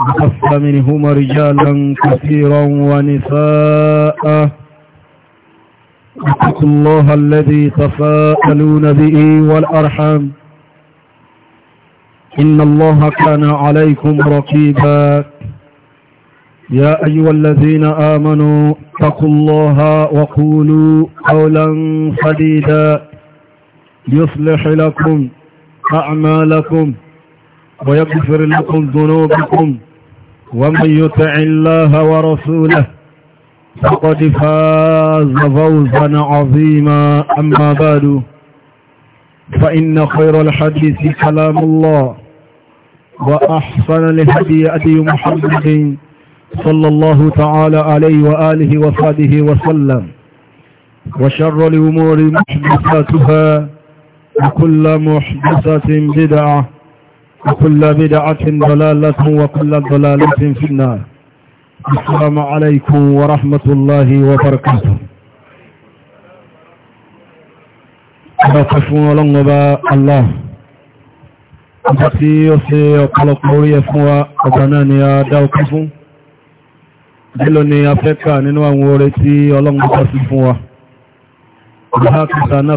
وخف منهما رجالا كثيرا ونساء اتقوا الله الذي تساءلون به والأرحم إن الله كان عليكم رقيبا يا أيها الذين آمنوا اتقوا الله وقولوا قولا سديدا يصلح لكم أعمالكم ويغفر لكم ذنوبكم ومن يطع الله ورسوله فقد فاز فوزا عظيما أما بعد فإن خير الحديث كلام الله وأحسن الهدي أدي محمد صلى الله تعالى عليه وآله وصحبه وسلم وشر الأمور محدثاتها وكل محدثة بدعة وكل بدعة ضلالة وكل ضلالة في النار السلام عليكم ورحمة الله وبركاته أبقفون لنبا الله أبقي يسي وقلقوا يفوا أبناني أدوكفون Dilo ni Afẹ́kà nínú àwọn oore tí Ọlọ́run bá sí fún wa. Ìhá kìsà náà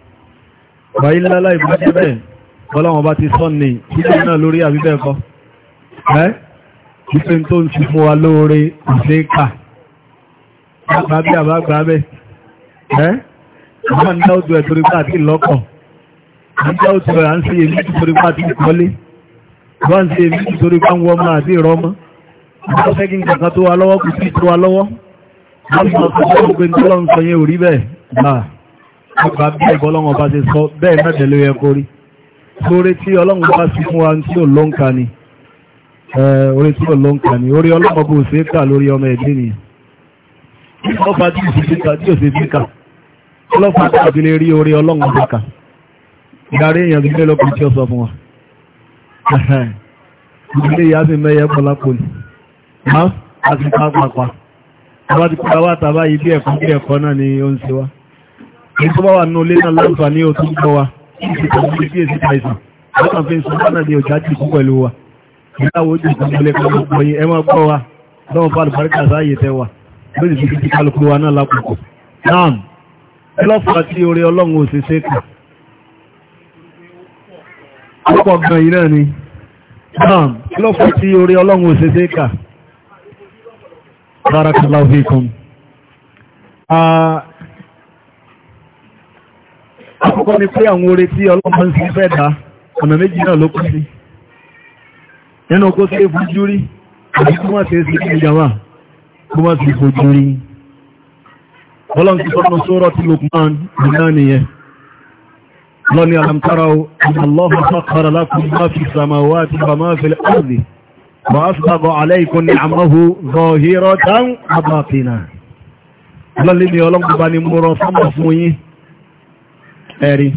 bàílálá ìbájẹ́bẹ̀ bọ́láwọn bá ti sọ́n ní títí náà lórí àbíbẹ̀kọ́ ẹ́ wípé tó ń ti fún wa lóore àṣíkà àgbàbí àbágbàbẹ̀ ẹ́ àwọn ìdáwòtò dá torípá àti lọ́kọ̀ ìdáwòtò ẹ̀ à ń sí èmi torípá àti ìkọ́lé bá ń sí èmi torípá ń wọ́n máa àti ìrọ́mọ́ ìdáwòtẹ́kí nǹkan tó wa lọ́wọ́ kò sí tó wa lọ́wọ́ láti lọ́kọ̀ tó ń pè ní tọ́lọ́ ọgbà bí ẹgbọ́ ọlọ́run ọba ṣe sọ bẹ́ẹ̀ mẹ́tẹ̀ ló yẹ kó rí tí ọlọ́run bá sí fún wa tí ò ló ń ni orí tí ò ló ń ka ni orí ọlọ́run bó ṣe kà lórí ọmọ ẹ̀dín nìyẹn ọba tí ò sì kà tí ò sì fi kà ọlọ́pàá tí àbí lè rí orí ọlọ́run ọba kà ìdarí èèyàn gbígbé lọ́kùnrin tí ó sọ fún wa ìdílé ìyá sì mẹ́yẹ pọ̀lápò ni máa àti pápápá ọba ti kúra wá tàbá yìí bí ẹ̀kọ́ bí ẹ̀kọ́ náà ni ó ń ṣe wá èyí tó bá wà nínú ilé náà láǹfààní ó tún gbọ́ wa kí èsì kí èsì àìsàn lọ́kàn fi ń sọ lọ́nà ní ọjà jù pẹ̀lú wa ìyáwó ojú ìgbàmọ́lé kan gbọ́ yín ẹ máa gbọ́ wa lọ́wọ́ fàlù bàríkà sáàyè tẹ́ wa lórí ìdíjú ti kálukú wa náà lápapọ̀ náà ẹlọ́fà tí orí ọlọ́run ò sì ṣe kù púpọ̀ gan yìí náà ni náà ẹlọ́fà tí orí ọlọ́run ò sì ṣe àkọ́kọ́ ni pé àwọn oore tí ọlọ́pàá ń sí fẹ́ dá ọ̀nà méjì náà ló kú sí nínú kó sí ìfojú rí àti kó má sí sí ìjàmà kó má sí ìfojú rí ọlọ́nkí sọ́nà tí Lukman nìyà nìyẹn lọ́ni alamtara Allah sakhkhara lakum ma fi samawati wa ni ọlọ́nkí ẹ̀rí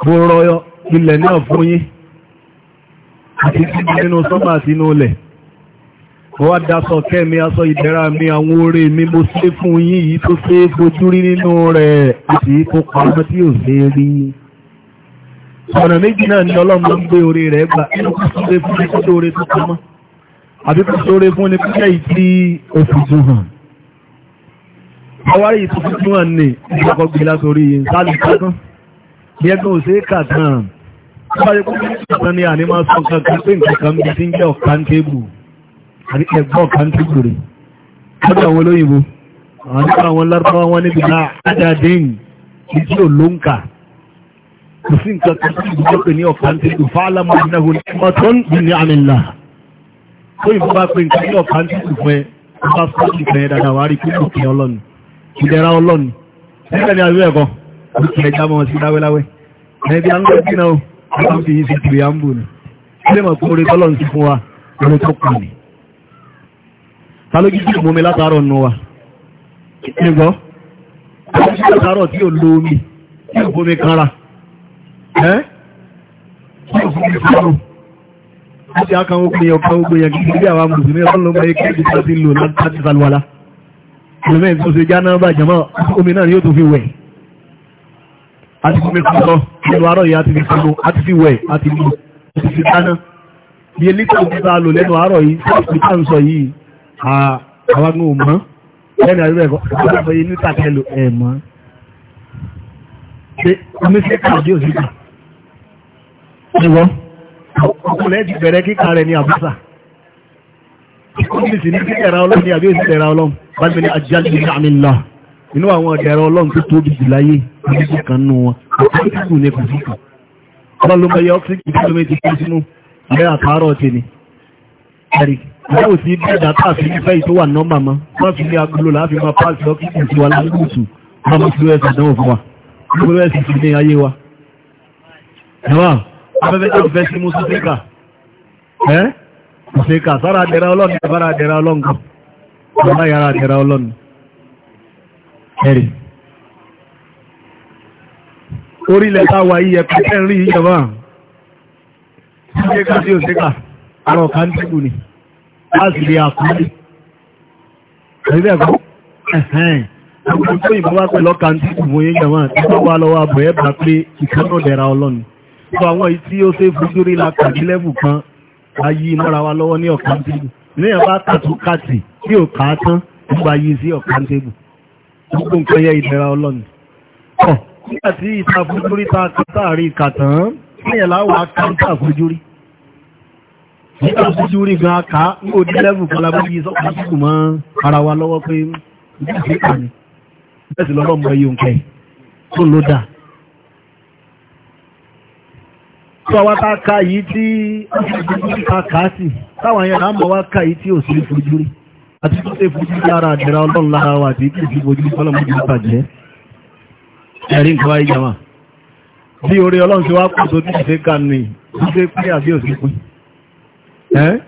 kó rọ ilẹ̀ náà fún yín àti síbi nínú sọ́mà sínú ilẹ̀ wọ́n dáṣọ kẹ́mi aṣọ ìdẹ̀ra mi àwọn oore mi mo ṣe fún yín yìí tó ṣe fojú rí nínú rẹ̀ àti kó pamọ́ tí ò ṣe rí ọ̀nà méjì náà ni ọlọ́mọ ń gbé orí rẹ̀ gbà nínú kó sóre fún ní kó sóre tó pamọ́ hàn ọwárí ìtùkú tí wọ́n ní ìjọkọ̀ gbé látorí ìsáàlì kágán ní ẹgbẹ́ òṣè kàtàn ọwárí kúrò kàtàn ní àní máa sọ kankan pé nǹkan bí ti ń jẹ́ ọ̀kan tébù àti ẹgbọ́ ọ̀kan tébù rẹ̀ lọ́dọ̀ àwọn olóyìnbó àwọn nípa àwọn lárúbáwá wọn níbi náà ádàdín ìdí òlóǹkà kò sí nǹkan kan tó ìdíjọ́ pé ní ọ̀kan tébù fálámù ìnáwó ní mọ́tún ní àmìlà tó ìfọ́ bá pé nǹkan ní ọ̀kan tébù fún ẹ bá fún ìfẹ́ dáadáa wá rí pé òkè ọlọ́run ìdẹ̀ra ọlọ́ni ẹgbẹ́ ni àwẹ́ ẹ̀kọ́ ọkùnrin ẹja mọ́ sí láwẹ́láwẹ́ ẹbí àńgbẹ́bí náà wọ́n fi yí sí tìrì àmbò ni ilé mọ̀ kúrò tọ́lọ̀ ń sí fún wa lórí tó kù ni ta ló jí jù mọ́mi látàárọ̀ nù wa ẹgbọ́ látàárọ̀ tí ò lo omi tí ò bomi kára ẹ́ tí ò bomi fọ́rọ̀ láti akàn ogun yẹn ọkàn ogun yẹn kí ní bí àwọn mùsùlùmí ọlọ́mọ yẹn kí ẹlẹ́mẹ́ tó ṣe jáná bá jẹmọ́ omi náà yóò tó fi wẹ̀ àti omi tó lọ nínú àárọ̀ yìí àti fi kúrò àti fi wẹ̀ àti lù àti fi dáná bí i lítà òkú bá lò lẹ́nu àárọ̀ yìí sí ká ń sọ yìí àwọn ohun mọ́ lẹ́nu àríwẹ̀ kọ́ńtìsì ní kí ẹ̀rà ọlọ́run ní àbí èsì ẹ̀rà ọlọ́run bá ti ní ajálù ní àmìlá inú àwọn ẹ̀rọ ọlọ́run tó tóbi jù láyé àbíkú kan nù wọn àbíkú ní kò síkà ọlọ́run ló mọ iye ọ́ksíkì kìlómítì kan sínú abẹ́ àtàárọ̀ ti ni ẹ̀rì yóò sí bẹ́ẹ̀dá káàfin ìfẹ́ yìí tó wà nọ́mbà mọ́ wọ́n fi ní agolo láàfin máa páàsì ọ́ksíkì sí wa lágbóòtù wọ́n mú sí ẹ̀sì àdánwò fún wa gbogbo ẹ̀sì ti ní ayé wa ẹ̀wọ̀n afẹ́fẹ́ tó fẹ́ sí mú sí ṣe kà sára dẹ̀ra ọlọ́run ìbára dẹ̀ra ọlọ́run kan ọ̀lá yàrá dẹ̀ra ọlọ́run ẹ̀rì orílẹ̀ táwà yíyẹ pẹ̀lẹ́ rí ìjọba ṣíkà sí òṣíkà àwọn ọ̀ká ń tẹ́kù ni láti rí àkúrí ẹ̀rẹ́gbẹ̀kọ́ ẹ̀hẹ́n àwọn tó ìbúwá pẹ̀lú ọ̀ká ń tẹ́kù fún yín jọba tí wọ́n wá lọ́wọ́ àbọ̀ ẹ̀bà pé ayé mọ́ra wa lọ́wọ́ ní ọ̀kan tébù ní ẹ̀bá tàtún kàtì tí ò ká tán nígbà yìí sí ọ̀kan tébù gbogbo nǹkan yẹ ìdẹ̀ra ọlọ́ni ọ̀ nígbà tí ìtafojúrí ta kátàrí kàtàn ní ẹ̀lá wà káńtà fojúrí nígbà fojúrí gan aká ní òdi lẹ́bù kalabó yìí sọ́kàn tébù mọ́ ara wa lọ́wọ́ pé nígbà tí kàní bẹ́ẹ̀ sì lọ́lọ́ tí ọwá tá ká yìí tí ká ká sí táwọn yẹn náà mọ̀ wá ká yìí tí ò sí fojú rí àti tó ṣe fojú lára àdìrà ọlọ́run lára wa àti kí ìfojú ọlọ́mọdé bàjẹ́ ẹ̀rí nǹkan wáyé jama bí orí ọlọ́run ṣe wá pọ̀ tó ní ìfẹ́ kan ní ṣe pé àbí òsì pín ẹ́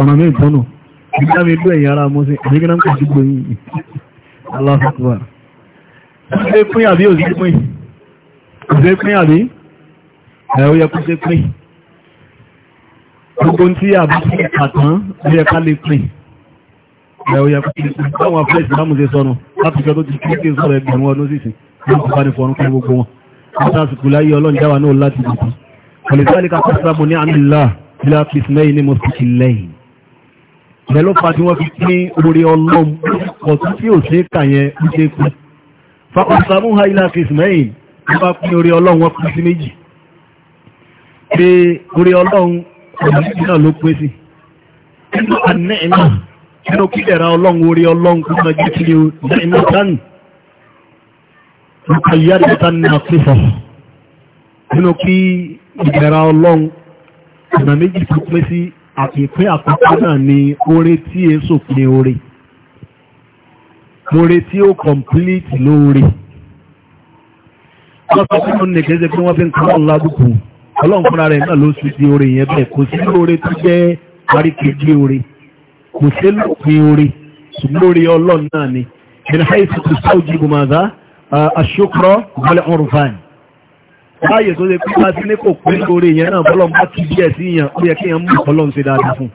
ọ̀nà mí ìtọ́nù ìgbà mi lú ẹ̀yìn ara mọ́sí àríkínà ń kò sí gbóyìn aláfẹ́kùwà ṣe pín àbí òsì pín ṣe pín àbí ẹ̀ ó yẹ kó ṣe pé gbogbo tí àbúkú àtàn ó yẹ ká lè pè ẹ̀ ó yẹ kó ṣe pé báwọn afẹ́ ìsìlámù ṣe sọnù láti jọ tó ti kí kí n sọ̀rọ̀ ẹgbẹ̀rún ọdún sísìn ní kò bá ní fọrún fún gbogbo wọn látàsìkò láyé ọlọ́run dáwà náà láti dìbò ọ̀lẹ́sàlẹ́ka pàṣẹ́bọ̀ ní àmìlá ilá pìsìmẹ́yìn ní mọ́síkì lẹ́yìn pẹ̀lú fa tí wọ́n fi pín orí ọlọ́run ọ̀tún tí ò ṣe é kà yẹn ń ṣe pín fapàṣẹ́bọ̀ ilá pìsìmẹ́yìn wọ́n bá pín orí ọlọ́run wọn pín sí méjì pé orí ọlọ́run náà ló pé sí nínú àníìmá nínú kíkẹ̀rẹ̀ ọlọ́run orí ọlọ́run kó máa jẹ́ kí ni ó náìmá tánì nípa yára tánì náà pèsè nínú kí ìbẹ̀rẹ̀ ọlọ́run ọ̀nà méjì tó pé sí àpèpé àkọ́kọ́ náà ni oore tí è sòpin oore oore tí ó kọ̀m̀plíìtì lóore wọ́n sọ fún un nìkejì ọlọ́run fúnra rẹ̀ náà ló sì di oore yẹn bẹ́ẹ̀ kò sí lóore tó jẹ́ paríkejì oore kò sí lópin oore ṣùgbọ́n ọlọ́run náà ni ẹni haiti tó sáwùjì gbọmọdá aṣókòrò wọlé ọrùfáàn báyìí tó ṣe pé bá sí ní kò pé oore yẹn náà bọ́lọ́run bá kí díẹ̀ sí yàn ó yẹ kéèyàn mú ọlọ́run ṣe dáadáa fún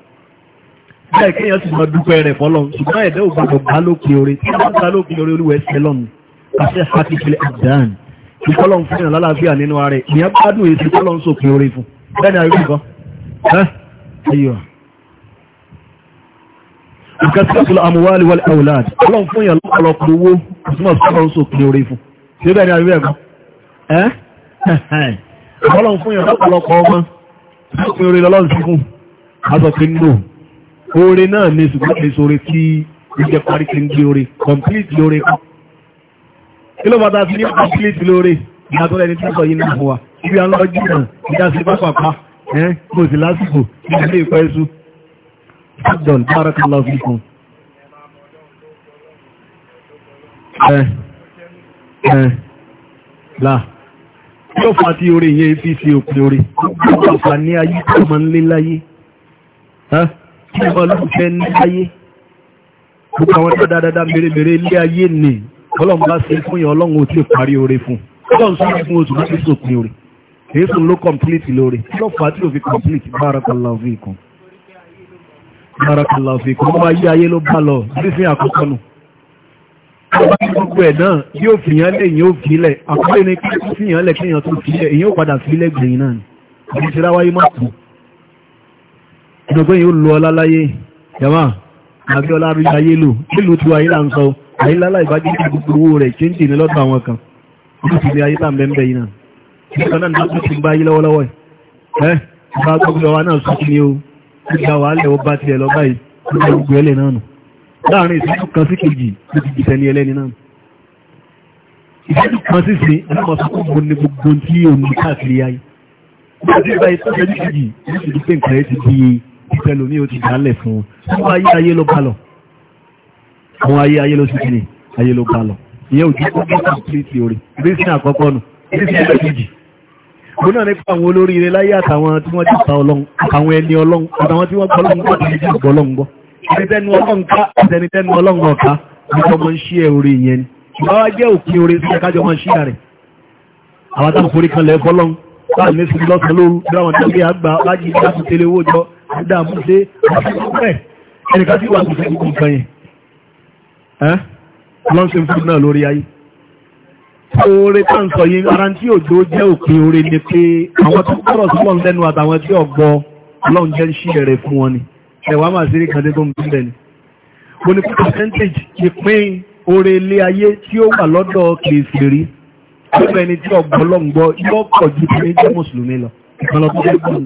bẹ́ẹ̀ kéèyàn sì máa dúpẹ́ rẹ̀ fọlọ́run ṣùgbọ́n ẹ̀dẹ́ ò gbàgbọ́ gbá lópin oore tí wọ́n gbá lópin oore olúwẹ̀ẹ́sẹ̀ lọ́nu àti ìkọlọ̀ ń fún yàn lálàáfíà nínú ààrẹ ìyẹn gbádùn èsì kọlọ̀ ń sòpin orí fún bẹ́ẹ̀ni àríwá nǹkan ayọ̀ nǹkan tí ọ̀pọ̀lọ̀ àmúwálì wọlé àwòláàdì kọlọ̀ ń fún yàn lọ́pọ̀lọpọ̀ owó ìsúnmọ̀ kọlọ̀ ń sòpin orí fún ṣé bẹ́ẹ̀ni àríwá ẹ̀kọ́ kọlọ̀ ń fún yàn lọ́pọ̀lọpọ̀ ọmọ sópin orí lọ́lọ́run sí fún aṣọ pé nínú oore náà ni ṣùgbọ́n kì í ṣe oore tí ó jẹ́ parí kí n gbé kí ló bàtà sí ní ọ̀pọ̀lẹ́tì lóore ìyàtọ̀ ẹni tí ó sọ yìí náà wà ibi àwọn ọjọ́ ìrìn ìdásí pápápá ẹ́ kò sí lásìkò ilé ìpẹ́ ẹ̀sù adon barakallahu fikum ẹ ẹ là yóò fà tí orí yẹn fi sí òpin orí yóò fà ní ayé tó máa ń lé láyé kí ọlọ́pẹ́ ní láyé gbogbo àwọn tó dáadáa mèremère ilé ayé nìí ọlọ́run bá ṣe fún yẹn ọlọ́run ò tí ì parí oore fún ọlọ́run sọ fún oṣù láti sòpin oore èso ló complete lóore lọ́fàá tí ò fi complete barakallahu fikum barakallahu fikum ọmọ ayé ayé ló bá lọ sísìn àkọ́kọ́ nù ọba gbogbo ẹ̀ náà yóò fìyàn lé èyàn ò fìlẹ̀ àkọ́kọ́ ni kí ó fìyàn lẹ̀ kéèyàn tó fìlẹ̀ èyàn ò padà fìlẹ̀ gbẹ̀yìn náà ni àti ti ráwáyé má kú ìdọ̀gbẹ́yìn ó lọ ọlá láyé yàmá àbí ọlá rí ayé lò nílùú tiwa yìí là ń sọ àìlálà ìbájú ní gbogbo owó rẹ̀ ṣe ń dì ní lọ́dọ̀ àwọn kan wọ́n ti rí ayé tà mẹ́mẹ́ yìí náà nígbà náà nígbà tí ń bá yí lọ́wọ́lọ́wọ́ ẹ̀ bá gbogbo wa náà sọ́kí ni ó gbígbà wà lẹ̀ ó bá tiẹ̀ lọ báyìí gbogbo ẹlẹ̀ náà nù láàrin ìṣẹ́jú kan sí kejì ló ti jìtẹ́ ní ẹlẹ́ni náà ìṣẹ́jú kan sí sí ẹlọ́mọ sọ́kún mo ní gbogbo tí òun káàkiri ayé nígbà àwọn ayé ayé ló sì kìíní ayé ló bá lọ ìyẹ́ òjú ó bí kọ̀m̀pìlìtì orí rísìn àkọ́kọ́ nù rísìn ẹlẹ́kejì mo náà nípa àwọn olórí ilé láyé àtàwọn tí wọ́n ti pa ọlọ́run àtàwọn ẹni ọlọ́run àtàwọn tí wọ́n gbọ́ ọlọ́run gbọ́ àti ìjọba ọlọ́run gbọ́ ẹnitẹ́nu ọlọ́run ká àtẹnitẹ́nu ọlọ́run ọ̀ká nípa ọmọ ń ṣí ẹ orí ìyẹn ni ṣùgbọ́n wá jẹ́ òpin orí sí ẹ̀kájọ ọmọ ń ṣí rẹ̀ àwọn táwọn forí kan lẹ̀ fọlọ́run láti ní sinmi lọ́sàn lóru bí àwọn tẹ́lẹ̀ àgbà láti lọ́nṣin fún náà lórí ayé oore tó ń sọ yìí ara tí òjò jẹ́ òpin oore ni pé àwọn tó kọ́rọ̀ sí lọ́n lẹ́nu àtàwọn tí ọ̀gbọ́ lọ́n jẹ́ ṣí ẹ̀rẹ̀ fún wọn ni ẹ̀wà máa sí kan tó ń bílẹ̀ ni mo ní percentage ìpín oore ilé ayé tí ó wà lọ́dọ̀ kèfèrí gbogbo ẹni tí ọ̀gbọ́ lọ́n gbọ́ yóò pọ̀ ju ti ní jẹ́ mùsùlùmí lọ ìkànnà tó jẹ́ gbọ́n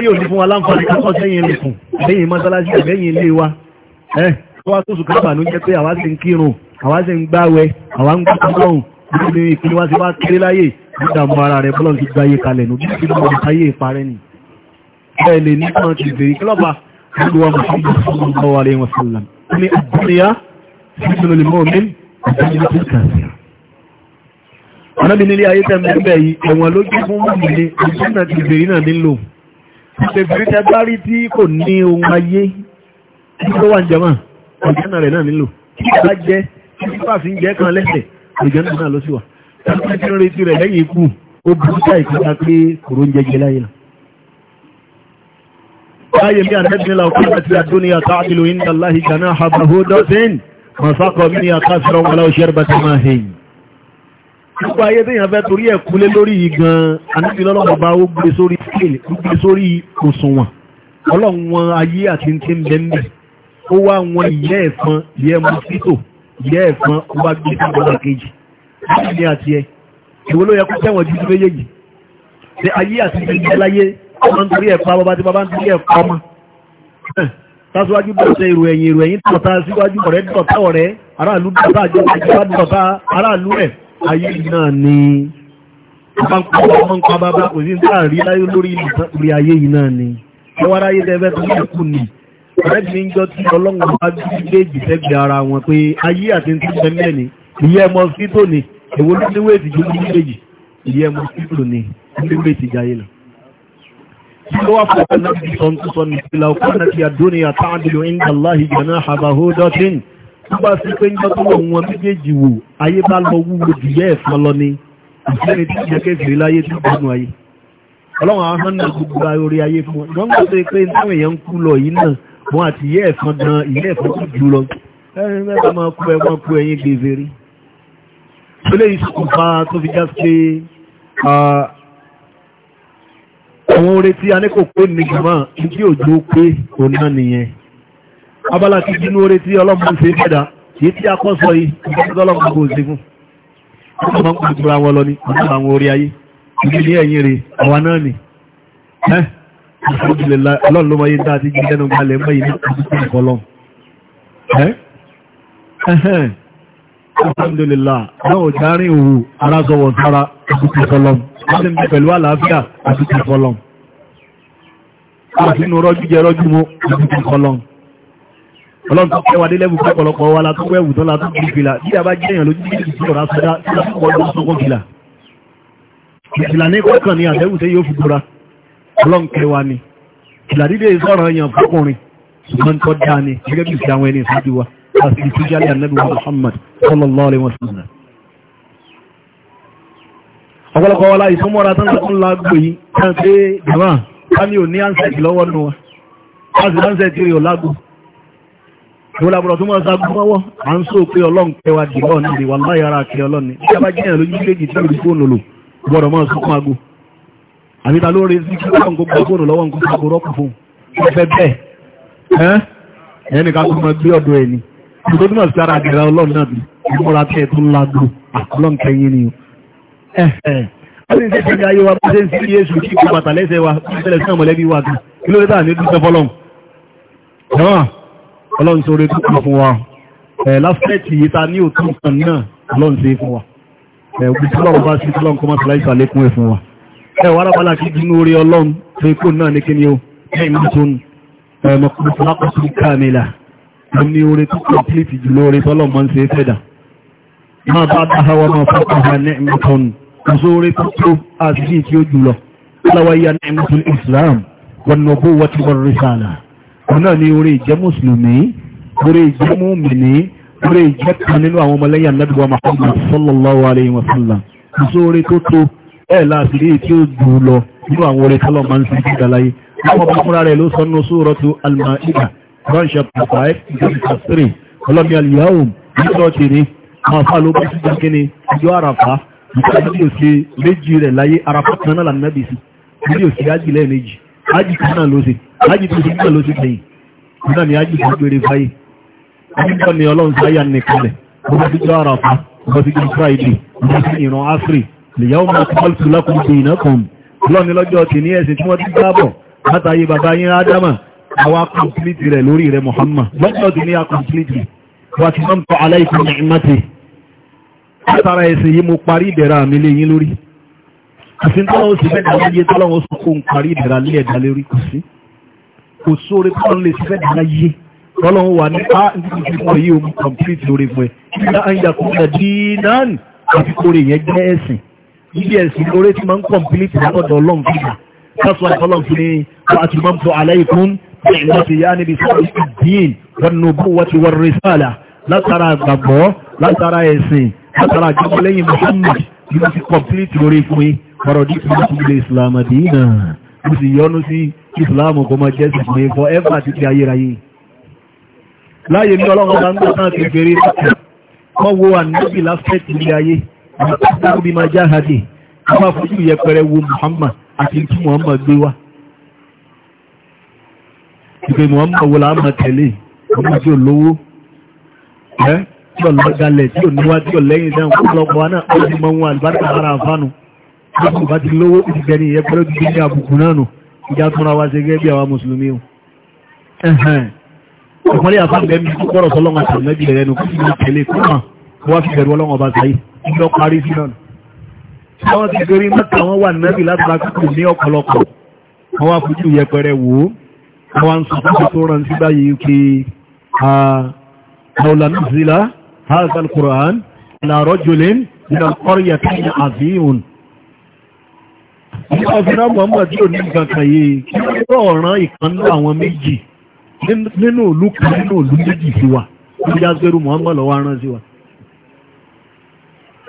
ní òní fún wa láǹfààní kákọ́ sẹ́yìn lẹ́kùn lẹ́yìn wá tó ṣùgbọ́n bà ló jẹ́ pé àwa sì ń kírun àwa sì ń gbáwẹ̀ àwa ń gbọ́kọ̀ lọ́hùn nínú ìpínlẹ̀ wá sí wá kéré láyè nígbàmú ara rẹ̀ bọ́lọ̀ ti gba iye kalẹ̀ nù bí i lọ ayé ìparẹ́ nì bẹ́ẹ̀ lè ní kan ti bèèrè kílọ́bà olùwà Muhammad sallallahu alaihi wasallam ní àdúnyá sísun lè mọ́ mi àdúnyá tó kàṣíà anábìnrin ilé ayé tẹ́mẹ́ yìí ẹ̀wọ̀n ló jẹ́ fún mọ́mí ní ìjọ́nà ti bèèrè náà nílò ìbèbèrè tẹ́ bá rí tí kò ní ohun ayé tí wà ń jẹmọ́ àlùjànnà rẹ̀ náà nílò kí bá jẹ́ kí bá fi ń jẹ́ kan lẹ́sẹ̀ àlùjànnà náà ló sì wà tàbí kí ń retí rẹ̀ lẹ́yìn ikú ó burú ká ìkúta pé kòró ń jẹjẹ Gbogbo ayé tí èèyàn fẹ́ torí ẹ̀ kúlé lórí yìí gan ó gbé sórí scale, ó gbé sórí òṣùwọ̀n, ọlọ́run wọn ayé àti ti ń bẹ́ńbẹ̀ ó wá wọn ìyẹ́ ẹ̀fọn ìyẹ́ mosquito ìyẹ́ ẹ̀fọn ó bá gbé sí ọ̀la kejì láti ní àti ẹ ìwọ ló yẹ kó tẹ̀wọ̀n ju méjèèjì ṣe ayé àti ìgbẹ́ láyé ọmọ nítorí ẹ̀fọn bàbá tí bàbá nítorí ẹ̀fọn ọmọ tásíwájú bẹ̀rẹ̀ ṣe ìrò ẹ̀yìn ìrò ẹ̀yìn tọ̀ta síwájú ọ̀rẹ́ dọ̀ta ọ̀rẹ́ aráàlú dọ̀ta àjọ ìjọba dọ̀ta aráàlú rẹ̀ ayé náà ni ọmọ nǹkan bàbá kò sí ní sáà rí láyé lórí ilẹ̀ ayé yìí náà ni ẹwà ráyé tẹ́fẹ́ tó ní ẹ̀kú ni ẹ̀mí ń jọ tí ọlọ́run bá gbé ìgbésẹ́gbẹ̀ ara wọn pé ayé àti ní ṣe mẹ́ ni ìyẹ́ ẹmọ fító ni èwo ló ní wéètì ju méjèèjì ìyẹ́ ẹmọ fító ni ní wéètì jayé lọ. tí ó wà fún ọ̀pẹ náà bí sọ́n tó sọ ní ìlà òkú náà ti àdóni àtàdìlò ìndàláhì jẹ̀nà àbáhó dọ́tín tó bá sí pé ń tó lòun wọn méjèèjì wò ayé bá lọ wúwo jùlẹ̀ ẹ̀fọn lọ ni ìfẹ́ni tí ìjẹ́ kéfìrí láyé tó gbọ́nù ayé ọlọ́run àwọn hàn náà gbogbo orí ayé fún wọn ìgbọ́n gbọ́dọ̀ pé táwọn èèyàn ń kú lọ yìí náà wọn àti ìyẹ́ ẹ̀fọn gan ìyẹ́ ẹ̀fọn tó jù lọ ẹ̀rin mẹ́ta máa kú ẹ̀wọ́n kú ẹ̀yìn gbèzèrè tó lè ṣokùnfà tó fi já sí àwọn oore tí a ní kò pé ní gbàmà tí òjò pé òun náà nìyẹn abala ti dínú oore tí ọlọ́mọ ṣe fẹ́dà kìí tí a kọ́ sọ yìí nígbàtí ọlọ́mọ kò ṣe fún ọmọ máa ń kọ́ wọn lọ ní ọdún àwọn orí ayé ìdílé ẹ̀yìn rẹ̀ àwa náà ni alhamdulillah ọlọ́run ló mọ́yé dáa ti jí lẹ́nu gbalẹ̀ mọ́yé ní àdúgbò ìkọlọ́ alhamdulillah náà járin òwú arásọwọ̀ sára àdúgbò ìkọlọ́ láti mú pẹ̀lú àlàáfíà àdúgbò ìkọlọ́ àti inú rọ́jú jẹ rọ́jú mú àdúgbò ìkọlọ́ ọlọ́run tó kẹwàá délẹ́bù pẹ́pọ̀lọpọ̀ wa la tó wẹ̀wù tó la tó kú fìlà bí a bá jẹ́ èèyàn lójú bí kìí ọ̀rá sọ́dá tí a kọ́ ọdún sọ́kọ́ fìlà ìfìlà ní kọ́kàn ni àtẹ́wù tẹ́ yóò fi gbóra ọlọ́nkẹwa ni ìlàdídé ìsọ̀rọ̀ yàn fọkùnrin ṣùgbọ́n tó dáa ni gẹ́gẹ́ bí ìṣẹ́ àwọn ẹni ìṣáájú wa láti ìtú jálẹ̀ ànábì wa Muhammad sallallahu alaihi wasallam ọ̀pọ̀lọpọ̀ wọlá ìsọmọ́ra tán sọ́kún lágbò yìí tán pé jàmá kámi ò ní ánsẹ̀tì lọ́wọ́ nù wa láti ánsẹ̀tì rí ọ̀lágbò ìwọlá bọ̀rọ̀ tó máa sagbó mọ́wọ́ à ń sọ pé ọlọ́nkẹwa dìbọ̀ ní ìwà láyàrá kí ọlọ́ni a bá jẹ́ ìrìn lójú méjì tí ó rí fóònù lò gbọ́dọ̀ máa sọ́kún agbó àbíta lórí sí kí wọ́n kó gbogbo ọ̀nà lọ́wọ́ nǹkan kó rọ́pù fún ọ̀fẹ́ bẹ́ẹ̀ ẹ́ nìkan tó mọ̀ gbé ọ̀dọ̀ ẹni tó túnmọ̀ sí ara àgẹ̀rẹ̀ ọlọ́run náà bí ìmúra tẹ́ tó lágbó àkọlọ́nkẹyìn ah, ni ó sì ń ṣe ṣe ayé wa bá ṣe ń sí yéṣù kí kò bàtà lẹ́sẹ̀ wa tẹ́lẹ̀ sí ọmọlẹ́bí wa kan kí ló dé tàà ní dúpẹ́ fọlọ́n ẹ̀wọ̀n ọlọ́run sọ orí dúpẹ́ fún wa ẹ̀ láfẹ́ẹ̀tì yìí ta ní òtún kan náà ọlọ́run ṣe fún wa ẹ̀ òbí tí ọlọ́run bá ṣe tí ọlọ́run kọ́ mọ́ sí láìsàlékún ẹ̀ fún wa ẹwà arábàlá kí inú orí ọlọ́run tó ikú náà ní kíni o ẹ ìmú tó ń ẹmọkùnrin lápọ̀tún kàmìlà ó ní orí tó kọ̀pìlìtì jùlọ orí tọ́lọ̀ mọ́ ń ṣe fẹ́dà máa bá dáhàwọ́ máa fọ́kànlá ní ìmú tó ń kòsó orí tó tó àṣìṣe tí ó jùlọ aláwáyá ní ìmú tó ń orí tó tó ẹ̀ láti rí tí ó jù lọ nínú àwọn orí tọ́lọ̀ máa ń sin sí ìdàláyé láwọn bá fúnra rẹ̀ ló sọ nínú sórọ́tù al-Ma'ida ránṣẹ́ pàtàkì ìjọba sírì ọlọ́mí aliyahun nígbà tí ní máa fà ló bá sí jákè ní ọjọ́ àràfà nígbà tí yóò ṣe méjì rẹ̀ láyé àràfà kan náà lànà bìí sí níbi òsì ájì lẹ́ẹ̀mejì ájì kan náà ló ṣe ájì lèyàwó máa kọ́ mọ́lù tùlákùn sí ìnákùn lọ́ni lọ́jọ́ ti ní ẹ̀sìn tí wọ́n ti gbábọ̀ látàyè bàbá yín ádámà àwa kọ̀m̀plìtì rẹ̀ lórí rẹ̀ Muhammad lọ́jọ́ ti ní akọ̀m̀plìtì wà ti mọ́ ń tọ́ aláìkún ní ìmáte látara ẹ̀sìn yìí mo parí ìdẹ̀ra mi lé yín lórí àti tọ́lọ́wọ́ sì fẹ́ dáláyé tọ́lọ́wọ́ sọ kò sí kò sóore tọ́lọ́ lè sì fẹ́ dáláyé bbs orí ti máa complete. kọ̀mpilítì látọ̀dọ̀ long time. That's why àìkọ́lọ́run fún mi wọ́n ti máa ń tọ́ aláìkún bí ìlú ti yá níbi sọ́ọ́ ìdíyìn wọn nù bú wọ́n ti wọ́n rí sáàlà látara àgbàgbọ́ látara ẹ̀sìn látara àjọmọlẹ́yìn Muhammad ni wọ́n ti kọ̀mpilítì orí fún mi ọ̀rọ̀ dí fún mi ilé Islam àdínà mo see, Islam kò máa jẹ́ sí mi fọ ẹ́fà àti ti ayérayé láyé mi ọlọ́run bá ń gbọ́ náà ti fèrè wọ́n wo àníbì láfẹ́ẹ̀tì ilé ayé àtàkùn bí máa já hàdè àwọn àfojú yẹpẹrẹ wo Muhammad àti tí Muhammad gbé wá ìpè Muhammad wo làá máa tẹ̀lé ọmọ tí ò lówó ẹ́ tí ò lọ́gàlẹ̀ tí ò níwá tí ò lẹ́yìn náà ọ̀pọ̀lọpọ̀ náà ó ti mọ ohun àlùbáríkà ara àfánu lọ́pọ̀ bá ti lówó ìgbẹ́ni ìyẹpẹrẹ ti gbé ní àbùkù náà nù ìjà túnra wá ṣe gẹ́gẹ́ bí àwa mùsùlùmí o ọ̀pọ̀lẹ́ àfáàgbẹ́ mi kọ́rọ̀ sọ́lọ́wọ́ àtàlẹ́bí rẹ̀ nù kó sì máa tẹ̀lé kó mà wá fi bẹ̀rù ọlọ́wọ́ bá sáyé ìjọ parí sí náà àwọn ti gorí mọ́ta wọ́n wà nẹ́bì láti bá kúrò ní ọ̀pọ̀lọpọ̀ wọ́n wá fojú yẹpẹrẹ wò ó àwọn ń sọ̀tọ́ tó rán sí báyìí pé àwòlà náà sílá hazal quran láàrọ̀ jolin nínú ọ̀rọ̀ yẹ̀kẹ́ àzíhùn ní ọ̀fìnà mọ̀mọ̀ tí ò ní nǹkan kan yìí kí wọ́n ọ̀ràn ìkan ní àwọn méjì nínú ìlú kan nínú ìlú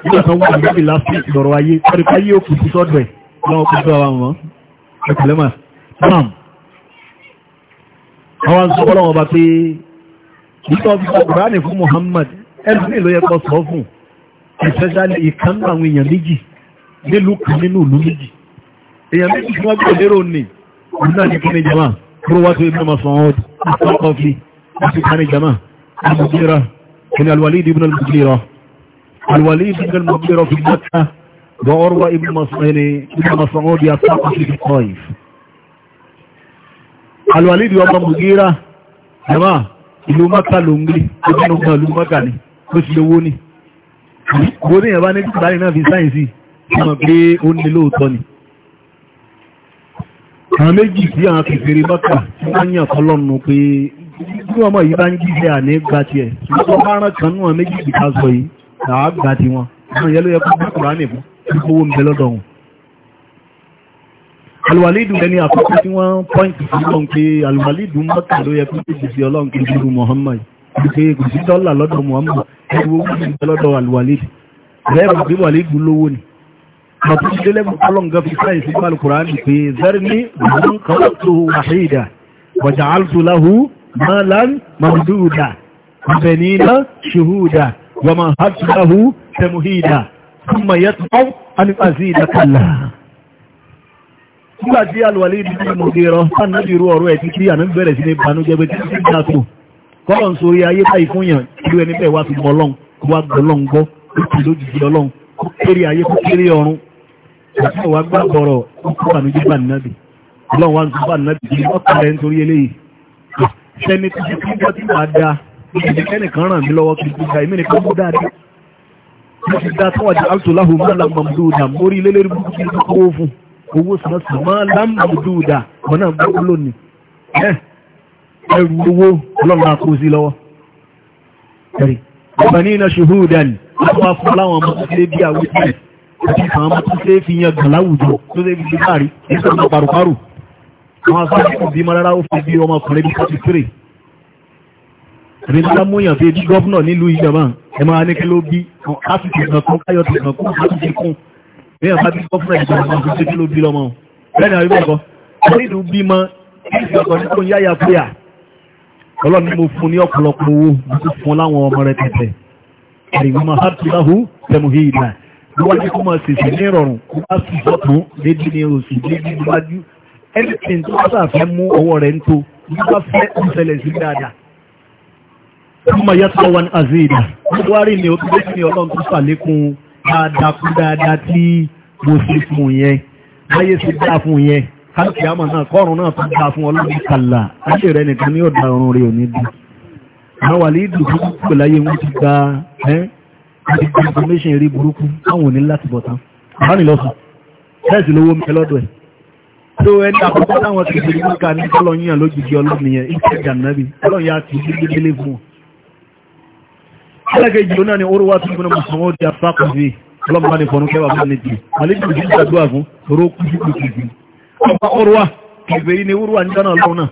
nígbà tó wà níbi lásìkò lọ́rọ̀ ayé kọ́rípa yíò kù sí sọ́dọ̀ ẹ̀ lọ́wọ́ kú sọ́wọ́ àwọn wọn ẹ̀kùnlẹ́mà bam àwọn sọ́kọ́lọ́wọ́ bá pé nígbà fi kùránì fún Muhammad ẹlùmí ló yẹ kọ́ sọ fún especially ìkan àwọn èèyàn méjì nílùú kan nínú ìlú méjì èèyàn méjì tí wọ́n gbé lérò الوليد بن المغيرة في مكة وعروة ابن مسعود الثقفي في الطائف الوليد ọmọ Mugira jama ìlú Maka ló ń gbé ọdún ọgbà ìlú Maka ni ó ti lówó ní gbogbo èèyàn bá ní ìgbàlẹ̀ náà fi sáyẹ̀nsì ọmọ pé ó ní lóòótọ́ ni àwọn méjì sí àwọn kèfèrè Maka tí wọ́n yàn kọlọ́nù pé bí ọmọ yìí bá ń jíṣẹ́ àní gbàtíẹ̀ ṣùgbọ́n bá rán kan náà méjì ìkásọ yìí àwọn àgbà ti wọn àwọn ìyẹ́lò yẹ kó bá kùránì fún owó ń bẹ lọ́dọ̀ wọn alùwàlídù ẹni àkọ́kọ́ tí wọ́n pọ́ǹtì sí lọ́n pé alùwàlídù mọ́kà ló yẹ kó tèjì sí ọlọ́run kí lóru Muhammad pé kò sí dọ́là lọ́dọ̀ Muhammad ẹgbẹ́ owó ń bẹ lọ́dọ̀ alùwàlídù lẹ́ẹ̀mọ̀ pé wàlídù lówó ni àti ìdílẹ́mù ọlọ́ngá fi sáyẹ̀ sí alùkùránì pé wọ́n máa hajjú láhú tẹmuhídà fún mayẹ́tọ́ anìfàsí ìdákàlá nígbà tí alùwàlé ìdíjú ìmọ̀ gẹ̀rọ sáàdì irú ọ̀rọ̀ ẹ̀tí tí àná bẹ̀rẹ̀ sí ní ìbànújẹ́ pé títí ń dàtò kọ́lọ̀ ń sórí ayé báyìí fún yàn irú ẹni bẹ́ẹ̀ wá fi mọ ọlọ́run kó wá gbọ́ ọlọ́run gbọ́ ó kì lójijì ọlọ́run kó kéré ayé kó kéré ọ̀run àti ìwà gbàgbọ́rọ̀ ó kó ànújẹ́ bá nínàbì ọlọ́run wá ń sọ bá nínàbì ẹnikẹ́ni kan ràn mí lọ́wọ́ kí n gbúdá èmi nìkan mú dáadé mo ti dá tọ́wọ́dì altolahu mọ́lá mamduda mórí lélẹ́rí búkú kí n kówó fún owó sànásà mọ́lá mamduda wọn náà bá wọ́n lónìí ẹ ẹrù owó ọlọ́run náà kó sí lọ́wọ́ ẹ̀rí ọ̀bàní iná ṣùhúdàn wọ́n wá fún aláwọn ọmọ tó ṣe bí àwùjọ àti àwọn ọmọ tó ṣe fi yan gàn láwùjọ ẹ̀mí bá múyàn bí bí gọ́ọ̀nà nílùú ìjọba ẹ máa ní kí ló bí ásìkò ìgbàkún káyọ̀ tó ìgbàkún ásìkò ìkún bẹ́ẹ̀ bá bí gọ́ọ̀nà ìjọba tó ṣe kí ló bí lọ́mọ bẹ́ẹ̀ ni àríwọ̀ kọ́ nínú bímọ ìgbàkọ̀ ní kò yáyà péyà ọlọ́run ni mo fún ní ọ̀pọ̀lọpọ̀ owó mo ti fún láwọn ọmọ rẹ tẹ̀tẹ̀ ẹ̀rìnwó máa hàtú láhù tẹ̀mù hí ìlà níwájú kó máa ṣèṣe ní ìrọ̀rùn kó bá sì sọ́tún dédé ní òsì dédé níwájú ẹnìtìn tó bá fẹ́ mú ọwọ́ rẹ̀ ń tó nígbà fẹ́ ń ṣẹlẹ̀ sí dáadáa ọmọ yẹtọ wọn azina buhari ni obìnrin ni ọlọ́run tó sàlékún dáadáa kú dáadáa tí mo sì fún yẹn báyé sì dáa fún yẹn káàkiri àmọ̀ náà kọ́run náà tó dáa fún ọlọ́run kàlà ayé rẹ nìkan ní ọ̀dà ọ̀run rẹ ò dùn àwọn wà ní ìdùn fún láyé wọn ti gba ẹ́ information rí burúkú àwọn ò ní láti bọ̀ tán àbánilọ́sùn bẹ́ẹ̀sì lówó mi lọ́dọ̀ ẹ̀ tó ẹni àkọ́kọ́ táwọn kìí ṣe ní ká ní ọlọ́yìn lójijì ọlọ́mìyàn ìṣẹ́jà náà bí á ti gbégbélé fún wọn alákejì ó náà ni orúwá tó gbọ́nà mùsùlùmí ti afákọ̀ sí ọlọ́pàá ní fọ̀nù kẹwàá fún nìtì àlejò ìjú ìgbàdúrà fún orókù sí kìkìkì ọba orúwá kìfè yìí ni orúwá nígbà náà lọ́nà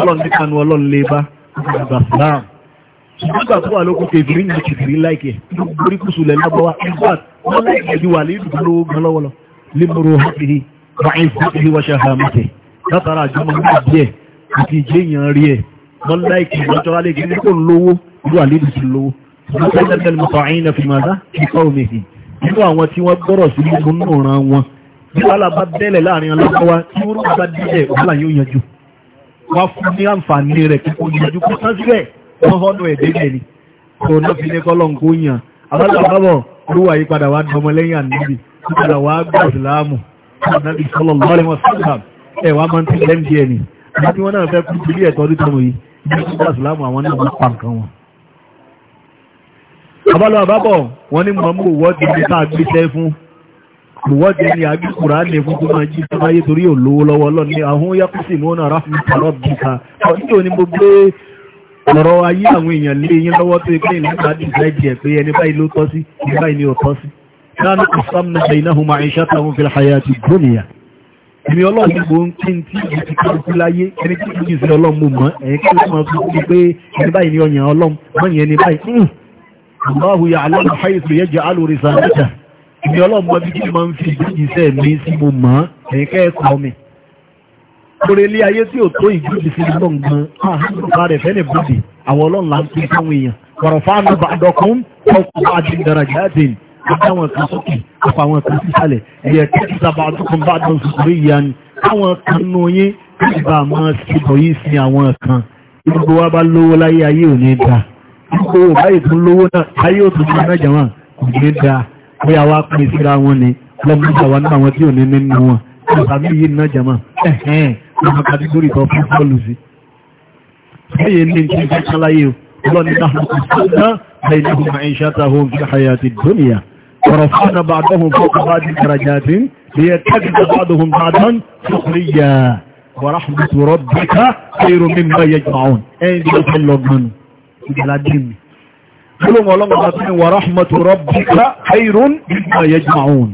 ọlọ́run ní kanu ọlọ́run lè bá ìgbà fúláà nígbà tó wà lóko kèfìrí ní kèfìrí láìkè lórí kùsù lẹ̀ lábọ́wá nígbà wọn láìkè ju wà lẹ́yìn dùgbò lówó gan lọ́wọ́ lọ mọ́sálẹ́tẹ̀ mọ̀tàáyínà fi máa dá ìfọ́ omihì nínú àwọn tí wọ́n gbọ́rọ̀ sí nínú ọ̀ràn wọn bí wàhálà bá bẹ́ẹ̀lẹ̀ láàrin ọlọ́pàá tí ó rúgbà díẹ̀ wàhálà yóò yanjú wá fún ní àǹfààní rẹ̀ kí yanjú kó tán síbẹ̀ wọ́n họ́nù ẹ̀dẹ́ bẹ̀ ni àwọn náà wọ́n wọn abálọ́ àbábọ̀ wọ́n ní mọ̀ mú wọ́dí ní ká gbíṣẹ́ fún wọ́dí ní agbíkùrá ní fún tó máa jí sámáyé torí olówó lọ́wọ́ lọ ní àwọn yàkùsì ní wọ́n ara fún ìpàrọ̀ bí ká ọjọ́ ni mo gbé ọ̀rọ̀ ayé àwọn èèyàn lé yín lọ́wọ́ tó pé ní ká dìbẹ́ jẹ́ pé ẹni báyìí ló tọ́ sí ẹni báyìí ni ò tọ́ sí náà kò sám náà iná hùmà iṣẹ́ táwọn fi àyà ti èmi ọlọ́run gbò ń tí ìlú ti kí láyé ẹni tí ìlú ti ọlọ́run mọ̀ ẹ̀yìn kí ló máa fi pé ẹni báyìí ni ọyàn ọlọ́run mọ̀yìn ẹni báyìí hmm. Allahu ya'lamu haythu yaj'alu risalatahu. Ibi ọlọ́mọ bí kí máa ń fi ìjíṣẹ́ mi sí mo mọ̀ ẹ̀kẹ́ ẹ̀kọ́ mi. Orí ilé ayé tí ò tó ìjíṣẹ́ sí lọ gan, àhánùbá rẹ̀ fẹ́lẹ̀ bòdì, àwọn ọlọ́run là ń pín fáwọn èèyàn. Wọ̀rọ̀fá ní bàdọ̀kún, ọkọ̀ àdìndàrà jáde, àtàwọn kan sókè, àpàwọn kan sísàlẹ̀, ẹ̀yẹ kẹ́kì sàbàdùkún bá dùn wa bá lówó láyé ayé ò ní dáa kó báyìí tún lówó náà ayé ò tún mẹ́jọ wọn kò ní da bóyá wá pín síra wọn ni lọ́mọdé àwọn náà wọn tí ò ní nínú wọn ìsàmì yìí náà jẹ́ máa ẹ̀hẹ́n ọmọ kàtígórì tó fún bọ́ọ̀lù sí ẹ̀yẹ ní tí ó ṣáláyé ọlọ́ni náà ṣáná bẹ́ẹ̀ ní ọmọ ìṣàtà ohun fi àyà ti dóníyà ọ̀rọ̀ fún ọba àdọ́hùn fún ọba àti ìkàràjà tí bí ẹ tẹ́kìtà àdọ́hùn àdán fúkúríyà wàrà àmì tó rọ bí ká kéèrò mímọ́ yẹ jọ àwọn ẹ̀yìn tó fẹ́ lọ́gbọ́n ìgbàládé mi gbólóhùn ọlọ́run bá tún wà rahmatu rabbika khairun mimma yajma'un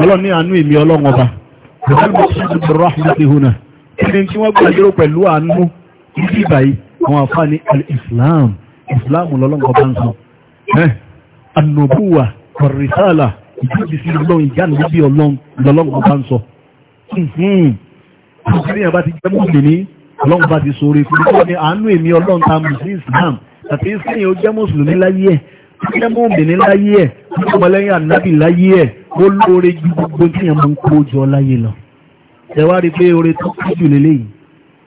ọlọ́run ní àánú èmi ọlọ́run ọba ìgbàlùmọ̀ sí ìdìbò rahmatu huna ẹni tí wọ́n gbà lérò pẹ̀lú àánú ìdí ìbàyí àwọn àfáà ní al-islam islam lọ́lọ́run ọba ń sọ annubuwa warrisala ìjọbi sí ọlọ́run ọlọ́run bá ti sórí kúrú tó ní àánú èmi ọlọ́run ta mú sí islam àti ìsìnyìn ó jẹ́ mùsùlùmí láyé ẹ̀ ó jẹ́ mọ́mìnì láyé ẹ̀ ó jẹ́ ọmọlẹ́yìn ànábì láyé ẹ̀ ó lóore ju gbogbo tí yẹn máa ń kó jọ láyé lọ. ẹ wá rí i pé oore tó kú jù lélẹ́yìn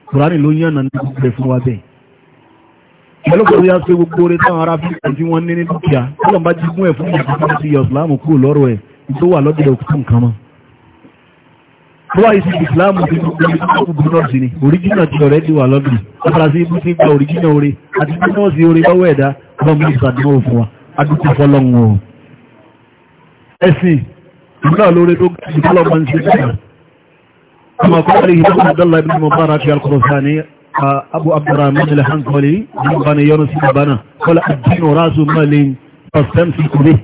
kùránì ló yànnà ní gbogbo ẹ̀ fún wa bẹ́ẹ̀. pẹ̀lú kò yá pé gbogbo oore táwọn ará Áfíríkà tí wọ́n ní ní dúkìá ọlọ́run bá jí wọ́n ìsì ìsìláàmù tí ó gbé ọkùnkùn náà sí ni oríjìnà tí ọ̀rẹ́ ti wà lọ́dún ọ̀pàdásí ibú sí gba oríjìnà orí àti bí náà sí orí lọ́wọ́ ẹ̀dá lọ́mú ìsàdúnmọ́ òfin wa adúgbò fọlọ́run o ẹ̀sìn ìlú náà lóore tó gbé ọlọ́mọ ń ṣe dára ọmọ kọ́lá yìí lọ́mọ abdallah ibn mubarak ti alkọ̀rọ̀sani abu abdurrahman alhankoli nígbàna yọnu sí babana kọ́lá adínú rasu malin ọ̀sẹ̀ ń fi kúrẹ́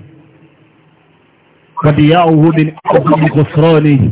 kàdíyà òhun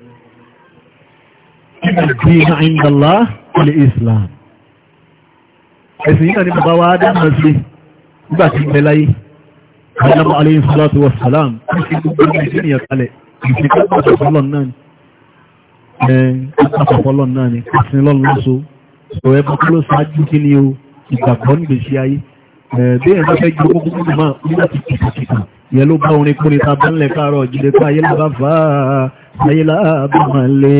dínà Allah ilẹ̀ Islam ẹ̀sìn yìí náà ni bàbá wa dáná sí nígbà tí ń bẹ láyé Àdámọ́ alayhi salatu wa salam, kí gbogbo ìdíyàn kalẹ̀, ìfìkọ́ àtàkọ́lọ̀ náà ni, àtàkọ́lọ̀ náà ni, ìsinlọ́ lọ́sọ, sọ ẹbọ́ kí ló sáájú kí ni o, ìgbàgbọ́ ní gbèsè ayé. Bí ẹ̀rọ fẹ́ ju gbogbo gbogbo máa ń láti kìkìkìkì, yẹ ló bá orin kúrin ta bá káàrọ̀ jìdẹ́ká ayé lábá lè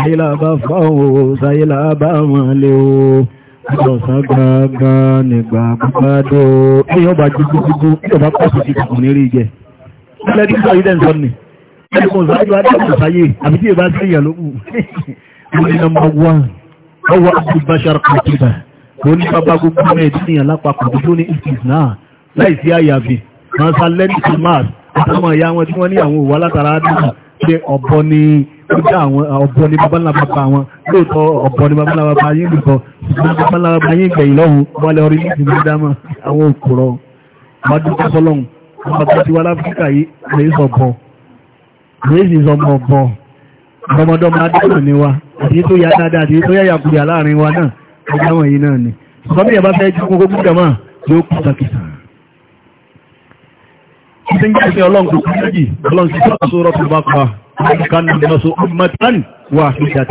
ayílá bá fáwọ̀ sáyílá bá wọn lé o ọ̀sán gangan nígbà gbogbo ẹ̀yọ́ bá jù gbogbo ẹ̀yọ́ bá pàṣẹ ti kùn ní rí jẹ lẹ́dí sọ ilẹ̀ ǹsọ́ ni ẹ̀kùn sáájú adájọ́ sáyé àbí tí ìbá sí ìyàlókù ó ní nọmba wán ọwọ́ àbúbáṣar kàtíbà ó ní bàbá gbogbo ọmọ ìdíyàn lápapọ̀ tó ni kódà àwọn ọ̀bọ ni bàbá ńlá bàbá wọn lóòótọ́ ọ̀bọ ni bàbá ńlá bàbá yín nìkan ṣùgbọ́n bàbá ńlá bàbá yín gbẹ̀yìn lọ́hùn wọ́n lè ọrí nídìí ní dámà àwọn òkúrọ̀ wọ́n dúpẹ́ sọ́lọ́hùn wọ́n bàbá ti wá láfíríkà yìí lè sọ bọ̀ lè sì ni wa àti tó yá dáadáa àti tó yá yàkuyà láàrin wa náà ọjọ́ àwọn ọlọ́run kò kú méjì, ọlọ́run ti sọ́kà tó bá pa كان الناس أمة واحدة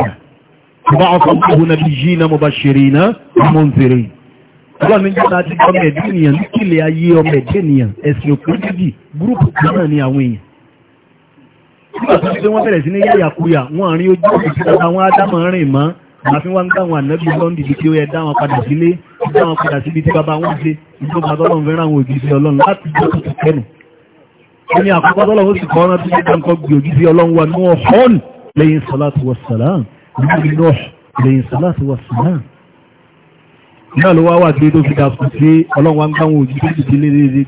بعث الله نبيين مبشرين ومنذرين Ọlọ́run ní jẹ́ta ti ọmọ ẹ̀dẹ́ ènìyàn ní kílẹ̀ ayé ọmọ ẹ̀dẹ́ ènìyàn ẹ̀sìn òkú méjì gúrùpù náà ni àwọn èèyàn. Nígbà tó ṣe wọ́n bẹ̀rẹ̀ sí ní yáyàkuyà wọ́n àárín ojú ọ̀sẹ̀ tí dada wọn á dá máa rìn mọ́ àfi wọn ń dá wọn ànábì lọ́ndì ẹni àkọ́kọ́ tọ́lọ́wọ́ sì kọ́ ọ́nà tí ó kọ́ gbé òjísí ọlọ́run wa náà hàn lẹ́yìn sọ́láàtì wọ̀sàlám lórí náà lẹ́yìn sọ́láàtì wọ̀sàlám náà ló wá wà gbé tó fi dàpọ̀ sí ọlọ́run wa ń gbáwọn òjísí ìdí lérèdè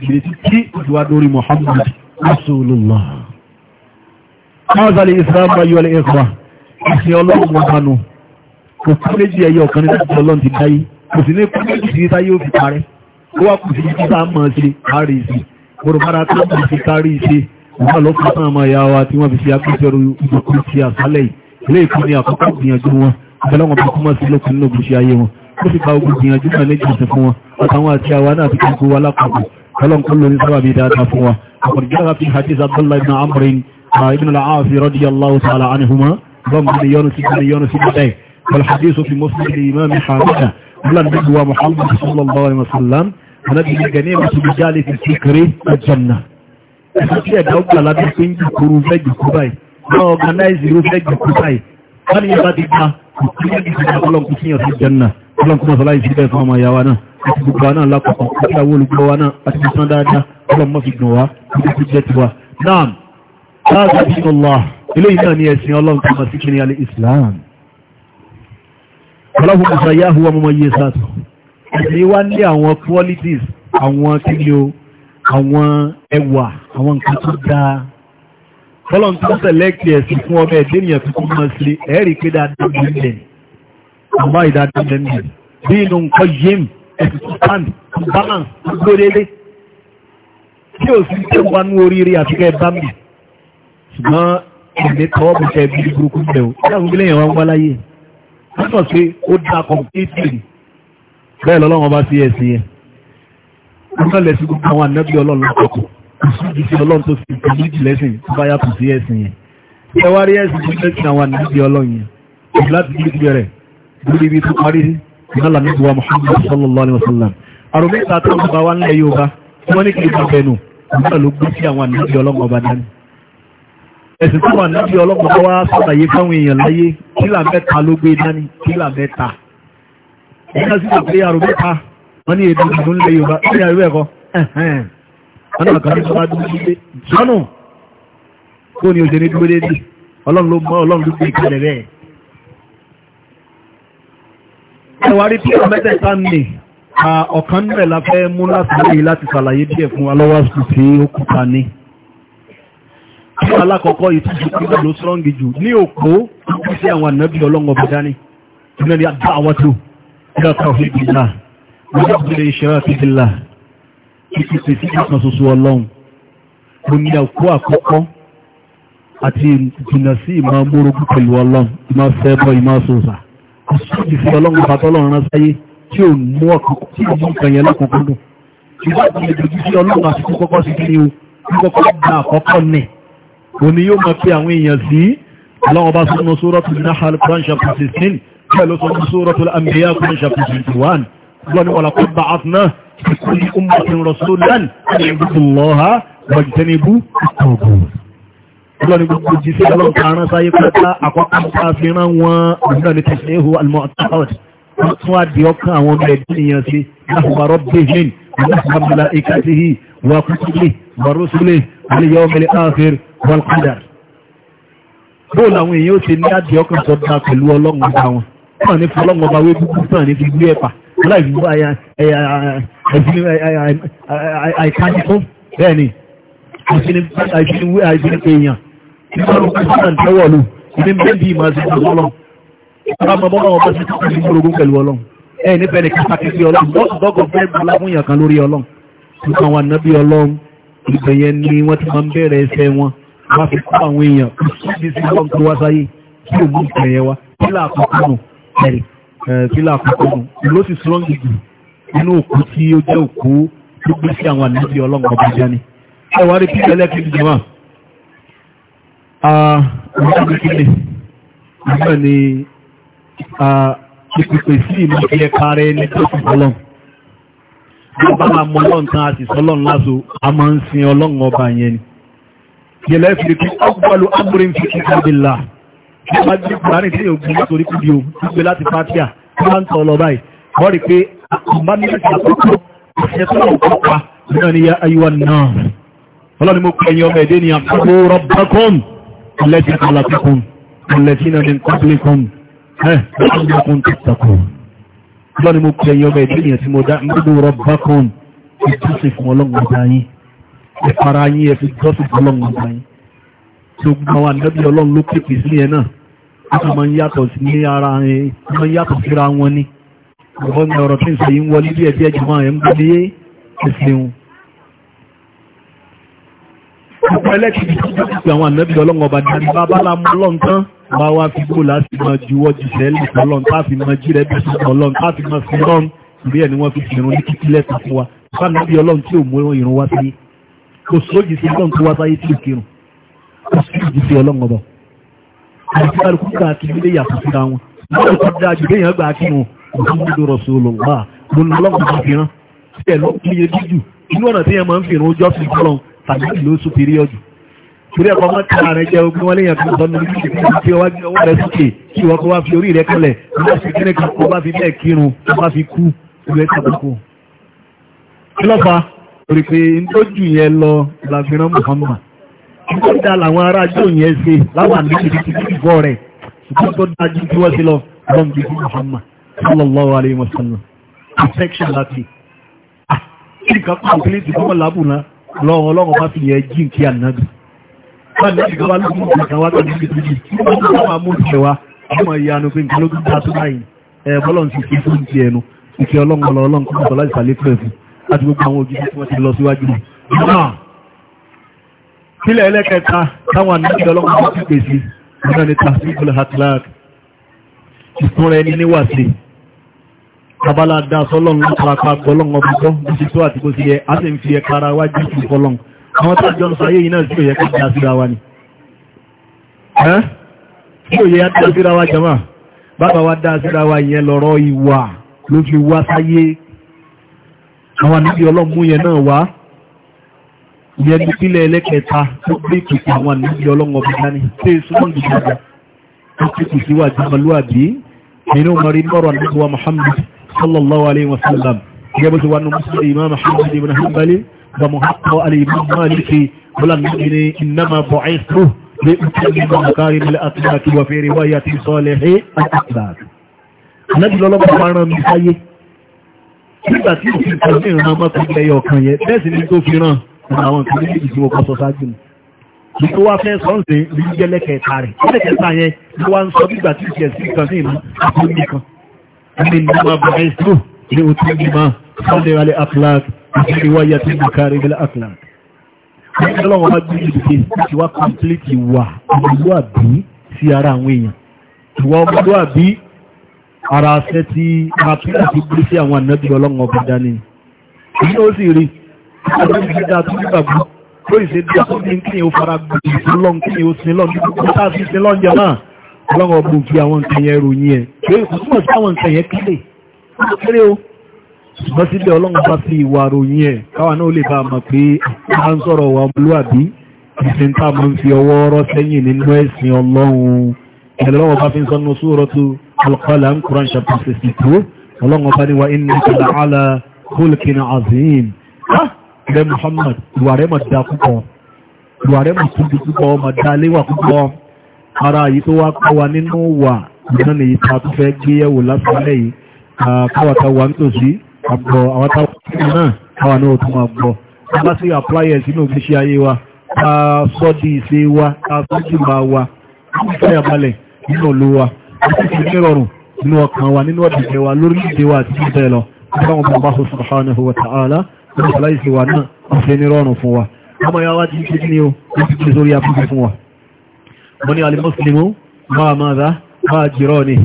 tí ìwà lórí Muhammad rasulullah káwọ́sàlẹ̀ islam ayọ́ alẹ́ ẹ̀kọ́ àti ọlọ́run wọn hànú kò kú méjì ẹyọ ọ̀kan nínú ọlọ́run ti dáyé kò sí ní kú méjì sí táyé ó fi parẹ́ ó wá kù sí títà mọ̀ sí àrèsì kòròbára tó ń fi kárí iṣẹ́ ìwà ló fún àwọn ọmọ ìyá wa tí wọ́n fi ṣe agbẹ́sẹ̀rọ ìdókòó sí àṣálẹ̀ ilé ìkú ní àkọ́kọ́ gbìyànjú wọn abẹ́lọ́wọ́n bí kúmọ̀ sí lókun náà gbèsè ayé wọn ó sì gba ogun gbìyànjú náà ní ìjọsìn fún wọn àtàwọn àti àwa náà ti kókó wa lápapọ̀ ọlọ́nkọ́ lórí sábàbí dáadáa fún wa àkọ̀dìjára ànábì ní gẹ̀ẹ́nì ìmọ̀ síbi jáde ti sí kéré ọjọ́nà ẹ̀sùn tí ẹ̀dá ó gbà lábẹ́ pé ń jòkóru fẹ́ jòkó báyìí wọ́n ọ̀gánáìzì irú fẹ́ jòkó báyìí wọ́n ní yàrá ti gba òkú ní ìdíje ọlọ́nkú sí ọ̀sẹ̀ jẹ́nà ọlọ́nkú mọ̀sálá yìí síbẹ̀ fún ọmọ ìyá wa náà àti gbogbo wa náà lápapọ̀ àti àwọn olùgbọ́ wa náà àti gbogbo náà dáadáa ọlọ́mọ ẹ̀sìn wá ní àwọn qualities àwọn kílíò àwọn ẹwà àwọn nǹkan tó dáa fọlọ́n tó sẹ̀lẹ́kì ẹ̀sìn fún ọmọ ẹ̀dẹ́ ènìyàn tó kún mọ́ sí ẹ̀rí pé dáadáa bẹ́ẹ̀ àmọ́ ìdáadáa bẹ́ẹ̀ bí inú nǹkan yéem ẹ̀sìn tó stand to balance tó gbódélé tí ò sí tẹ́ wá ní oríire àti kẹ́ bá mi ṣùgbọ́n ẹ̀mí tọwọ́ bọ̀ kẹ́ bí burúkú bẹ̀ o ẹ̀dá gbogbo lẹ́yìn láyé wọ́n sọ pé ó dáa bẹ́ẹ̀ lọ́lọ́wọ́ bá sí ẹ̀sìn yẹn wọ́n lẹ̀ sí gbogbo àwọn ànábì ọlọ́run lọ́kọ̀ọ̀kọ̀ ìṣúdìsí ọlọ́run tó fi ìtàn méjì lẹ́sìn tó bá yàtọ̀ sí ẹ̀sìn yẹn ẹ wá rí ẹ̀sìn tó lẹ́sìn àwọn ànábì ọlọ́run yẹn èyí láti bí ìbẹ̀rẹ̀ lórí ibi tó parí ìnáàlà níbi wa Muhammad sallallahu alayhi wa sallam àrùn mẹ́ta tó ń bá wa ńlẹ̀ Yorùbá tí wọ́n ní kí n bá bẹnu nígbà ló gbé sí àwọn ànábì ọlọ́run ọba dání ẹ̀sìn nígbà sí ìpè yàrá mẹ́ta wọ́n ní èdè ìdùnnú ilẹ̀ yorùbá ní yàrá ẹ̀kọ́ wọ́n náà kàn ní sọ́wọ́ dúró ni òṣèré dúró dédé ọlọ́run ló mọ́ ọlọ́run ló gbé ìkàlẹ̀ bẹ́ẹ̀. ẹwà rí pílọ̀ mẹ́tẹ̀ẹ̀ta nì ọ̀kan nílẹ̀ la fẹ́ mú láti lè láti ṣàlàyé díẹ̀ fún wa lọ́wọ́ sùn sí òkúta ní. alákọ̀ọ́kọ́ ìtújú pílọ̀ ló sọ́rọ̀ jù ní òpó sí àwọn ànábì ọlọ́run ọ̀bẹ̀dání ìnáni إلى توحيد الله وجعل الإشراك بالله ìpèsè sí ìpàtàn ṣoṣo ọlọ́run mo ní ọkọ́ àkọ́kọ́ àti ìjìnà sí ìmọ̀ amórógún pẹ̀lú ọlọ́run ìmọ̀ fẹ́bọ̀ ìmọ̀ ṣòṣà àṣíjì fi ọlọ́run bàtọ́ ọlọ́run rán sáyé tí ò mú ọkọ̀kọ́ tí ò mú nǹkan yẹn lọ́kọ̀ọ́kọ́ dùn ìgbà tó lè dojú sí ọlọ́run àti kó kọ́kọ́ sí kí ni o kó kọ́kọ́ gba àkọ́kọ́ nẹ̀ òní yóò máa pe àwọn èèyàn sí ọlọ́run bá sọ́nà sórọ́tù náà Quran chapter sixteen bẹ́ẹ̀ ló sọ ní suratul anbiya kún ní chapter twenty one lọ́ni wọ́n lakọ́ bá a fún náà kún ní ummatin rasulan ní ibùdókòlọ́ha wàjítẹ́nibú àtọ̀gbọ̀ lọ́ni gbogbo jíṣẹ́ ọlọ́nkàrán sáyé pátá àkọ́kọ́ àfihàn wọn òmìnira ní tẹ̀síhù almu'taqad tún àdì ọkàn àwọn ọmọ ẹ̀dín ìyàn sí láhùbà rabbihim láhùbà malaikatihi wa kutubihi wa rusulihi wal yawmil akhir wal qadar bóòlù àwọn èèyàn ó ti ní àdì ọkàn tó dá pẹ̀lú ọlọ́run bá wọn náà ní fọlọ́ngọ̀ bá wé búkú náà ní fi gbé ẹ̀pà láìsí àìkájíkó bẹ́ẹ̀ ni àìsíniwé àìsíniwé èèyàn nígbà ló kásí náà tẹ́wọ̀ lù ní bẹ́ẹ̀dì ìmọ̀ sí ọlọ́run ọba mọ́ bọ́lá ọba sí tọ́kọ̀ sí orogún pẹ̀lú ọlọ́run ẹ̀ níbẹ̀ ni kásàkì sí ọlọ́run lọ́sọ̀dọ́gọ̀ bẹ́ẹ̀ gbọ́láfúnyàn kan lórí ọlọ́run nǹkan wà nábí ọlọ́run ọlọ́run tó ẹ̀rì fílà àkọ́kọ́ nù ló sì strong jù nínú òkú tí ó jẹ́ òkú tó gbé sí àwọn àníbi ọlọ́ngàn bá jẹ́ ni ẹwà rí pípẹ́ lẹ́kìtì jọmọ́ ọ̀rọ̀dẹ́gbẹ̀kẹ́lẹ̀ nígbà ni ìpìpè sí ìmọ̀kẹ́ kárẹ́ ní tó sì sọ́lọ́n bá máa mọ ọlọ́n tán àti sọ́lọ́n láso a máa ń sin ọlọ́ngàn ọba yẹn ni yẹlẹ́ fi rí pé ọgbọ́lù agbórin fi kíkà bí bá gbé kùránì tí yóò gbé nítorí kúbi o gbé láti pátíà tó bá ń tọ́ lọ báyìí wọ́n rí pé àkùnbá ní ìsìn àkọ́kọ́ ìṣẹ́ tó lọ́wọ́ kọ́pa nínú ni ya ayúwa náà ọlọ́ni mo pè yín ọmọ ẹ̀dẹ́ ni àkókò rọ́bàkùn ọlẹ́tì àlàkùn ọlẹ́tì náà ní kọ́pìlìkùn ẹ̀ ọlọ́kùn tó takùn ọlọ́ni mo pè yín ọmọ ẹ̀dẹ́ ni àti mo dá gbogbo àwọn ànábì ọlọ́run ló pèpè sí ẹ náà wọ́n máa ń yàtọ̀ sí ní ara ẹ̀ máa ń yàtọ̀ síra wọn ni ọ̀rọ̀ ní ọ̀rọ̀ tí ń sọ yìí ń wọlé bí ẹ̀bí ẹ̀jẹ̀ máa ń gbọ́dé ẹ̀sìn wọn. ọ̀pọ̀ ẹlẹ́kìtì tó bá gbogbo àwọn ànábì ọlọ́run ọba dání bàbá bá tá fi máa jírẹ́ tá fi máa fi rọ́n ìrí ẹ̀ ni wọ́n fi fi irun ní kíkí lẹ́sìn fún wa sáà nábì ọlọ́run tí ò mú irun wá sáyé kejì sí ọlọ́run ọba àti àlùkù káàkiri lè yàtọ̀ síra wọn lọ́wọ́ tó dáa jù léèyàn gbà kí wọn Muhammadu Rasulullah lọ́nà ọlọ́run bá fi rán síbẹ̀ ló níye jíjù inú ọ̀nà tí yẹn máa ń fi ràn ó jọ́sìn fọlọ́n tàbí ìlú oṣù píríọ̀dù torí ẹ̀kọ́ máa tà rẹ jẹ́ ogun wọn léèyàn kan tọ́nu níbi ìdíje tí ọwọ́ ọwọ́ rẹ sókè kí ìwọ kó wá fi orí rẹ kalẹ̀ wọ́n fi kíni kan kó bá fi bẹ́ẹ̀ kírun tó bá fi kú ìwé kàbákò. kí ló fà torí pé ń tó jù yẹn lọ làfihàn Muhammad ṣùgbọ́n dá làwọn ará jò yẹn ṣe láwọn àmì ìgbọ́ rẹ̀ ṣùgbọ́n tó dájú tí wọ́n sí lọ lọ́n bí i Muhammad sallallahu alayhi wa sallam affection láti ah, kí nǹkan complete ìgbọ́n lábùnà lọ́wọ́ ọlọ́run bá fi yẹ jí nkí ànábì báyìí láti gbọ́ lókun nǹkan wá tàbí kí tóbi wọ́n tó máa mú ìṣẹ́ wa ọmọ ìyanu pé nǹkan lókun dá tó báyìí ẹ̀ bọ́lọ̀ ń ti fi fún ti ẹnu ìkẹ́ ọlọ́run ọlọ́run kọ́ sílẹ̀ ẹlẹ́kẹta táwọn ànájọ́ ọlọ́pàá ti pèsè náà ní tàṣíkùl hatlak ìfún rẹ̀ ní níwàsí abala dá sọ́lọ́n lápapá gbọ́lọ́n ọgbọ́ bó ti tó àti a sì ń fi ẹka ara wá jí fún fọ́lọ́n àwọn tó jọ sáyé yìí náà sí òye ká dá síra wa ni sí òye á dá síra wa jama bàbá wa dá síra wa yẹn lọ́rọ̀ ìwà ló fi wá sáyé àwọn ànájọ́ ọlọ́mú yẹn náà wá ìyẹn ní ìpínlẹ̀ ẹlẹ́kẹta tó gbé ìpèsè àwọn àníbi ọlọ́run ọba dání tí èso náà gbé dada tó ti kù sí wàjú ọmọlúwàbí nínú mọ̀rí mọ́rọ̀ àníbi wa Muhammad sallallahu alayhi wa sallam gẹ́gẹ́ bó ti wà nù mùsùlùmí imam Muhammad ibn Hanbali wa muhammad al-imam maliki wala nabi ni innama bu'ithu li utamma makarim al àwọn nǹkan ní ìdí mo kọ́ sọ ṣáájú mi ní tó wá fẹ́ sọ́ǹsẹ̀ ní jẹ́lẹ́kẹ̀ẹ́ta rẹ̀ jẹ́lẹ́kẹ̀ẹ́ta yẹn ló wá ń sọ nígbà tí ìṣẹ̀ sí kan sí ìmú àkóyí kan ní ní ma bọ̀ ẹ́sìtò ní òtún ní ma sọ́lẹ̀ alẹ́ aflac àti ìwáyà tí mo kárí ilẹ̀ aflac ọlọ́wọ́n bá gbé ìdíje láti wá kọ́ńpìlìtì wà ọmọlúàbí sí ara àwọn èèyàn ìwà ọmọlúàbí ara ṣẹ́ ti àpílà ti gbé sí àwọn ànábì ọlọ́wọ́n ọba dání èyí ó sì rí àgbẹ̀gbẹ̀dá tó ní bàbá tó ìṣe dí àwọn ní kí o fara o sin lọ́n nígbà tá a fi sin lọ́n jẹ náà ọlọ́run ọgbọ̀n fi àwọn nǹkan yẹn ròyìn ẹ̀ pé kò túmọ̀ o ṣùgbọ́n síbẹ̀ ọlọ́run bá fi ìwà a mọ̀ pé a ń sọ̀rọ̀ wa olúwàbí ìsìn tá a máa ń fi ọwọ́ ọrọ́ sẹ́yìn nínú ẹ̀sìn ọlọ́run ẹ̀lọ́wọ́ bá fi ń sọ́nà suratu Al-Qalam Quran chapter sixty two ọlọ́run ọba ni rẹ Muhammad ìwà rẹ mọ̀ dá púpọ̀ ìwà rẹ mọ̀ tóbi púpọ̀ mọ̀ dá léwà púpọ̀ ara yìí tó wá kọ́ wa nínú wà ìdán nìyí ta tó fẹ́ gbé yẹ̀wò lásìlẹ̀ yìí káwàtà wà nítòsí àgbọ̀ àwọn táwọn náà káwà náà tó máa gbọ́ bá sí àpláyẹ̀ sínú ìgbésí ayé wa ká sọ́ di ìṣe wa ká sọ́ jù bá wa káwàtà balẹ̀ nínú òlu wa láti fi nírọ̀rùn nínú ọkàn wa nínú ọ̀dẹ̀dẹ̀ wa lórílẹ̀-èdè wa àti ìbẹ̀ lọ. Ọlọ́run bá bá sọ subhanahu wa ta'ala wọ́n ṣàlàyé sí ọmọ o wọ́n ti gbé sórí afẹ́fẹ́ fún wa mo ní alimọ́sílẹ̀mù máa máa dá máa jìrọ́ ni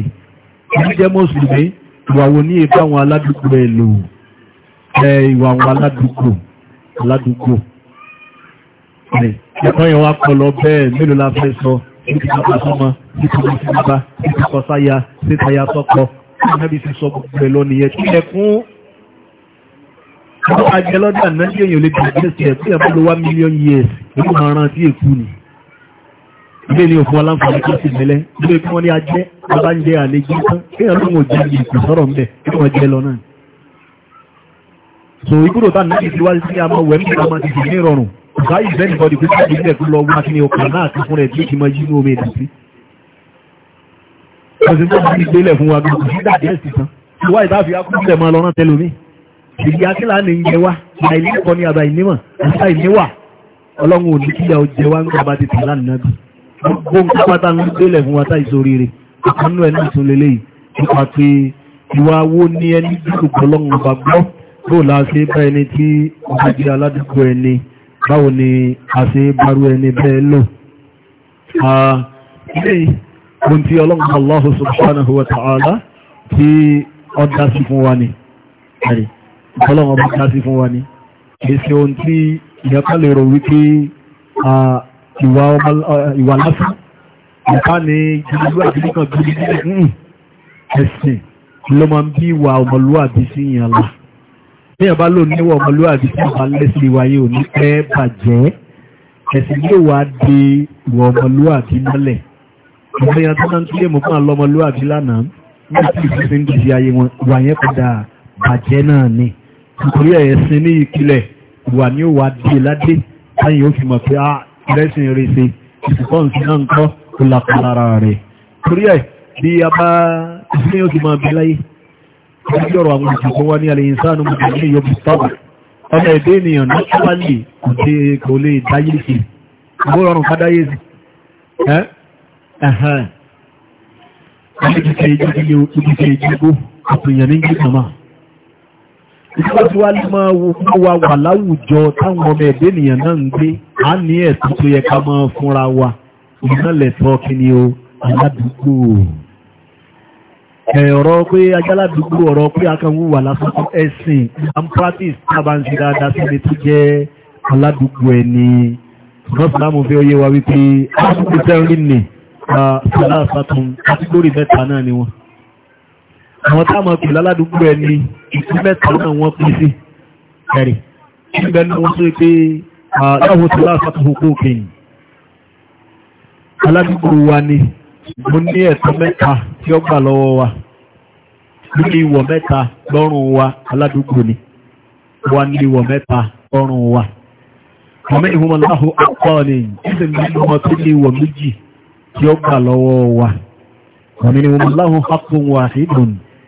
ìlú jẹ́ mọ́sùlùmí ìwà wo ní ìbá àwọn aládùúgbò rẹ̀ lò ẹ ìwà àwọn aládùúgbò aládùúgbò rẹ̀ ẹ̀kọ́ yẹn wá kọ lọ bẹ́ẹ̀ mélòó la fẹ́ sọ títí bàbá sọmọ títí bàbá sí bàbá títí kọ sáyà títí aya sọkọ ẹ̀mẹ́bí ti sọ gbogbo ẹ̀ lọ tí ẹkún àwọn àjẹ́ lọ́dọ̀ ànájí èyàn lè kàgbẹ́sì ẹ̀ tí ẹ̀bọ́ ló wá million years nínú ọ̀ràn tí èkú ni ilé ni òfin aláǹfààní tó sì mẹ́lẹ́ ilé kí wọ́n ní ajẹ́ bàbá ń jẹ́ àlejò tán kéèyàn ló wọ́n jẹ́ ìkù sọ̀rọ̀ ń bẹ̀ kí wọ́n jẹ́ lọ náà so ìgbúrò tá nàbì ti wáyé sí àmọ́ wẹ̀ nígbà máa ti sì ní ìrọ̀rùn báyìí bẹ́ẹ̀ nìkan dìgbò tí ìbílẹ̀ tó lọ wá kí ni ọkàn náà ti fún rẹ̀ bí ìmọ̀ yìí ní omi ìdí sí. ọ̀sìn tó ti gbélẹ̀ fún wa gbogbo èyí akílà ní ń jẹ wá àìlẹ́kọ̀ọ́ ní àbá ìnímọ̀ àti àìníwà ọlọ́run ò ní kíyà ó jẹ wá ń gbà bá ti tẹ̀lá nìyàbí gbogbo nǹkan pátá ń gbélẹ̀ fún wa tá ìsorí rẹ̀ àkànnú ẹ̀ náà tún lélẹ̀ yìí nípa pé ìwà wo ní ẹni dúdùkọ̀ ọlọ́run ọba gbọ́ bóò la ṣe bá ẹni tí ọba jẹ́ aládùúgbò ẹni báwo ni a ṣe bárú ẹni bẹ́ẹ̀ lò ilé Allah subhanahu wa ta'ala tí ọ dá sí fún wa ni. Allez ọlọ́run ọba kásí fún wa ni èsì ohun tí ìyẹ́ká lè rò wípé ìwà lásán ìká ní gbogbo àdínìkan gbogbo ìrìn hmm. ẹ̀sìn ló máa ń bí ìwà ọmọlúwàbí sí ìyàn la bí ẹ̀ bá lò níwọ̀ ọmọlúwàbí sí ìwà lẹ́sìn di ìwà ọmọlúwàbí mọ́lẹ̀ ọmọ yẹn tó máa ń tún lè mú fún àlọ́ ọmọlúwàbí lánàá ní ìfúnṣe nítorí ẹ̀sìn ní ìpìlẹ̀ ìwà ní ó wà díẹ̀ ládé táyìn ó fi mọ̀ pé ah, ẹ̀sìn rẹ̀ ṣe ìsìnkọ́ǹsì náà ń kọ́ ó lápá lára rẹ̀ torí ẹ̀ bí a bá ìsìn yóò ti máa bí láyé ọjọ́ ọ̀rọ̀ àwọn òṣìṣẹ́ wá ní alẹ́ ìsánú mọ̀ ní ìyọ̀bù sábà ọmọ ẹ̀dẹ́ ènìyàn ní ṣọ́wálì kò lè dáyé sí agbórọrùn kádáyé sí ẹ̀hẹ́n ẹ̀hẹ́n ìjọba tí wá lè máa wo fún wa wà láwùjọ táwọn ọmọ ẹ̀dẹ́ ènìyàn náà ń gbé a ní ẹ̀tọ́ tó yẹ ká máa fúnra wa ìrìnàlẹ̀tọ́ kí ni o aládùúgbò ẹ̀rọ pé ajáládùúgbò ọ̀rọ̀ pé akẹ́wùwà lásán ẹ̀sìn and practice tábàǹsì dáadáa sí ni tó jẹ́ aládùúgbò ẹni rọ́sìlámù fi oyé wa wípé aládùúgbò sẹ́rin nì àwọn táwọn pè láládùúgbò ẹni ìpín mẹ́ta náà wọ́n pín sí ẹ̀rì níbẹ̀ náà wọ́n tó yẹ pé láwo tó láàfà tó kókó kẹ́yìn aládùúgbò wa ni mo ní ẹ̀tọ́ mẹ́ta tí ó gbà lọ́wọ́ wa nínú ìwọ̀ mẹ́ta lọ́rùn wa aládùúgbò ni wa ní ìwọ̀ mẹ́ta lọ́rùn wa ọmọ ìwọ̀n láhùn àkọọ́lì ìsìn nínú wọn tó ní ìwọ̀ méjì tí ó gbà lọ́wọ́ wa ọmọ ìwọ̀n láhùn àkọọ́lì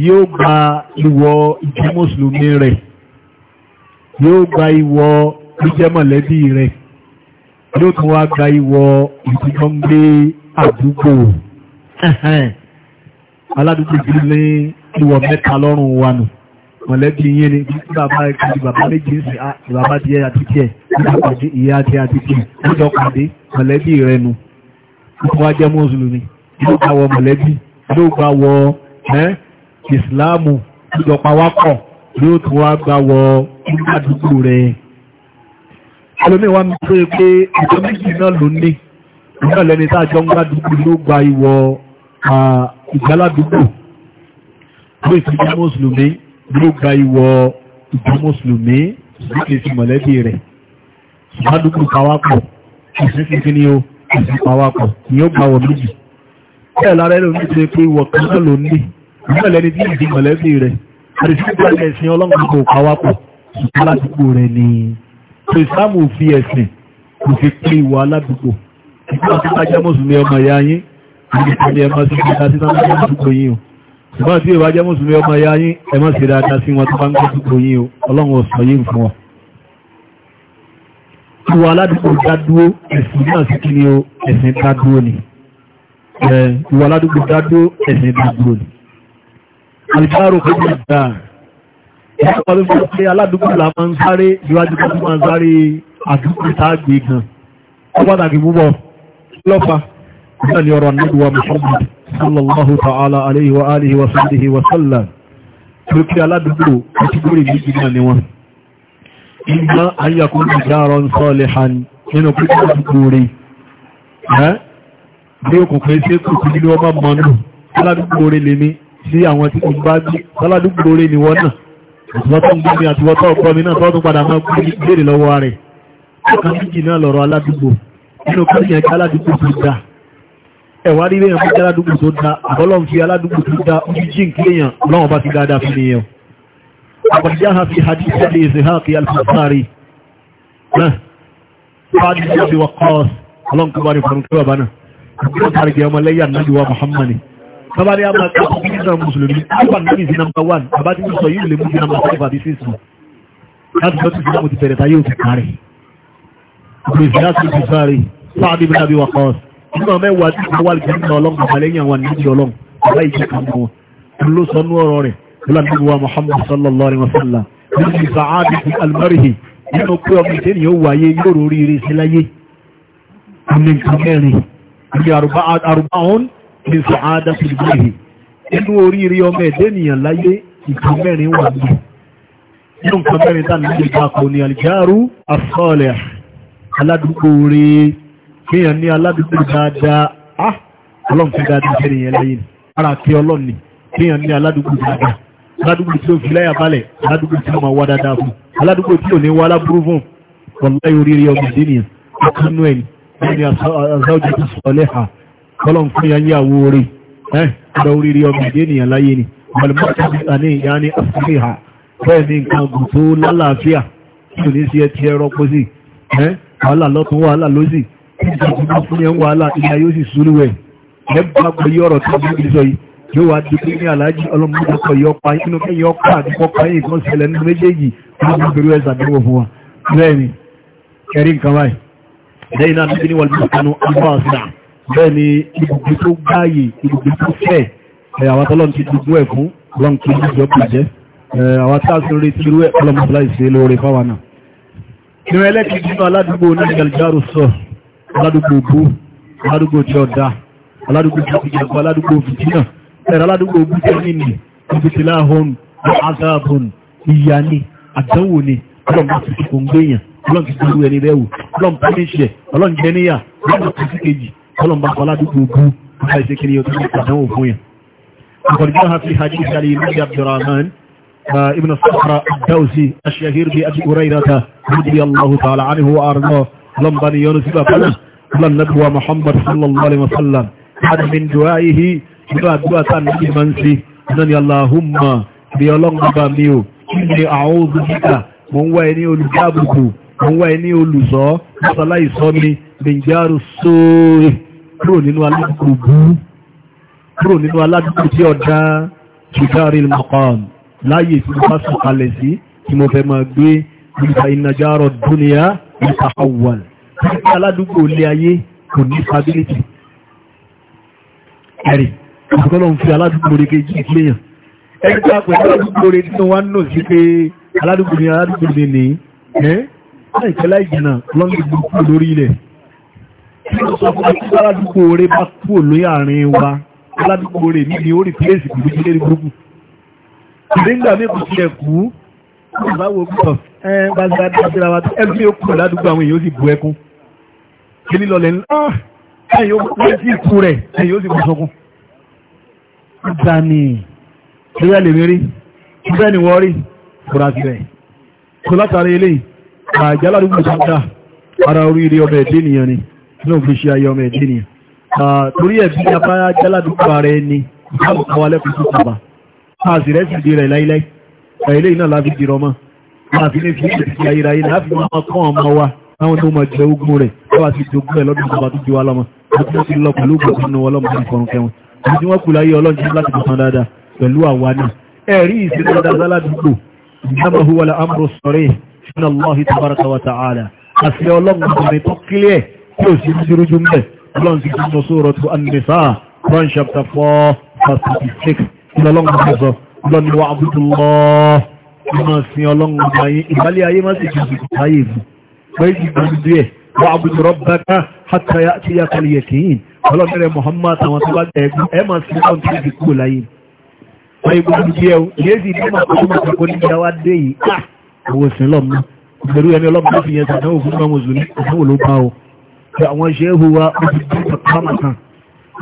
yóò gba ìwọ ìjẹ́ mùsùlùmí rẹ̀ yóò gba ìwọ ìjẹ́ mọ̀lẹ́bí rẹ̀ yóò tún wá gba ìwọ ìdíjọ́ ń gbé àdúgbò aládùúgbò bí ní ìwọ mẹ́ta lọ́rùn wa nù mọ̀lẹ́bí yín ni bí bàbá ìkàdì bàbá méjì sí ah, bàbá díẹ̀ àti tiẹ̀ nígbà pàdé ìyá àti àti tiẹ̀ níjọ pàdé mọ̀lẹ́bí rẹ̀ nù wọ́n mùsùlùmí yóò gba wọ mọ̀lẹ́bí yóò gba wọ ẹ́ ìsìláàmù ìjọpa wákọ̀ bí ó tún wá gbà wọ ìgbàdúgbò rẹ̀ ẹlòmíwá mi tó yẹ pé ìjọ méjì náà ló ní ìjọ lẹni tá àjọ ń gbàdúgbò ló gba ìwọ ìgbàládùgbò ló ìfìdí mùsùlùmí ló gba ìwọ ìjọ mùsùlùmí ìdíkè sí mọ̀lẹ́bí rẹ̀ ìgbàdúgbò pawápọ̀ ìsìn kíkí ni ó ìsìn pawápọ̀ ni ó gbà wọ méjì bẹ́ẹ̀ lára ẹlòmíì tó yẹ pé ìwọ kan náà ló ní ìgbà lẹni tí ìdí mọ̀lẹ́bí rẹ̀ àdìsíkò rẹ̀ ẹ̀sìn ọlọ́run kò káwápọ̀ aládùúgbò rẹ̀ ni ìsìlámù fi ẹ̀sìn kò fi pé ìwà aládùúgbò ìgbà tó bá jẹ́ mùsùlùmí ọmọ ìyá yín àdìsíkò ẹ̀ máa ṣe dáadáa sí náà ládùúgbò yín o ṣùgbọ́n tí ìwà jẹ́ mùsùlùmí ọmọ ìyá yín ẹ̀ máa ṣe dáadáa sí wọn tó bá ń gbé dùgbò yín o ọlọ́run ọ̀sọ̀ yín fún wọn. ìwà aládùúgbò dádúró ẹ̀sìn náà sí kí ni o ẹ̀sìn dádúró ni ìwà aládùúgbò dádúró ẹ̀sìn dádúró ni alìbárò pẹ̀lú ìgbà ẹ̀yà pàdé fún pé aládùúgbò là máa ń sáré ìwájú tó máa sáré àdúgbò tágbé gan ó pàtàkì púpọ̀ lọ́fà náà ni ọ̀rọ̀ anáduwa Muhammad sallallahu ta'ala alayhi wa alihi wa sallihi wa sallam tó kí aládùúgbò àti gbórí méjì náà ni wọn ìgbà ayakun ìjárọ̀ ń sọ́ọ̀lẹ̀ hàn nínú rẹ̀ lè ní sí àwọn tí kò bá gbé sáládùgbò rẹ̀ ni wọ́n náà àtìwọ́tọ́ ń gbé mi àtìwọ́tọ́ ọkọ mi náà tọ́tún padà máa gbé ìbéèrè lọ́wọ́ rẹ̀ ọkàn méjì náà lọ̀rọ̀ aládùgbò nínú kọ́nyà ẹ̀ka aládùgbò tó dáa ẹ̀wà rí lẹ́yìn fún aládùgbò tó dáa àbọ́lọ́n fi aládùgbò tó dáa ojú jí nkílẹ̀yàn lọ́wọ́ bá ti dáadáa fún mi yẹn àbọ̀díjá ha fi hadi sẹ́lẹ̀ náà fáàdì sọ́bí bàbá ní àmà ká fún ìsìnà mùsùlùmí alfa nàbì sí nàmbà wàn bàbá tí mo sọ yìí lè mú sí nàmbà five àbí six mu láti lọ́tí sí nàmbà ti bẹ̀rẹ̀ tá yóò ti kárẹ̀ bèzí láti fi sáré sáàbí bí nàbí wà kọ́ nígbà mẹ́wàá tí mo wà lẹ́yìn náà ọlọ́run bàbá lẹ́yìn àwọn àníjì ọlọ́run bàbá ìjẹ́ kan mọ́ ló sọ nú ọ̀rọ̀ rẹ̀ lọ́la níbi wa Muhammad sallallahu alayhi wa sallam nínú ìsàádì almarihi nínú pé ọmọ ìṣẹ́ ni ó wáyé yóò rí rí sí láyé àmì nǹkan mẹ́rin àmì àrùbáhún bí sàádà fi gbèrè inú oríire ọmọ ẹ̀dẹ́ ènìyàn láyé nǹkan mẹ́rin wà ní inú nǹkan mẹ́rin tá nílé ìpapò ní alìjáàrú asọ́ọ̀lẹ̀ aládùúgbò rẹ̀ kéèyàn ní aládùúgbò dáadáa ah ọlọ́run fẹ́ dáadáa fẹ́ nìyẹn láyé ni ara kí ọlọ́run ni kéèyàn ní aládùúgbò dáadáa aládùúgbò tí ó fi láyà balẹ̀ aládùúgbò tí ó máa wá dáadáa fún aládùúgbò tí ò ní wá láburú kọ́lọ̀n fún ya yàwó rí ẹ́ ọ̀dọ̀ orí rí ọmọ ìdí ènìyàn láyé ni mọ̀lẹ́mọ́ta ní àní ìyá ní àfíríhà bẹ́ẹ̀ ni nǹkan gùn tó lálàáfíà tí ò ní sí ẹtì ẹrọ pọ̀ sí ẹ́ wàhálà lọ́tún wàhálà lọ́sì ìjọba fún yẹn wàhálà ilẹ̀ yóò sì súrú ẹ̀ ẹ́ bá gbọ́ yí ọ̀rọ̀ tó bí sọ yìí yóò wá di pé ní aláàjì ọlọ́mọdé kọ yọ pa inú kẹ́yìn ọkọ̀ àdúgbò pa yìí kan ṣẹlẹ̀ nínú méjèèjì láti bẹ̀rù ẹ̀ sàdéwò fún wa bẹ́ẹ̀ ni kẹrí nǹkan báyìí lẹ́yìn náà níbi ní wọ́n lè sànú albáàsì náà bẹ́ẹ̀ ni ibùgbé tó gbáyè ibùgbé tó fẹ́ àwọn tọ́lọ́n ti dùgbò ẹ̀ fún ọlọ́n kí ní ìjọ pàjẹ́ àwọn tá a sì rí tìrú ẹ̀ ọlọ́mọdé lóore fáwọn ìrìn ẹlẹ́kìí nínú aládùúgbò ni àdánwò ni ọlọ́n bá ti fi kò ń gbéyàn ọlọ́n ti ẹni bẹ́ẹ̀ ọlọ́n pẹ́ẹ́ṣẹ̀ ọlọ́n jẹ́ níyà ọlọ́n ti ọlọ́mbà ọládùgbògbò àìsí kiri yóò tó ní àdánwò fún yẹn akọ̀dìjọ́ ha fi hadith alimadi abdurrahman ibn sahara dawsi ashahir bi abi urairata radiyallahu ta'ala anhu wa arda ọlọ́mbà ni yọnu sí bàbá ọlọ́n nabuwa muhammad sallallahu alaihi wasallam hada min duwaihi nínú àdúrà tá a nàbí man sí ọ̀nà allahumma bí ọlọ́mbà mi ò kí ni bika mo ń wá ẹni olùdáàbòbò mo ń wá ẹni olùsọ́ bèjáró sóòrè kúrò nínú aládùúgbò bú kúrò nínú aládùúgbò tí ọ̀dá ṣùgbárí mọ̀kàn láyé tí mo bá sọ̀kalẹ̀ sí tí mo fẹ́ máa gbé nípa ìnàjárọ̀ dúnìyà nípa àwọn aládùúgbò ilé ayé kò ní stability ẹ̀rì àkọ́lọ̀ ń fi aládùúgbò rẹ̀ kejì ìléyàn ẹni tó àpẹ̀ aládùúgbò rẹ̀ tí wọ́n nù sí pé aládùúgbò ni aládùúgbò ni ní ẹ́ láìpẹ́ láì lọ́nà ìgbòkú lórí ilẹ̀ aládùúgbò rẹ̀ bá kúrò lóyè àárín wa aládùúgbò rẹ̀ níbi ó rí pílẹ̀sì kò gbé lérí gbogbo ìdíńgbà mẹ́kù sí ẹ̀kú báwo gbọ́ ẹ bá ti dáadáa síra wa ẹgbẹ́ ó kúrò ládùúgbò àwọn èèyàn ó sì bu ẹkún kí ní lọlẹ̀ ńlá ẹ̀yìn ó wọ́n sí ikú ni wọ́n náà fi ṣe ayé ọmọ ẹ̀dẹ́ ni torí ẹ̀bí abára jáládùkú ara ẹni ìbáàbò kan wálẹ̀ fún tàbà káàsì rẹ̀ sì di rẹ̀ láíláí ilé iná láti di rọmọ láti ní fi ṣe ti ayé ayé láti máa kọ́ ọmọ wa láwọn tó máa jẹ ogun rẹ̀ lọ́wọ́ àti ìjogún ẹ̀ lọ́dún bàbá tó ju wa lọ́mọ láti lọ́ ti lọ pẹ̀lú ògùn nínú ọlọ́mọ ìfọ̀rùn kẹwọn àti tí tí ò sí rújúrújú mẹ́ ọlọ́run ti fi mọ́ sóòrọ̀ tó an-Nisa Quran chapter four verse thirty six ìlọlọ́run ti sọ lọ́ni wa abudulọ́ ìmọ̀ sin ọlọ́run ọba yín ìbálẹ̀ ayé má sì jù ayé ìbù wọ́n ti gbà ń bí ẹ̀ wa abudu rabbaka hatta ya'tiyaka al-yaqin ọlọ́run rẹ̀ Muhammad àwọn tó bá jẹ́ ẹgbẹ́ ẹ̀ máa sin ọlọ́run tó ti kúrò láyé wọ́n ibu ìdí ẹ̀ yéé sì ní màá tó máa kọ́ ní ìyá dé yìí ká òwò sí lọ́mọ ìgbèrú ẹni ọlọ́run tí àwọn iṣẹ́ ìhù wa ó ti dúpọ̀ kámàkan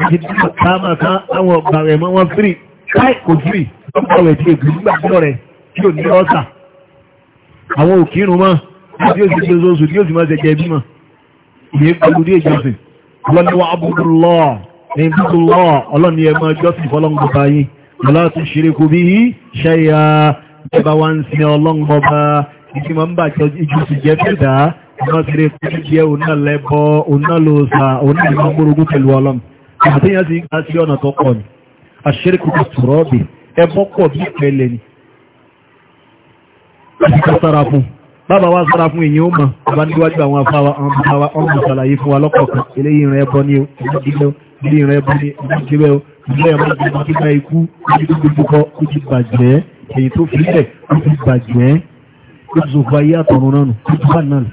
ti dúpọ̀ kámàkan àwọn ọ̀gbà rẹ̀ mọ́ wọn fírì káì kò fírì lọ́pọ̀ rẹ̀ tí èkó nígbà tí ọ̀rẹ́ tí ò ní ọ́sà àwọn òkírun mọ́ tí ó sì ṣe oṣooṣù tí ó sì máa ṣe jẹ bímọ ìyẹn pẹ̀lú dé ìjọsìn ọlọ́niwá abúlọ́ ní búlọ́ ọlọ́ni ẹ̀mọ́ ìjọsìn fọlọ́ngbọ̀bá yìí ọlọ́tún ṣeré kò bí ṣẹ́yà ìrọ́sílẹ̀ jẹ́ onálẹ́bọ́ onálòsà onálòmórogún pẹ̀lú ọlọ́m àtíyàn sí ìgbà sí ọ̀nà tó pọ̀ ní àṣírìkùkù tùrọ́bì ẹbọ́ pọ̀ bí pẹ̀lẹ̀ ni àṣíkà sára fún bàbá wá sára fún èyí ó mọ̀ bàbá níwájú àwọn afáwa ọmọ ìsàlàyé fún alọ́kọ̀ọ̀kan eléyìí rẹ̀ ẹbọ ní eléyìí rẹ̀ ẹbọ ní ìdílé ẹbọ ní ìdílé ẹbọ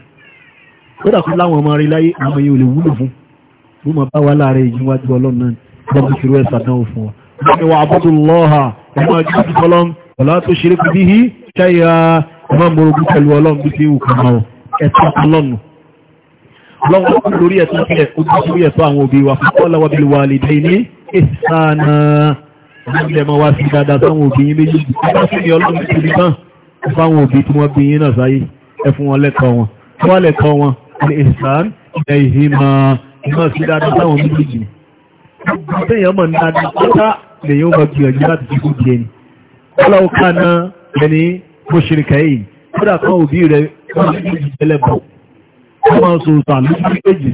ó dàkú láwọn ọmọ rí láyé àwọn yìí ò lè wúlò fún ó mọ̀ bá wà láàrẹ ìjíwájú ọlọ́run náà bọ́bí ṣe rú ẹ̀sà náà fún ọ. wọ́n ni wà àbúrò lọ́ha ẹ̀mọ́ ọjọ́ ti fọlọ́m ọ̀lá tó ṣe rékù bí i ṣáyà ẹ̀mọ́ mọ̀rọ̀gún pẹ̀lú ọlọ́run bí ti wù kàn án ẹ̀tọ́ ọlọ́run. ọlọ́run kú lórí fún kọ́lá wa bíi fún wọn lẹ́tọ̀ọ́ wọn ní ìsàn ilẹ̀ ìhìmọ̀ ìmọ̀ sí dáadáa táwọn méjèèjì tẹ́yàn mọ̀ ní dáadáa pátá lèyàn bá gbìyànjú láti fi kú jẹ ni ọlọ́wọ́ ká ná ẹni bó ṣe rìkà yìí kódà kan òbí rẹ̀ wọ́n ti méjì tẹ́lẹ̀ bọ̀ wọ́n máa sọ òtò àlùkò méjèèjì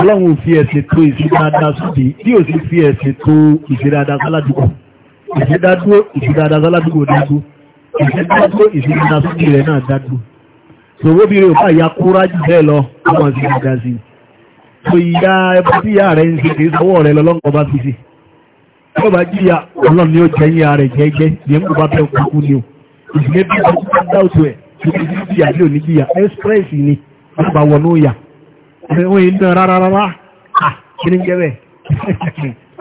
ọlọ́run ò fi ẹ̀sìn tó ìṣe dáadáa sódì bí ò sì fi ẹ̀sìn tó ìṣe dáadáa sáládùkù náà dáadú ṣòwòbìnrin ò bá ìyá kúrá jù bẹ́ẹ̀ lọ ọmọ sí ìgbà sí so ìyá ẹbí tí ìyá rẹ̀ ń ṣe kìí sọwọ́ rẹ̀ lọ́lọ́nkọ bá fi sí tó bá jíyà ọlọ́run ni ó jẹ́ ìyá rẹ̀ jẹ́jẹ́ yẹn kó bá bẹ́ẹ̀ kúkú ni o ìṣẹ́lẹ̀ bí wọ́n ti ń dá òtò ẹ̀ níbi tí ìyá ní òní jíyà express ni wọ́n bá wọnú ìyà ẹ̀wọ̀n yìí náà rárá rárá à kí ni jẹ́ bẹ́ẹ̀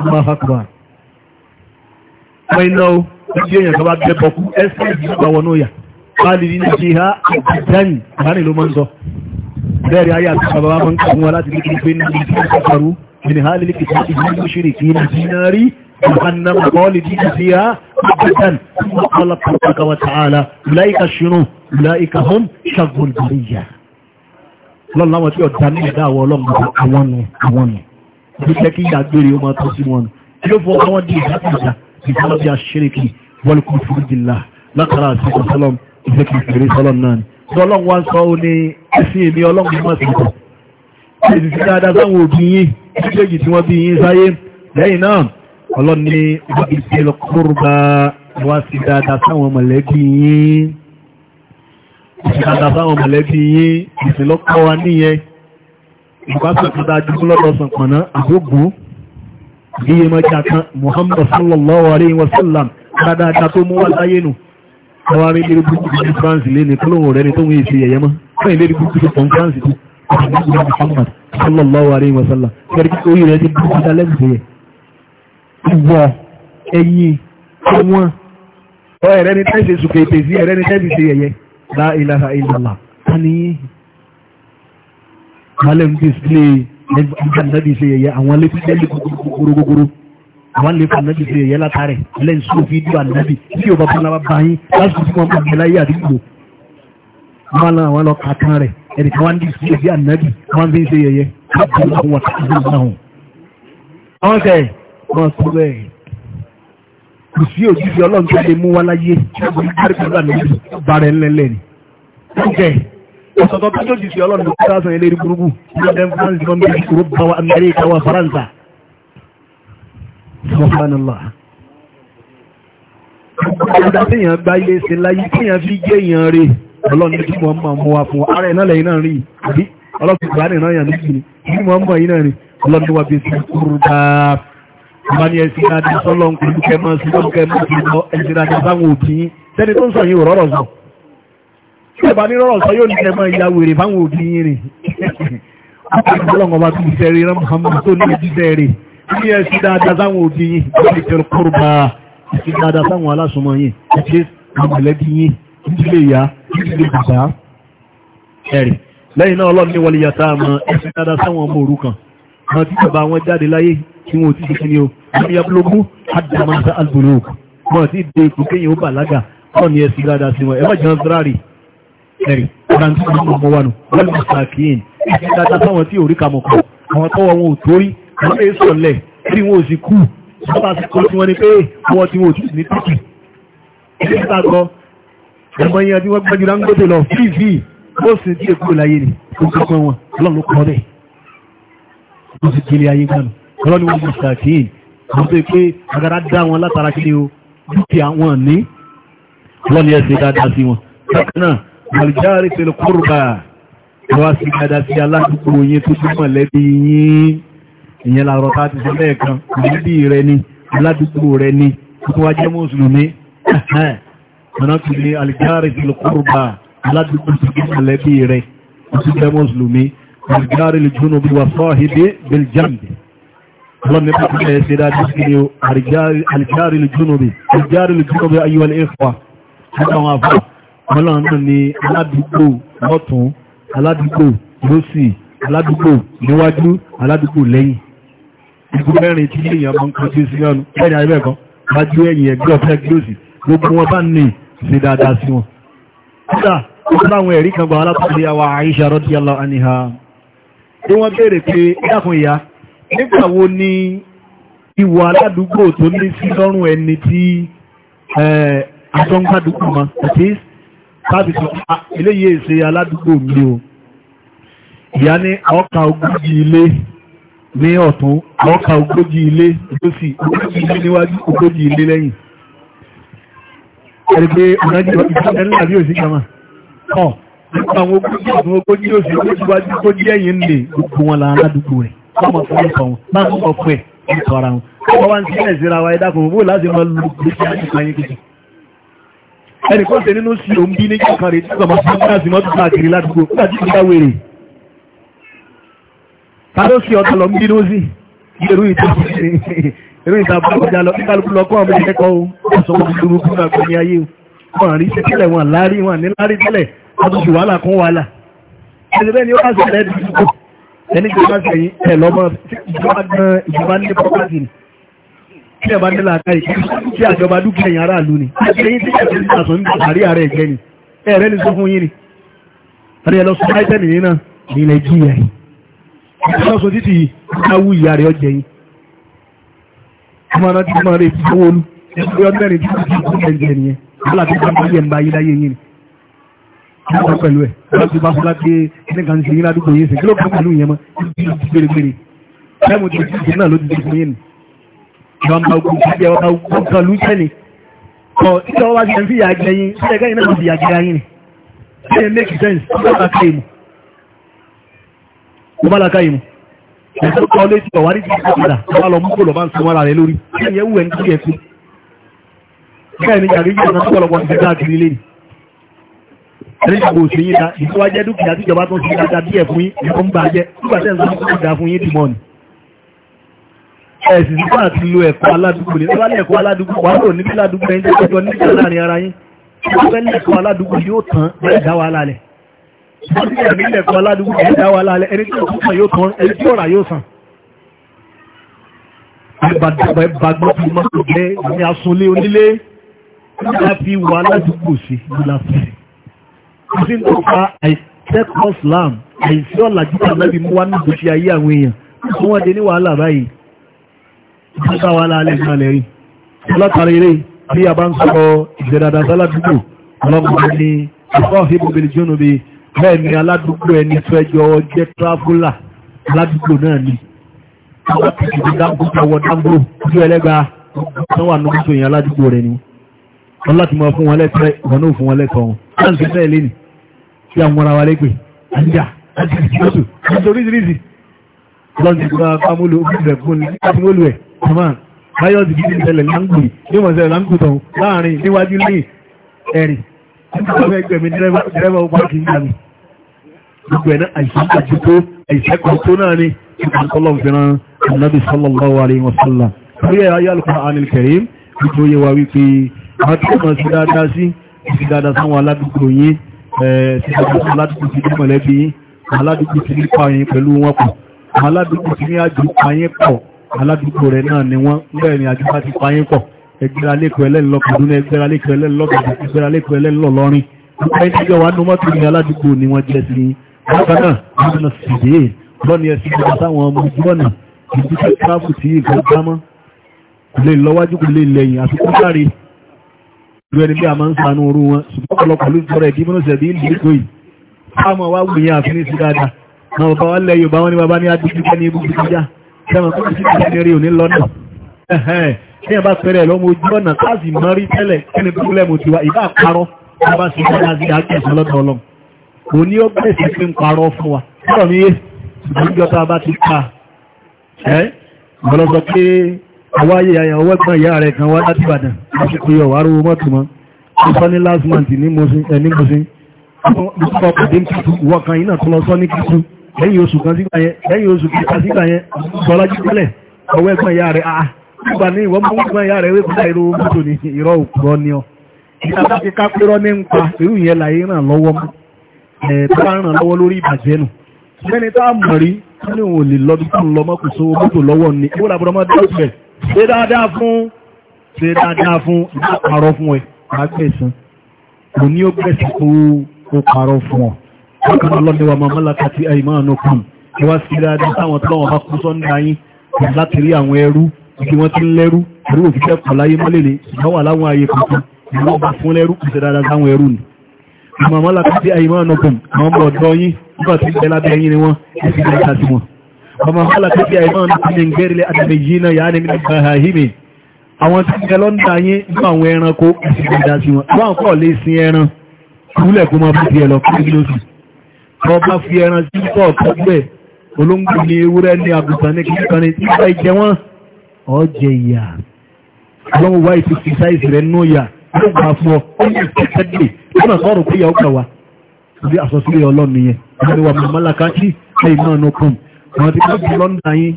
ọmọ afákùnrin o ó jẹ́ èèyàn kan bá kálìrí ní ṣe ha àjíjáyì láàrin ló máa ń sọ bẹ́ẹ̀rẹ̀ ayé àti bàbá máa ń kàwọn láti ní pé ní ìlú ìfẹ́kọrú ní hálìrí kìtà ìlú kí ní dínárì jahannam ha àjíjáyì Allah tabaraka wa ta'ala láìka ṣinú láìka hum ṣagun bariya lọ́nà àwọn tí ó dá ní ẹ̀dá àwọn ọlọ́mọdé àwọn nù àwọn nù bí jẹ́ kí ìyàgbére di ìdájọ́ ìdájọ́ bí a ṣe rèké wọ́n kò fún àti ìsọ̀sọ́lọ́mù ìṣe kìkìrì sọ́lọ́n náà ni ọlọ́run wá ń sọ ó ní ẹ̀sìn èmi ọlọ́run mọ̀ sí ìtọ̀ ẹ̀sìn sí dáadáa sáwọn òbí yín méjèèjì tí wọ́n bí yín sáyé lẹ́yìn náà ọlọ́run ní wọ́n ti ṣe lọ́kọ́rùbá wá sí dáadáa sáwọn mọ̀lẹ́bí yín ìṣe dáadáa sáwọn mọ̀lẹ́bí yín ìṣe lọ́kọ́ wa níyẹn ìbáṣe àwọn arí lérí búkú ní France lé ní kọ́lọ́wọ̀ rẹ̀ ní tó ń ṣe yẹ̀yẹ́ mọ́ fẹ́yìn lérí búkú tó ń France tó ọ̀pọ̀lọpọ̀ Muhammad sallallahu alayhi wa sallam kẹ́rì kí orí rẹ̀ ti búkú dálẹ́bù sí yẹ. ìwọ̀ ẹ̀yìn ọwọ́n ọ ẹ̀rẹ́ ni tẹ́sí sùkè ètè sí ẹ̀rẹ́ ni tẹ́sí ṣe yẹ̀yẹ́ la ilaha illallah tani malem display ẹgbẹ́ ànábì ṣe yẹ̀yẹ́ àwọn alẹ́ àwọn lè fún ànábì sí ẹ̀yẹ́ látàrẹ̀ lẹ́yìn sí òfin ìdú ànábì tí yóò bá fún lábá bá yín lásìkò tí wọ́n bá bẹ̀ láyé àdúgbò wọn lọ àwọn lọ kàkan rẹ̀ ẹ̀rì kan wọ́n dì sí ẹ̀bí ànábì wọ́n fi ń ṣe ẹ̀yẹ́ káàkiri àwọn wọn tàbí láhùn. àwọn sẹ wọn sọ bẹ́ẹ̀ kò sí òjijì ọlọ́run tó lè mú wá láyé ṣùgbọ́n kárí pẹ̀lú ànábì bàrẹ̀ ńlẹ̀lẹ̀ ni. ọ̀sọ̀tọ̀ tó tó jì sí ọlọ́run tó subhanallah ọ̀dá tí èèyàn gbáyé sí láyé tí èèyàn fi jẹ́ èèyàn rẹ̀ ọlọ́run ní kí wọ́n máa mú wa fún wa ara ìnáà lẹ́yìn náà rí àbí ọlọ́pìn ìgbàlẹ̀ náà yàn níbi ní wọ́n mọ̀ yìí náà rí ọlọ́run wa bí sí kúrú dáa ọba ní ẹ̀sìn adé sọ́lọ́n pẹ̀lú kẹmọ́ sí lọ́n kẹmọ́ sí lọ ẹ̀sìn adé sáwọn òbí sẹ́ni tó ń sọ yìí ò rọ́rọ̀ sọ ẹ̀bà ní rọ́rọ̀ sọ yóò ní kẹmọ́ ìyá wèrè fáwọn òbí yìí rìn ní ẹ̀sí dáadáa sáwọn òbí yìí lórí ìtẹ̀rù kọrùbá ẹ̀sí dáadáa sáwọn alásùnmọ̀ yìí ẹ̀sí àmọ̀lẹ́bí yìí ìdílé ìyá ìdílé bàbá ẹ̀rì lẹ́yìn náà ọlọ́run ní wọlé yàtá àmọ́ ẹ̀sí dáadáa sáwọn ọmọ òrukàn àwọn tí bàbá wọn jáde láyé tí wọn ò ti ṣe o àbí abúlógún àdàmásá albuluk wọn ti dé ipò kéyìn ó bàlágà ọ̀ ní ẹ̀sí dáadáa sí wọn ẹ̀mọ́ jẹun ferrari ẹ̀rì ọ̀ràn tí wọn mọ̀ wọn nù wọn lọ sàkíyìn ẹ̀sí dáadáa sáwọn tí òrí kàmọ̀kọ̀ àwọn tọ́wọ́ wọn wọ́n lè sọ̀lẹ̀ tí wọ́n sì kú wọ́n bá ti kọ́ tí wọ́n ní pé wọ́n ti wọ́n tún ní tìkì ilé ìta gbọ́ ẹ̀mọ́ yẹn tí wọ́n gbẹ́jú Dangote lọ fífì ó sì tí èkó láyé ni ó ti pẹ́ wọn ọlọ́run ló kọ́ bẹ́ẹ̀ ó sì kiri ayé gbàmù ọlọ́run o dúkìá wọn ní ọlọ́run yẹn ṣe dáadáa sí wọn bákan náà àlùjáre pẹ̀lú kúrúbà wọ́n á sì dáadáa sí aládùúgbò yẹn tó dúpọ̀ lẹ́bí yín ìyẹn làrọ̀ tá a ti sọ lẹ́ẹ̀kan ìdíbí rẹ ni aládùúgbò rẹ ni tó wá jẹ́ mùsùlùmí ọ̀nà tó ní alìjáre ìlúkúrùbà aládùúgbò sí mọ̀lẹ́bí rẹ tó jẹ́ mùsùlùmí alìjáre ìlújúnú bí wà sọ́ọ̀hídé belgiambi ọlọ́ni pàtó ẹ̀ ṣe dájú sí ni alìjáre ìlújúnú bí alìjáre ìlújúnú bí ayé wọlé ẹ̀fọ́ àwọn afọ́ ọlọ́run ni aládùúgbò lọ́tún aládùúgbò lọ́sì aládùúgbò níwájú aládùúgbò lẹ́yìn ìgbó mẹ́rin tí èèyàn máa ń kọjú sí ọ̀nù ẹ̀rìn àìbẹ̀ kan wájú ẹ̀yìn ẹ̀gbẹ́ ọ̀fẹ́ gbòsì gbogbo wọn bá ní ṣe dáadáa sí wọn. kódà ó láwọn ẹ̀rí kan gba ìyá ni ìwà aládùúgbò tó ní sí lọ́rùn ẹni tí àtọ́ngbàdùgbò mọ́ àti láti sọ ah, eléyìí èsè aládùúgbò ọkà ogójì ilé ní ọ̀tún àwọn ka ogójì ilé lósì ogójì ilé níwájú ogójì ilé lẹ́yìn ẹ̀rẹ́ pé ọ̀nájú ìfẹ́ ńlá bí òsì kama ọ̀ nípa àwọn ogójì ọ̀tún ogójì òsì ogójì wájú ogójì ẹ̀yìn lè gbogbo wọn lára ládùúgbò rẹ̀ kọ́mọ fún ọkọ̀ wọn máa ń kọ́ fún ẹ̀ nípa ara wọn kọ́mọ wá ń sílẹ̀ síra wa ẹ̀dá kan wọ́n láti máa lu gbèsè àti ìpanyé kejì ẹnì kan ṣe nínú sí òun bí nígbà kan rè tí kò máa fi ń dá sí mọ́tò káàkiri ládùúgbò nígbà tí kò dáwèrè tàbí sí ọ̀tọ̀ lọ ń bínú sí irú ìtàbùkọjá lọ ní kálùkù lọ́kọ́ ọmọ ìkẹ́kọ̀ọ́ ọ̀sọ̀ wọn dúró kún àgbẹ̀ ní ayé wọn rí tẹ́lẹ̀ wọn lárí wọn ní lárí tẹ́lẹ̀ àtúnṣe wàhálà kún wàhálà ẹgbẹ́ ni ó bá ṣẹlẹ̀ dùkú ẹni tó bá ṣẹyìn ẹ lọ́mọ ìjọba gan ìjọba ní pọ́pátì ni kí ẹ bá ní làákà yìí kí àjọba dúkìá yẹn aráàlú ni ẹyìn tí ẹ ti ń sàtọ̀ ní àrí ààrẹ ẹ̀jẹ̀ ni ẹ̀rẹ́ ni sọ fún yín ni ẹ̀rẹ́ lọ sọ ìjọsọ títí awú ìyá rẹ̀ ọjẹ́ yìí ọmọ náà ti máa rẹ̀ ti tó wọlú ẹgbẹ́ ọdún tí wọ́n ti kú ẹ̀jẹ̀ nìyẹn aláàbí bá bá yẹ̀ ń bá yí láyé yìí ni wọ́n pẹ̀lú ẹ̀ láti bá fúlá ṣe yín ládùúgbò yín sí kí ló kọ́ pẹ̀lú ìyẹn mọ́ gbèrègbèrè táìmù tó ti jẹ́ ẹgbẹ́ mo bá laka ìmù ẹ̀sùn kọ́ létí ọ̀wárí ti ṣe padà wà lọ mú kó lọ bá ń sọ wọ́n ara rẹ̀ lórí kí ẹ̀yẹ wù ẹ̀ ní kí ẹ̀ sí bẹ́ẹ̀ ni jàrí yìí ọ̀nà pọ̀lọpọ̀ ti dá kiri lé ní ẹni ìgbò sí yìí dá ìfowó ajẹ́ dúkìá tí ìjọba tó ti dá díẹ̀ fún yín ẹ̀kọ́ ń bà jẹ́ nígbà tẹ́ ń sọ fún ìdá fún yín dì mọ́ọ̀nì ẹ̀sìn sí fún àti lo ẹ̀kọ́ aládùúgbò ní lọ́wọ́ ẹ̀kọ́ aládùúgbò wà lò níbi ládùúgbò ẹni tó jọ níbi láàrin ara yín ẹ̀kọ́ aládùúgbò yóò tán láì dá Ìgbàdí ẹ̀mí ilẹ̀kùn aládùúgbò ẹ̀dá wa lálẹ́ ẹni tí òkú kan yóò tán ẹni tí ọ̀rà yóò sàn. Àgbàdàgbà ẹgbàgbọ́ fi máa ń jẹ́ àmì asunlé onílé nígbà fi wà aládùúgbò sí ìlà fi. Ìsìn tó fa àìsẹ́kọ̀ọ́ Islam àìsí ọ̀làjú àmẹ́bí mú wá nígbò sí ayé àwọn èèyàn bẹ́ẹ̀ ni aládùúgbò ẹni fẹ́ jọ jẹ́ tíráfúlà aládùúgbò náà ni àwọn ti dìbò dáńgó tọwọ́ dáńgó ojú ẹlẹ́gba tán wà nínú ìṣòyìn aládùúgbò rẹ̀ ni wọ́n láti mọ fún wọn lẹ́tọ́ ìwọ̀n náà fún wọn lẹ́tọ́ wọn láti fi bẹ́ẹ̀ léni tí àwọn ará wa lẹ́gbẹ̀ẹ́ àyíjà àti ìṣòṣù àti oríṣiríṣi lọ́nà ìgbà kámúlò òkúrẹ̀ fún ní kámúlò ẹ̀ kọ́mà báyọ̀ ti gidi ìṣẹ̀lẹ̀ láńgùrì ní wọ́n ṣẹlẹ̀ láńgùrì tán láàrin níwájú ní ẹ̀rìn nígbà tó fẹ́ gbẹ̀mí dírẹ́fà ó pàkì ń gbà mí gbogbo ẹ̀ náà àìsàn àti tó àìsàn kan tó náà ni ìpàkọ́lọ̀ fẹ́ràn annabi sallallahu alaihi wasallam orí ẹ̀ ayé al-Qur'an al-Karim nítorí yẹ wa wípé wọ́n ti mọ̀ sí dáadáa sí ti dáadáa sáwọn aládùúgbò yín ti dáadáa aládùúgbò ti ní mọ̀lẹ́bí yín aládùúgbò ti ní pa yín pẹ̀lú wọn pọ̀ aládùúgbò ti ní àjò pa yín pọ̀ aládùúgbò rẹ̀ náà ni wọ́n bẹ́ẹ̀ ni àjò bá ti pa yín pọ̀ ẹgbẹ́ra lẹ́kọ̀ọ́ ẹlẹ́lọ́kọ̀ọ́dún ẹgbẹ́ra lẹ́kọ̀ọ́ ẹlẹ́lọ́kọ̀ọ́dún ẹgbẹ́ra lẹ́kọ̀ọ́ ẹlẹ́lọ́lọ́rin bákanáà nínú fìdíè lọ́ni ẹ̀sìn ìjọba táwọn ọmọ ojú ọ̀nà ìdí tó káàkù tí ìkan dámọ́ kò lè lọ́wájú kò lè lẹ́yìn àti kó bí a máa ń sanú orú wọn ṣùgbọ́n ọ̀pọ̀lọpọ̀ ló sọ̀rọ̀ ẹ̀dí mọ́nà ṣẹ̀bí ìlú èkó yìí káàmọ̀ wá wù yẹn àfin sí dáadáa náà bàbá wa lẹ Yorùbá wọn ni bàbá ní adigun jẹ́ ní ibùdó ìjà kẹmọ̀ kó sì ti ṣe rí òní lọ́nà ẹ̀hẹ́n bá pẹ̀rẹ̀ lọ́mọ òun ni ó bẹ̀rẹ̀ sí ń parọ́ fún wa sọ̀rọ̀ mi yé ìgbàlódé ọ̀tá bá ti ká ẹ́ ọ̀lọ́sọ pé àwọn ayé àyà ọwọ́ ẹ̀gbọ́n ìyá rẹ̀ kan wá láti Ìbàdàn láti pé ọ̀wá rówó mọ́tò mọ́ ó sọ ní last month ní Mọ́sìn ẹ̀ ní Mọ́sìn ọkọ̀ pàdé ń tutù wọ́n kan iná tó lọ sọ ní kíkú lẹ́yìn oṣù kan sígbà yẹn lẹ́yìn oṣù kíkà sígbà yẹn sọlá jíjẹ́lẹ̀ ọwọ́ ẹ̀gbọ́n ìyá rẹ̀ àá ah, nígbà ní ìwọ́n mú ẹ̀gbọ́n ìyá rẹ̀ wé kúta ìró mọ́tò ní ìrọ̀ òkúrọ́ ni ọ ìta bá ti ká pérọ́ ní ń pa irú yẹn láyé ràn lọ́wọ́ mọ́ tó bá ràn lọ́wọ́ lórí ìbàjẹ́ nù mẹ́ni tá a mọ̀ rí ní òun lè lọ́dún tó lọ mọ́kù sówó mọ́tò lọ́wọ́ ni ìwọ́n làbúrọ̀ mọ́ dáwọ́ sílẹ̀ ṣe dáadáa fún ṣe dáadáa fún ìdá àrọ́ fún ẹ àgbẹ̀sán kò ní ó gbẹ̀sán kó ó parọ́ fún ọ bákan náà lọ́dún wa máa lákà tí ẹ máa nù kàn ẹ wá sí dáadáa táwọn tó lọ́wọ́ bá kú sọ́ńdà yín àmọ́ àwọn alákàtí àìmọ́nukùn àwọn ọmọ ọ̀dọ́ yín nígbà tí ìgbẹ́ lábẹ́ yín ni wọ́n ti gbẹ́ ká sí wọn ọmọ alákàtí àìmọ́nukùn ní gbẹ́rẹ̀lẹ̀ àdàmì yìí náà yà á ní mi nígbà àhímì àwọn tí ìgbẹ́ lọ́ndà yín nígbà àwọn ẹranko ti gbẹ́ sí wọn wọ́n kọ́ lè sin ẹran kúlẹ̀ kó máa fi tiẹ̀ lọ kí lóṣù tó bá fi ẹran sí pọ̀ tọ́gbẹ̀ olóńgbò ní ewúrẹ́ ní àgùntàn ní kíkan ní ìgbà ìjẹ wọn ọ̀jẹ̀ ìyà ọlọ́run wáyé ti fi sáìsì rẹ̀ nú ìyà ló gbà fún ọ ó yẹ kẹ́kẹ́ dé lọ́nà tó rò pé ìyàwó kẹwà bí àsọsílẹ̀ ọlọ́run yẹn wọ́n ni wà mọ̀ mọ́láka sí lẹ́yìn náà ní okùn wọ́n ti kọ́ bí lọ́ndà yín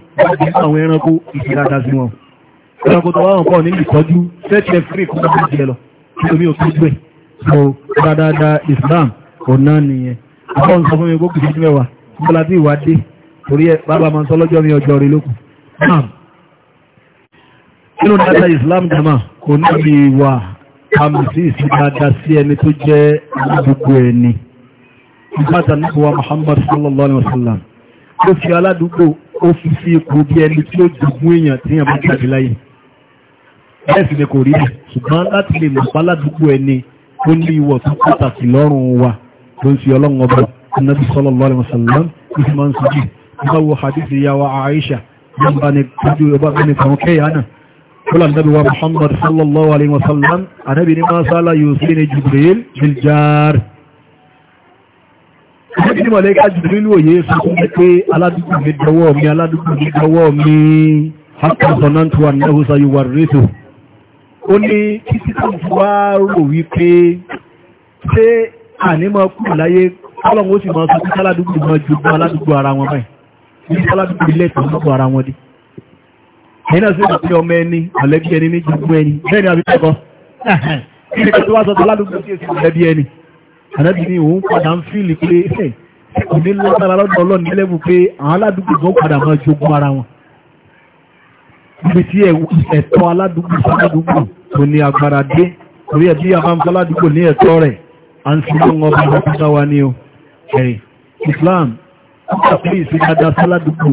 wọ́n Islam ọ̀nà nìyẹn àwọn sọ fún mi gbókù sí mẹ́wàá nígbàlá tí ìwà dé torí ẹ bàbá máa ń sọ ọjọ́ rí lókù nínú dáadáa Islam jama kò ní ìwà kàmìsí ìsìdáadá sí ẹni tó jẹ́ aládùúgbò ẹni ìbáta nígbàwà Muhammad sallallahu alaihi wasallam ó fi aládùúgbò ó fi sí ipò bí ẹni tí ó dùgbò èèyàn tí yàn bá jáde láyé bẹ́ẹ̀ sì ni kò rí rẹ̀ ṣùgbọ́n láti lè mọ̀pá aládùúgbò ẹni ó ní ìwọ̀ tó pàtàkì lọ́rùn wa ló ń fi ọlọ́run ọba annabi sallallahu alaihi wasallam ìfìmọ̀ ń sọ jù ìbáwo hadith ìyàwó Aisha yóò bá ní kọjú ọba bẹ́ẹ̀ ní kúlọ̀ nàbí wa muhammad sallallahu alaihi wasallam anábi ní máa sálà yusini jibril biljari ẹgbẹ́ ní mọ̀lẹ́gá jibril wòye sọ́kún pé aládùúgbò mi dọwọ́ mi aládùúgbò mi dọwọ́ mi haka zonantu wa náà sa yíwa rètò ó ní kí títà wá rò wípé ṣé ànímọ̀ kù láyé kọ́lọ̀ ó sì máa sọ kí aládùúgbò máa jogún aládùúgbò ara wọn báyìí ní aládùúgbò ilẹ̀ ìtàn ẹ̀nà sí ìdí ọmọ ẹni ọ̀lẹ́bí ẹni ní gbogbo ẹni bẹ́ẹ̀ni àbíkẹ́kọ́ ẹ̀ẹ́kẹ́ tó wá sọ tọ́ládùgbò sí èsì ọ̀lẹ́bí ẹni àdábì ní òun padà ń fìlì pé ẹ̀ kò ní lọ́tara lọ́dọ̀ ọlọ́ni lẹ́bù pé àwọn aládùúgbò gan padà máa jogún ara wọn níbi tí ẹ̀tọ́ aládùúgbò sọ́ládùúgbò tó ní agbára dé torí ẹbí àbámsọ́ aládùúgbò ní ẹ̀tọ́ rẹ̀ à ń sinú wọn bá wọn bá wa ní o ẹ̀rì Islam ó kà pé ìsinmi adá sọ́ládùúgbò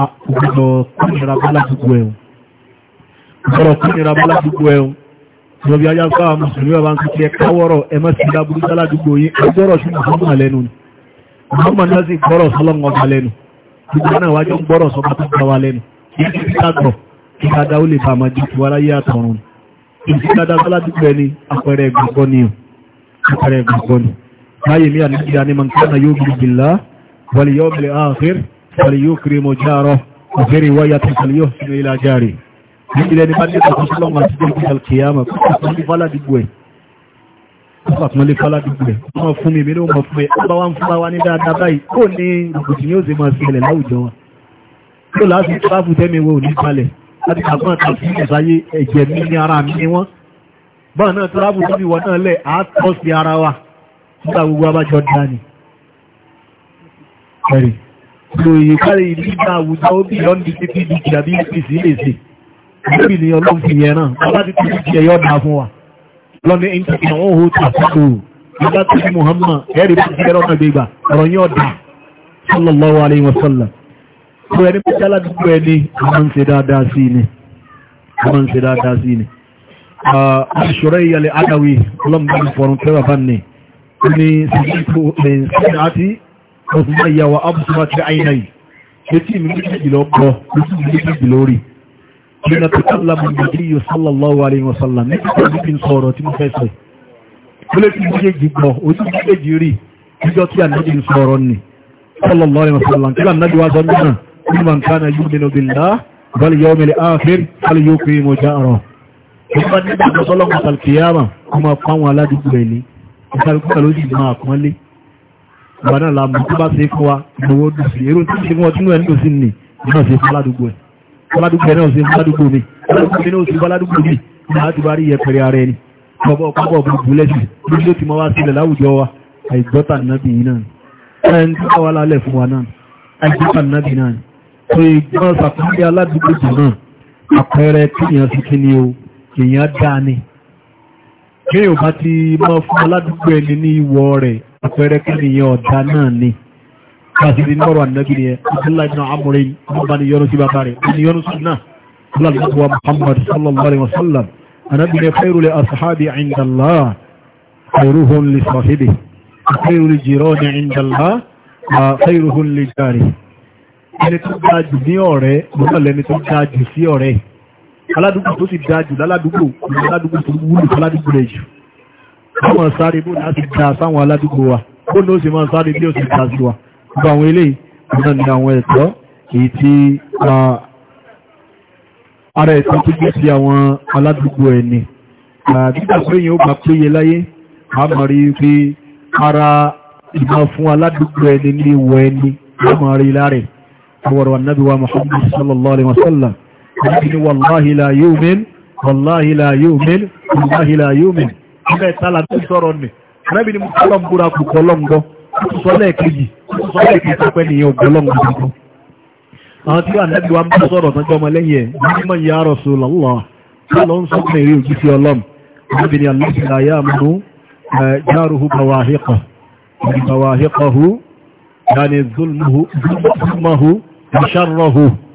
ọ̀rọ̀ ah, kúrìnira bá ládùgbò ẹ̀hùn lọ́bí ayá sáà mùsùlùmí ọba ń kí ẹ káwọ́rọ̀ ẹmọ́sí ìdábúrú sáládùgbò yí ọjọ́rọ̀ sí Muhammad lẹ́nu ni Muhammad náà sì gbọ́rọ̀ sọ́lọ́ngọ́ ọba lẹ́nu gbogbo náà wájọ́ ń gbọ́rọ̀ sọ́ba tó gbà wá lẹ́nu kí kí kí kàtọ̀ kí kàdá ó lè bá máa ju tiwárá yé àtọ̀run kí kí kàdá sáládùgbò ẹni àpẹẹrẹ ìgbàgbọ́ ni àpẹẹrẹ ìgbàgbọ́ ni báyìí mi àníkìyà ni mọ̀nkánà yóò gbìyànjú فليكرم جاره وفي رواية فليحسن إلى جاره ilẹ̀ ní bá ní ọ̀pọ̀ sí lọ́wọ́ àti jẹ́ alkiyama kọ́kọ́ fọ́ládìgbò ẹ̀ wọ́n fún mi mi ní ọmọ fún ẹ̀ ọba wá ń fún wa ní dáadáa báyìí kò ní ìgbòtí ní ó sì máa ṣẹlẹ̀ láwùjọ wa tó láti tráfù tẹ́mi wo ní balẹ̀ láti kàgbọ́n ta sí ìsáyé ẹ̀jẹ̀ mi ní ara mi ni wọ́n bá náà tráfù tẹ́mi wọ náà lẹ̀ á tọ́ sí ara wa nígbà gbogbo abájọ dání ìròyìn kárí ìlígbà àwùjọ ó bí lọ́n di pdp àbí apc lè ṣe lórí ni ọlọ́run fi yẹn náà bàbá ti tún ti ẹ̀yọ́ dà fún wa lọ́ni ìntàkì àwọn ohun tó àkókò bàbá tó ní muhammad ẹ̀rí bá ti kẹ́rọ̀ náà gbégbà ọ̀rọ̀ yóò dà sallallahu alayhi wa sallam tó ẹni pé jálá dúpọ̀ ẹni àwọn ń ṣe dáadáa sí ni àwọn ń ṣe dáadáa sí ni aṣọ́rẹ́ ìyàlẹ̀ adáwì ọlọ́run bá ń fọrùn tẹ́wà bá ní ní sí ọdún ayáwà abúsùnmá ti àìnà yìí etí mi méjì lọ́kọ́ etí mi méjì lórí nínú tàbílá mọ̀ nàbí yóò sallallahu alaihi wasallam ní ìpínlẹ̀ níbi ń sọ̀rọ̀ tí mo fẹ́ sọ ìpínlẹ̀ tí mo yéjì gbọ́ ojú méjì rí níjọ́ tí ànábì ń sọ̀rọ̀ ni sallallahu alaihi wasallam kí ànábì wá sọ nínú ní man kana yu'minu billah wal bàdá làmù tó bá ṣe fún wa ìgbòho dùn sí èrò tí fún ọtí náà nílò sí ni náà ṣe fún aládùúgbò ẹ̀ aládùúgbò ẹ̀ náà ṣe fún aládùúgbò mi aládùúgbò mi náà ṣe fún aládùúgbò mi náà ti bá rí yẹpẹrẹ ara ẹni ọbọ̀ ọ̀pọ̀ ọ̀bùn lẹ́sìn lórí ló ti mọ́ wá sílẹ̀ láwùjọ wa àìgbọ́ta nàbì náà ẹni tó wà kéèyàn bá ti mọ́ fún aládùúgbò ẹni ní ìwọ rẹ̀ àpẹẹrẹ kẹ́niyàn ọ̀dá náà ni káàkiri nọ́rọ̀ ànábì ni ẹ abdullahi ibn amr wọn bá ní yọnu sí bàbá rẹ̀ ní yọnu sí náà abdullahi ibn wa muhammad sallallahu alayhi wa sallam ànábì ni khairu li ashabi indallah khairuhum li sahibi khairu li jirani indallah khairuhum li jari ẹni tó dáa jù ní ọ̀rẹ́ mọ́tàlẹ́ni aládùúgbò tó sì dáa jù láládùúgbò aládùúgbò tó wúlò aládùúgbò rẹ̀ jù àwọn sáré bó ní a ti dáa sáwọn aládùúgbò wa bó ní ó sì máa sáré bí ó sì dáa sí wa gbogbo àwọn eléyìí náà ni àwọn ẹ̀tọ́ èyí tí ara ẹ̀tọ́ tó gbé sí àwọn aládùúgbò ẹ̀ ni nígbà pé yẹn ó bá péye láyé a mọ̀ rí pé ara ìmọ̀ fún aládùúgbò ẹni ní ìwọ̀ ẹni a mọ̀ rí lárẹ̀ àwọn ọ̀rọ̀ annabi wa Muhammad sallallahu alaihi wasallam ọ̀rẹ́bìnrin wàláhì la yu'min wàláhì la yu'min wàláhì la yu'min ilẹ̀ ìtàlà tó sọ̀rọ̀ nì ọ̀rẹ́bìnrin mọ́kànlọ́ ń búra kù kọlọ́ngọ́ sọ́lẹ̀ kejì sọ́lẹ̀ kejì pẹ́ nìyẹn ògbọ́lọ́ngọ́ gbogbo àwọn tí ànábì wa ń bá sọ̀rọ̀ tọ́jọ́ ọmọ lẹ́yìn ẹ̀ mímọ̀ ya Rasulullah lọ ń sọ́kùn èrè òjísí ọlọ́m ọmọbìnrin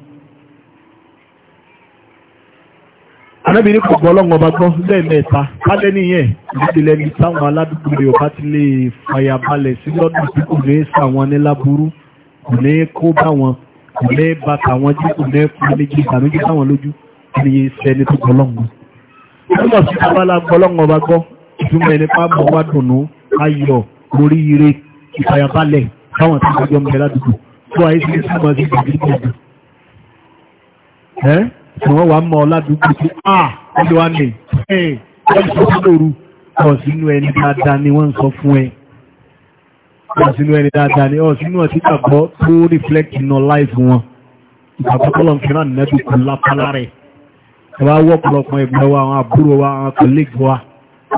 anábì ní kò gbọ́ ọlọ́run ọba gbọ́ lẹ́ẹ̀mẹ́ta lálẹ́ nìyẹn ìdílé ní táwọn aládùúgbò rẹ̀ ọba ti lè fàyàbalẹ̀ sí lọ́dún tí kò ní sàwọn ní láburú kò ní kó bá wọn kò ní bá tàwọn jí kò ní fún méjì ìbànújẹ́ sáwọn lójú ní tó gbọ́ ọlọ́run. nígbà tí abala gbọ́ ọlọ́run ọba gbọ́ ìtumọ̀ ẹni pa mọ́ wá dùnú ayọ̀ oríire ìfàyàbalẹ̀ táwọn tí kò jọ mẹ́lá dùdù tó tí wọ́n wà mọ́ ládùúgbò tí à ọjọ́ wá ní ẹ̀ ọjọ́ tó lóru ọ̀sínú ẹni dáadáa ni wọ́n ń sọ fún ẹ ọ̀sínú ẹni dáadáa ni ọ̀sínú ọtí gbàgbọ́ tó reflect in our life wọn ìgbàgbọ́ tó lọ́n fẹ́ràn nẹ́tù kù lápálá rẹ̀ ẹ wá wọ́ ọ̀pọ̀lọpọ̀ ẹgbẹ́ wa àwọn àbúrò wa àwọn colleague wa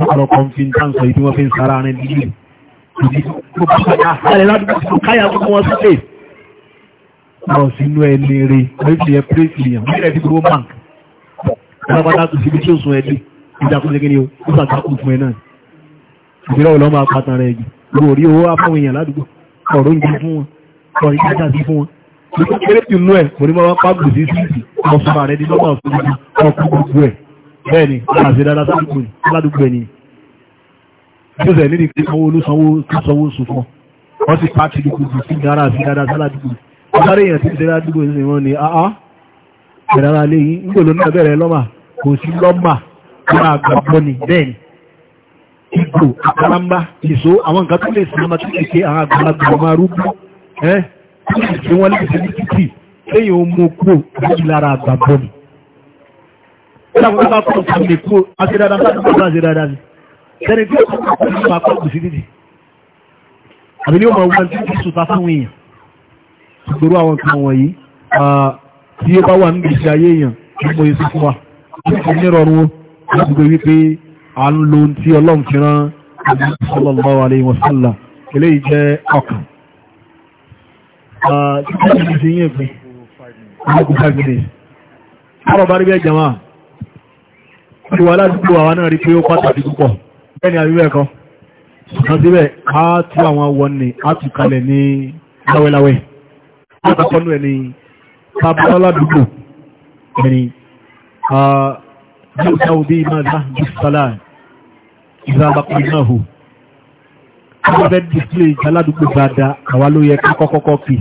ọ̀pọ̀lọpọ̀ fi ń tàǹsọ̀ ìdí fi ń sara rẹ̀ dídì lọ sínú ẹni rẹ̀ oríṣìí ẹ pírẹ́sì èèyàn ní ẹ̀dí gbogbo bank alápátá tó síbi tí ó sun ẹdí ìjàkúnlẹ̀ kí ni ó ó sàkákùn fún ẹ náà ìgbéra ọ̀lọ́ máa pàtàn rẹ̀ jù gbogbo orí owó afọ́wọn èèyàn ládùúgbò ọ̀rọ̀ oúnjẹ fún wọn ọ̀rọ̀ ìjájà sí fún wọn nípa kéré tì nú ẹ̀ orí máa pa gbèsè síìsì ọ̀sùn rẹ̀ ní lọ́gbà ọ̀sùn ní ọkùn gbogbo ẹ̀ bẹ́ẹ̀ ni àṣẹ dáadáa sádùúgbò ládùúgbò ẹ̀ ni tó sẹ̀ nídìí pé owó olósanwó sanwó sùn fún ọ wọ́n sì pàtì lùkùn sí dáadáa sí dáadáa sáládùúgbò ọ̀sáré èèyàn tí ń tẹ́lá dúgbò sí wọn ni àá ìrara lé yìí ń gbòlò náà lọ́mà kò sí lọ́mà máa ni bẹ́ẹ̀ni ìgbò àkàràmbá ìṣó àwọn nǹkan tó lè sí ọmọ tó lè ṣe àwọn àgbàlagbà máa rúgbó ẹ́ tí wọ́n títì lẹ́yìn ni. ó dàgbà bá kọ́ ọ̀sán lè kúrò àti dáadáa sáàtúkọ̀ náà ṣe dáadáa ni sẹ́ni tí ó kọ́ ọ̀sán lè ọmọ wọn tí ó sùn ta èèyàn ìgbòrò àwọn kan wọ̀nyí tí ó bá wà níbi ìṣẹ́ ayé èèyàn mọ́ èsì fún wa ó ní rọrùn ó láti gbé wípé à ń lo ohun tí ọlọ́run fi rán sallallahu alaihi wasallam eléyìí jẹ́ ọkàn Ọ̀rọ̀ bá rí bẹ́ jẹma, ìwà aládùúgbò àwọn náà rí pé ó pàtàkì púpọ̀, bẹ́ni àríwẹ̀ kan, ṣùgbọ́n síbẹ̀, a tí àwọn wọn ni a tù kalẹ̀ ní láwẹ́láwẹ́ àkọ́kọ́ náà ni kábọ́ ládùúgbò ẹni yóò dáwọ́ bí iná láàbí sálà ìzábàpá náà hù wọ́n fẹ́ dìsílẹ̀ ìjà ládùúgbò dáadáa àwa ló yẹ kákọ́kọ́kọ́ kì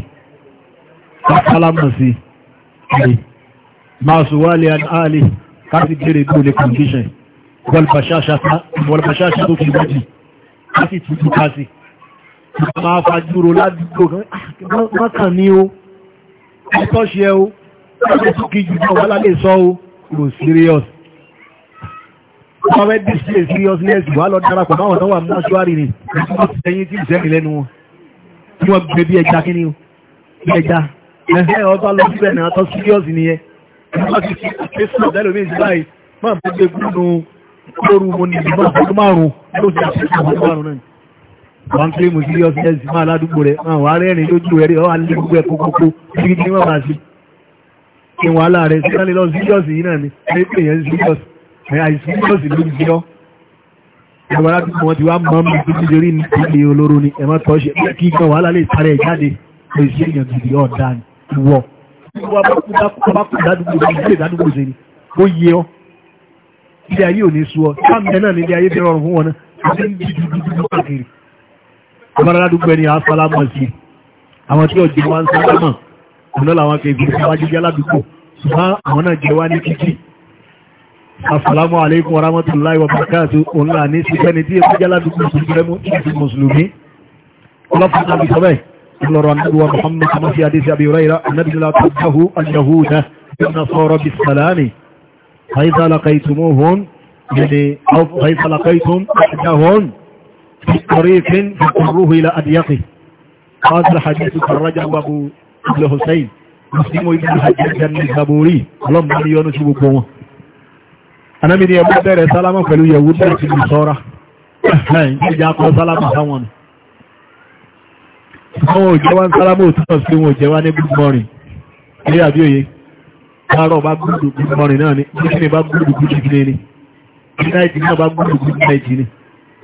kásálámọ̀ sí ẹni máa sọ wálé àlè káàsì bèèrè bí olè condition wọ́n bàṣáṣá tó fi wájì káàsì tuntun káàsì máa fàjúrò ládùúgbò ah, mọ́kàn ní o ọ̀tọ́ ṣe o ọjọ́ tó kí jùlọ wà lálẹ́ sọ o lò serious ọmọ ẹbí ṣe seriousness wà lọ darapọ̀ máwọn náà wà mọ́ṣúárì ni wọ́n ti ẹyin tí ìṣẹ́rìn lẹ́nu wọn tí wọ́n gbé bí ẹja kí ni o bí ẹja ẹ̀hẹ́ ọba lọ síbẹ̀ náà tọ́ serious nìyẹn wọ́n ti fi àfẹ́sùn ọ̀dẹ́lómi ìsìláì máa bẹ́ẹ̀ gbé gbúdùn lóru mo ní ìgbà wọ́n pé mo sírí ọ́sẹ̀ sí máa ládùúgbò rẹ̀ máa wà rẹ́rìn lójú rẹ̀ ọ́ alẹ́ gbogbo ẹ̀ kókókó sí kí wọ́n máa sí kí wọ́n alá rẹ̀ sí lọ ni ẹ pè yẹn síríọ́sì ẹ̀ àìsíríọ́sì lójú sí ọ́ ìjọba ládùúgbò wọn ti wá mọ́ mi tó ti rí ní ilé olóró ni ẹ̀ máa tọ́ṣẹ̀ ẹ̀ kí gan wàhálà lè parẹ́ jáde lè ṣe èèyàn gidi ọ̀dà wọ̀ ilé ayé ò ní sú ọ sáàmì náà ní ilé ayé bẹ̀rẹ̀ ọ̀rùn fún wọn náà ọmọdádúgbẹ́ ni a sálámọ̀ sí àwọn tí ọjọ́ wá ń sálámọ̀ ọ̀nà làwọn kẹfì síwájú jẹ́ aládùúgbò ṣùgbọ́n àwọn náà jẹ́ wá ní kíkí asàlámù alaykum wa rahmatullahi wa barakatuh òun là ní síkẹ́ ni tí èkó jẹ́ aládùúgbò sùgbẹ́mú ìsìn mùsùlùmí ọlọ́pàá náà sọ́bẹ̀ lọ́rọ̀ anábíwá muhammad kamasi adéṣe abiyuraira anábìlá tó dáhù alyahuda في طريق يقره إلى أضيقه هذا الحديث خرجه أبو ابن حسين مسلم ابن الحجاج النسابوري اللهم علي يونس بوبو أنا من يبو دير سلامة فلو يهود دير في المصورة ìjàkọ̀ sálámà sáwọn àwọn òjẹ́wà ń sálámà òtútọ̀ sí wọn òjẹ́wà ní good morning ilé àbí òye káàrọ̀ bá gúrùdù good morning náà ní kíkíní bá gúrùdù good evening ní náìjí náà bá gúrùdù good night ni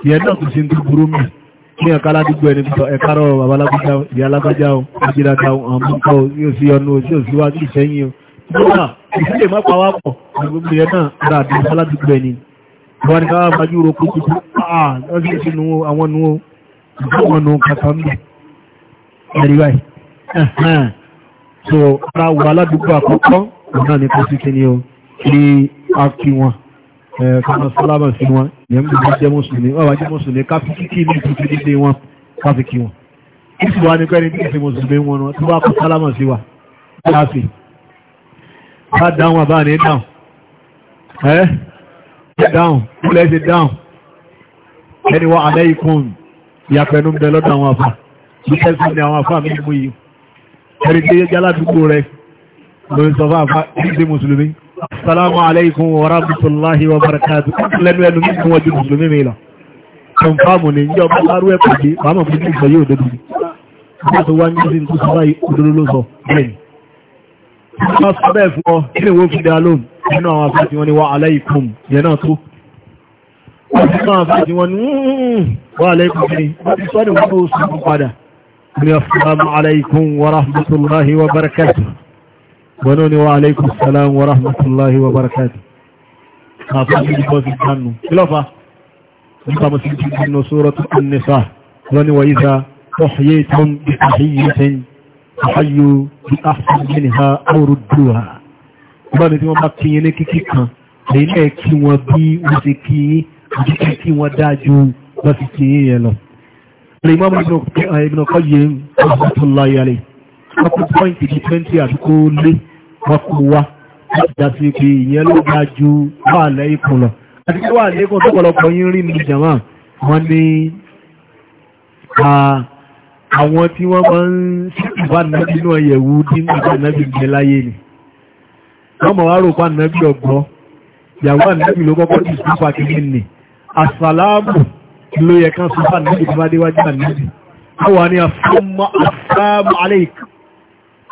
ìyẹn náà kò sí ní burú mi ní ẹ̀ka aládùúgbò ẹni pípọ̀ ẹ̀ka rọ̀ babalágbájá ìyá alágbájá o ajídáta o àwọn mọ́tò o yóò sí ọnu o yóò sí wájú ìsẹ́yìn o ni káwá fajú ro kó tuntun áà lọ sí ìsinú àwọn nu o àwọn nu kàkà ń bẹ̀ ẹ̀rí báyìí so ara wà aládùúgbò àkọ́kọ́ òun náà ni kó sí kíni o ní akí Eh, kọ́nà sọ́lábà sí wọn yẹn mú bí jẹ́ mùsùlùmí wọ́n wá jẹ́ mùsùlùmí káfí kíkí ní ìtútù nílé wọn káfí kí wọn ìsì wá ní pẹ́ni tí ìsì mùsùlùmí wọn tí wọ́n kọ́ sọ́lábà sí wa láti bá dáhùn àbá ní dáhùn ẹ́ eh? dáhùn kúlẹ̀ ṣe dáhùn ẹni wọ́n alẹ́ ikùn ìyàpẹ̀nu ń bẹ lọ́dọ̀ àwọn àfà bí kẹ́sì ni àwọn àfà mi mú yìí ẹni tí jáládùúgbò rẹ̀ lórí sọ fún àfà ìsì mùsùlùmí Assalamu alaikum wa rahmatullahi wa barakatuh. Lẹ́nu ẹnu mi kí wọ́n ju Mùsùlùmí mi lọ. Kọ̀nfàmù ni ìjọ bá bá rú ẹ̀ pàdé, wàá mọ̀ fún ìgbà yóò dédú. Bí àti wá ní sí tó sọ báyìí, òdodo ló sọ, bẹ́ẹ̀ ni. Wọ́n sọ bẹ́ẹ̀ fún ọ, kí ni wọ́n fi dá lóhùn? Nínú àwọn afẹ́ wa alaikum, yẹn náà tó. Wọ́n ti sọ àfẹ́ tí wọ́n hmm, wa alaikum ni, wọ́n ti sọ ní wọ́n tó sọ padà. Ní assalamu alaikum wa rahmatullahi wa barakatuh gbọ́nà ni wa alaikum salam wa rahmatullahi wa barakati a fásitì bọ́sì kánú kílọ́fà nípa musulmi nínú sóràtù annisa lọ́ni wa iza tọ́hìyé tún bí àhíyíṣẹ́ àhayò bí àhìyíṣẹ́ ha aurudduha gbọ́nà tí wọ́n bá kíyẹ ní kíkí kan èyí náà kí wọ́n bí wọ́n ti kíyẹ àti kí wọ́n dájú bọ́sì kíyẹ yẹn lọ Imam Ibn Qayyim rahmatullahi alayhi wọ́n kó pọ́ìntì ní 20 àti kó lé wọ́n kó wá láti dá sí pé ìyẹn ló bá ju wà lẹ́yìnkùn lọ àti pé wà lẹ́yìnkùn tó pọ̀lọpọ̀ yín rí ní jàmá wọ́n ní àwọn tí wọ́n máa ń ṣèkùbá nàbí náà yẹ̀wù nígbà nàbí gbẹ láyé ni wọ́n mọ̀ wá rò pa nàbí ọ̀gbọ́n ìyàwó ànábì ló kọ́kọ́ tí ìsúnfà kìí nì àsàlámù ló yẹ kan sọ́fà níbi tí wá déwájú ànábì àwọn ni àfọ́mọ́ àsàlámù aláìkú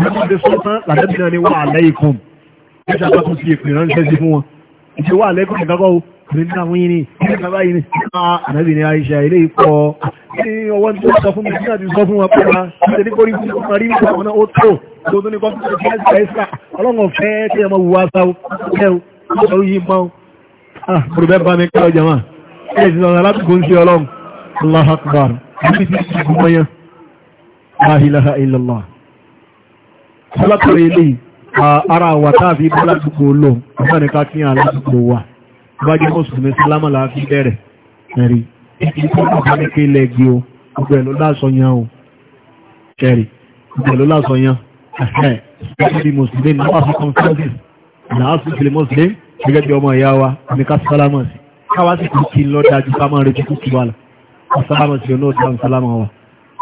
lọ́pàá ti sọ tán làdẹ́bí náà ni wà aláìkùn ní ṣe àpapọ̀ sí èpè ránṣẹ́ sí fún wọn ìṣe wà aláìkùn ní kákọ́ òní ní àwọn yìí ní ní bàbá yìí ní ànábì ní Aisha ilé ikọ̀ ní ọwọ́ ní sọ fún mi nígbà tí sọ fún wa pẹ́lá ṣe ní Allah Sálákọ̀rọ̀ ilé ara wà táàfi bọ́ ládùúgbò lọ, ọ̀pá nìka kí á ládùúgbò wà. Bá jẹ́ Mùsùlùmí Sálámà láàfi bẹ̀rẹ̀ ẹ̀rí. Ìkí tó bá ní pé lẹ́gbẹ̀ o, gbogbo ẹ̀ ló láṣọ yan o. Ẹ̀rí, gbogbo ẹ̀ ló láṣọ yan. Ẹ̀hẹ́, ìgbàgbọ́ bí Mùsùlùmí náà wà fún conferences, náà sì fi Mùsùlùmí gẹ́gẹ́ bí ọmọ ìyá wa, Amíkà Sálámà sí. Káwá sì kú kí lọ́dájú ká máa retí kú kí wà lọ. Sálámà sí ọ náà dáhùn Sálámà wa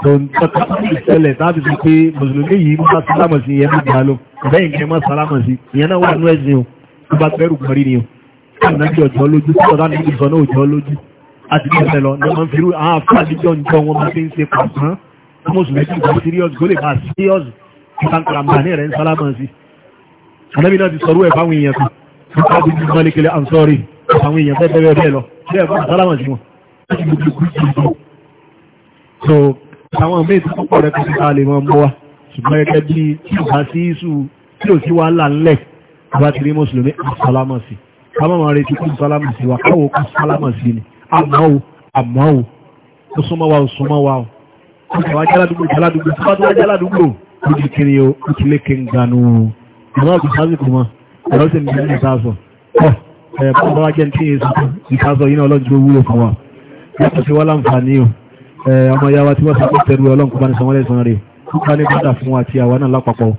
ìṣẹ̀lẹ̀ tàbí sí pé mùsùlùmí yìí máa sálámọ̀ sí ìyẹn máa dàálò bẹ́ẹ̀ ní máa sálámọ̀ sí ìyẹn náà wà ní ẹ̀sìn o tó bá pẹ́rù kọrí ni o káàkiri ọjọ́ lójú tí ọ̀dá nínú ìsọ̀nà òjò lójú àti bẹ́ẹ̀ lọ ní wọ́n fi rú àwọn afáàdíjọ́ ń jọ wọn máa fi ń ṣe pàtán mùsùlùmí tí ìgbà serious gólè bá serious kankarampani rẹ̀ ń sálámọ̀ sí anábì náà ti sọ̀rọ̀ ẹ̀ fáwọn èèyàn kan ní káàbí ní mọ́lékele ansọ́rì àwọn èèyàn bẹ́ẹ̀ bẹ́ẹ̀ bẹ́ẹ̀ lọ bẹ́ẹ̀ fún sálámọ̀ sí àwọn ìbí ìtàn pọ̀ rẹ̀ kọsí káà lè mọ́ mọ́ wa ṣùgbọ́n gẹ́gẹ́ bí tí ò bá sí iṣu tí ò sí wàhálà ńlẹ̀ bá ti rí mùsùlùmí àsálámọ̀ sí káwọn máa retí kó sálámọ̀ sí wa káwọ́ kó sálámọ̀ sí ni àmọ́ o àmọ́ o ó súnmọ́ wa ó súnmọ́ wa o ó sì wá jáládùúgbò jáládùúgbò tí wọ́n ti wá jáládùúgbò ó di kiri o ó ti lé kéńganu o ìmọ̀ ọ̀gbìn sásìkò mọ́ ẹ̀rọ sì ń bí ní ìtàsọ̀ ọ̀ ẹ̀ bọ́n ọmọ ya wa tí wọ́n sọ pẹ̀lú ọlọ́nkú bá ní sanwọ́lẹ̀ ìsan rẹ̀ kúkà ní padà fún àti àwọn náà lápapọ̀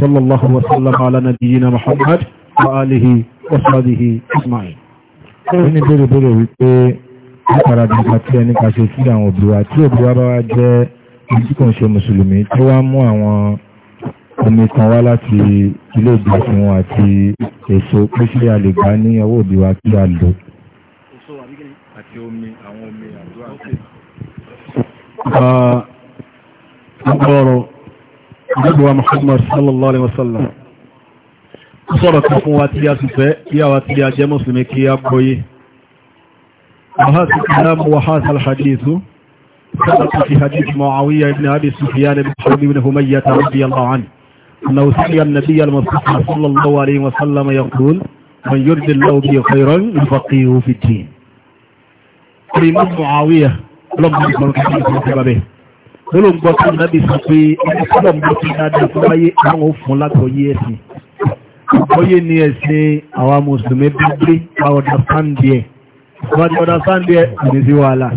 sallallahu wa sallam ala nabiyyina muhammad wa alihi wa sahbihi ismail ó ní bèrè bèrè wípé látara dàgbà tí ẹni kà ṣe sí àwọn òbí wa tí òbí wa bá wá jẹ́ ìdí kan ṣe mùsùlùmí tó wá mú àwọn omi kan wá láti ilé ìgbàsìn àti èso pé ṣé a lè gbà ní ọwọ́ òbí wa kí a lò àti omi àwọn omi ọgbọ̀rọ̀ gbogbo محمد صلى الله عليه وسلم sọ̀rọ̀ كفو واتيا سفاء يا واتيا sì fẹ́ أبوي وهذا الكلام tí وهذا الحديث سبق في حديث معاوية بن أبي سفيان بن حرب بن همية رضي الله عنه أنه سمع النبي المصطفى صلى الله عليه وسلم يقول من يرد الله به خيرا يفقهه في الدين. الإمام معاوية ọlọ́run gbọ́n kí wọ́n gbọ́n fún abẹ́ olóńgbọ́ tó ń dábì sọ pé ẹni tí wọ́n gbọ́n tó ń dáadáa tó báyé àwọn òfin lágbọ́yé ẹ̀sìn àgbọ́yé ni ẹ̀sìn àwọn mùsùlùmí bí gbé àwọn ọ̀dà sáǹdì ẹ̀ wọ́n ti ọ̀dà sáǹdì ẹ̀ ní sí wàhálà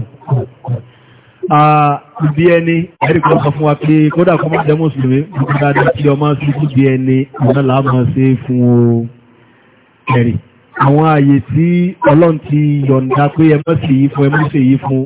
bí ẹni ẹ̀rí kan sọ fún wa pé kódà kọ́ máa jẹ́ mùsùlùmí gbogbo dáadáa tí ọmọ sí kú bí ẹni ọ̀nà làámọ̀ sí fún o ẹ̀rí àwọn ààyè tí ọlọ́run ti yọ̀ǹda pé ẹ mọ́ sí yìí fún ẹ mọ́ sí yìí fún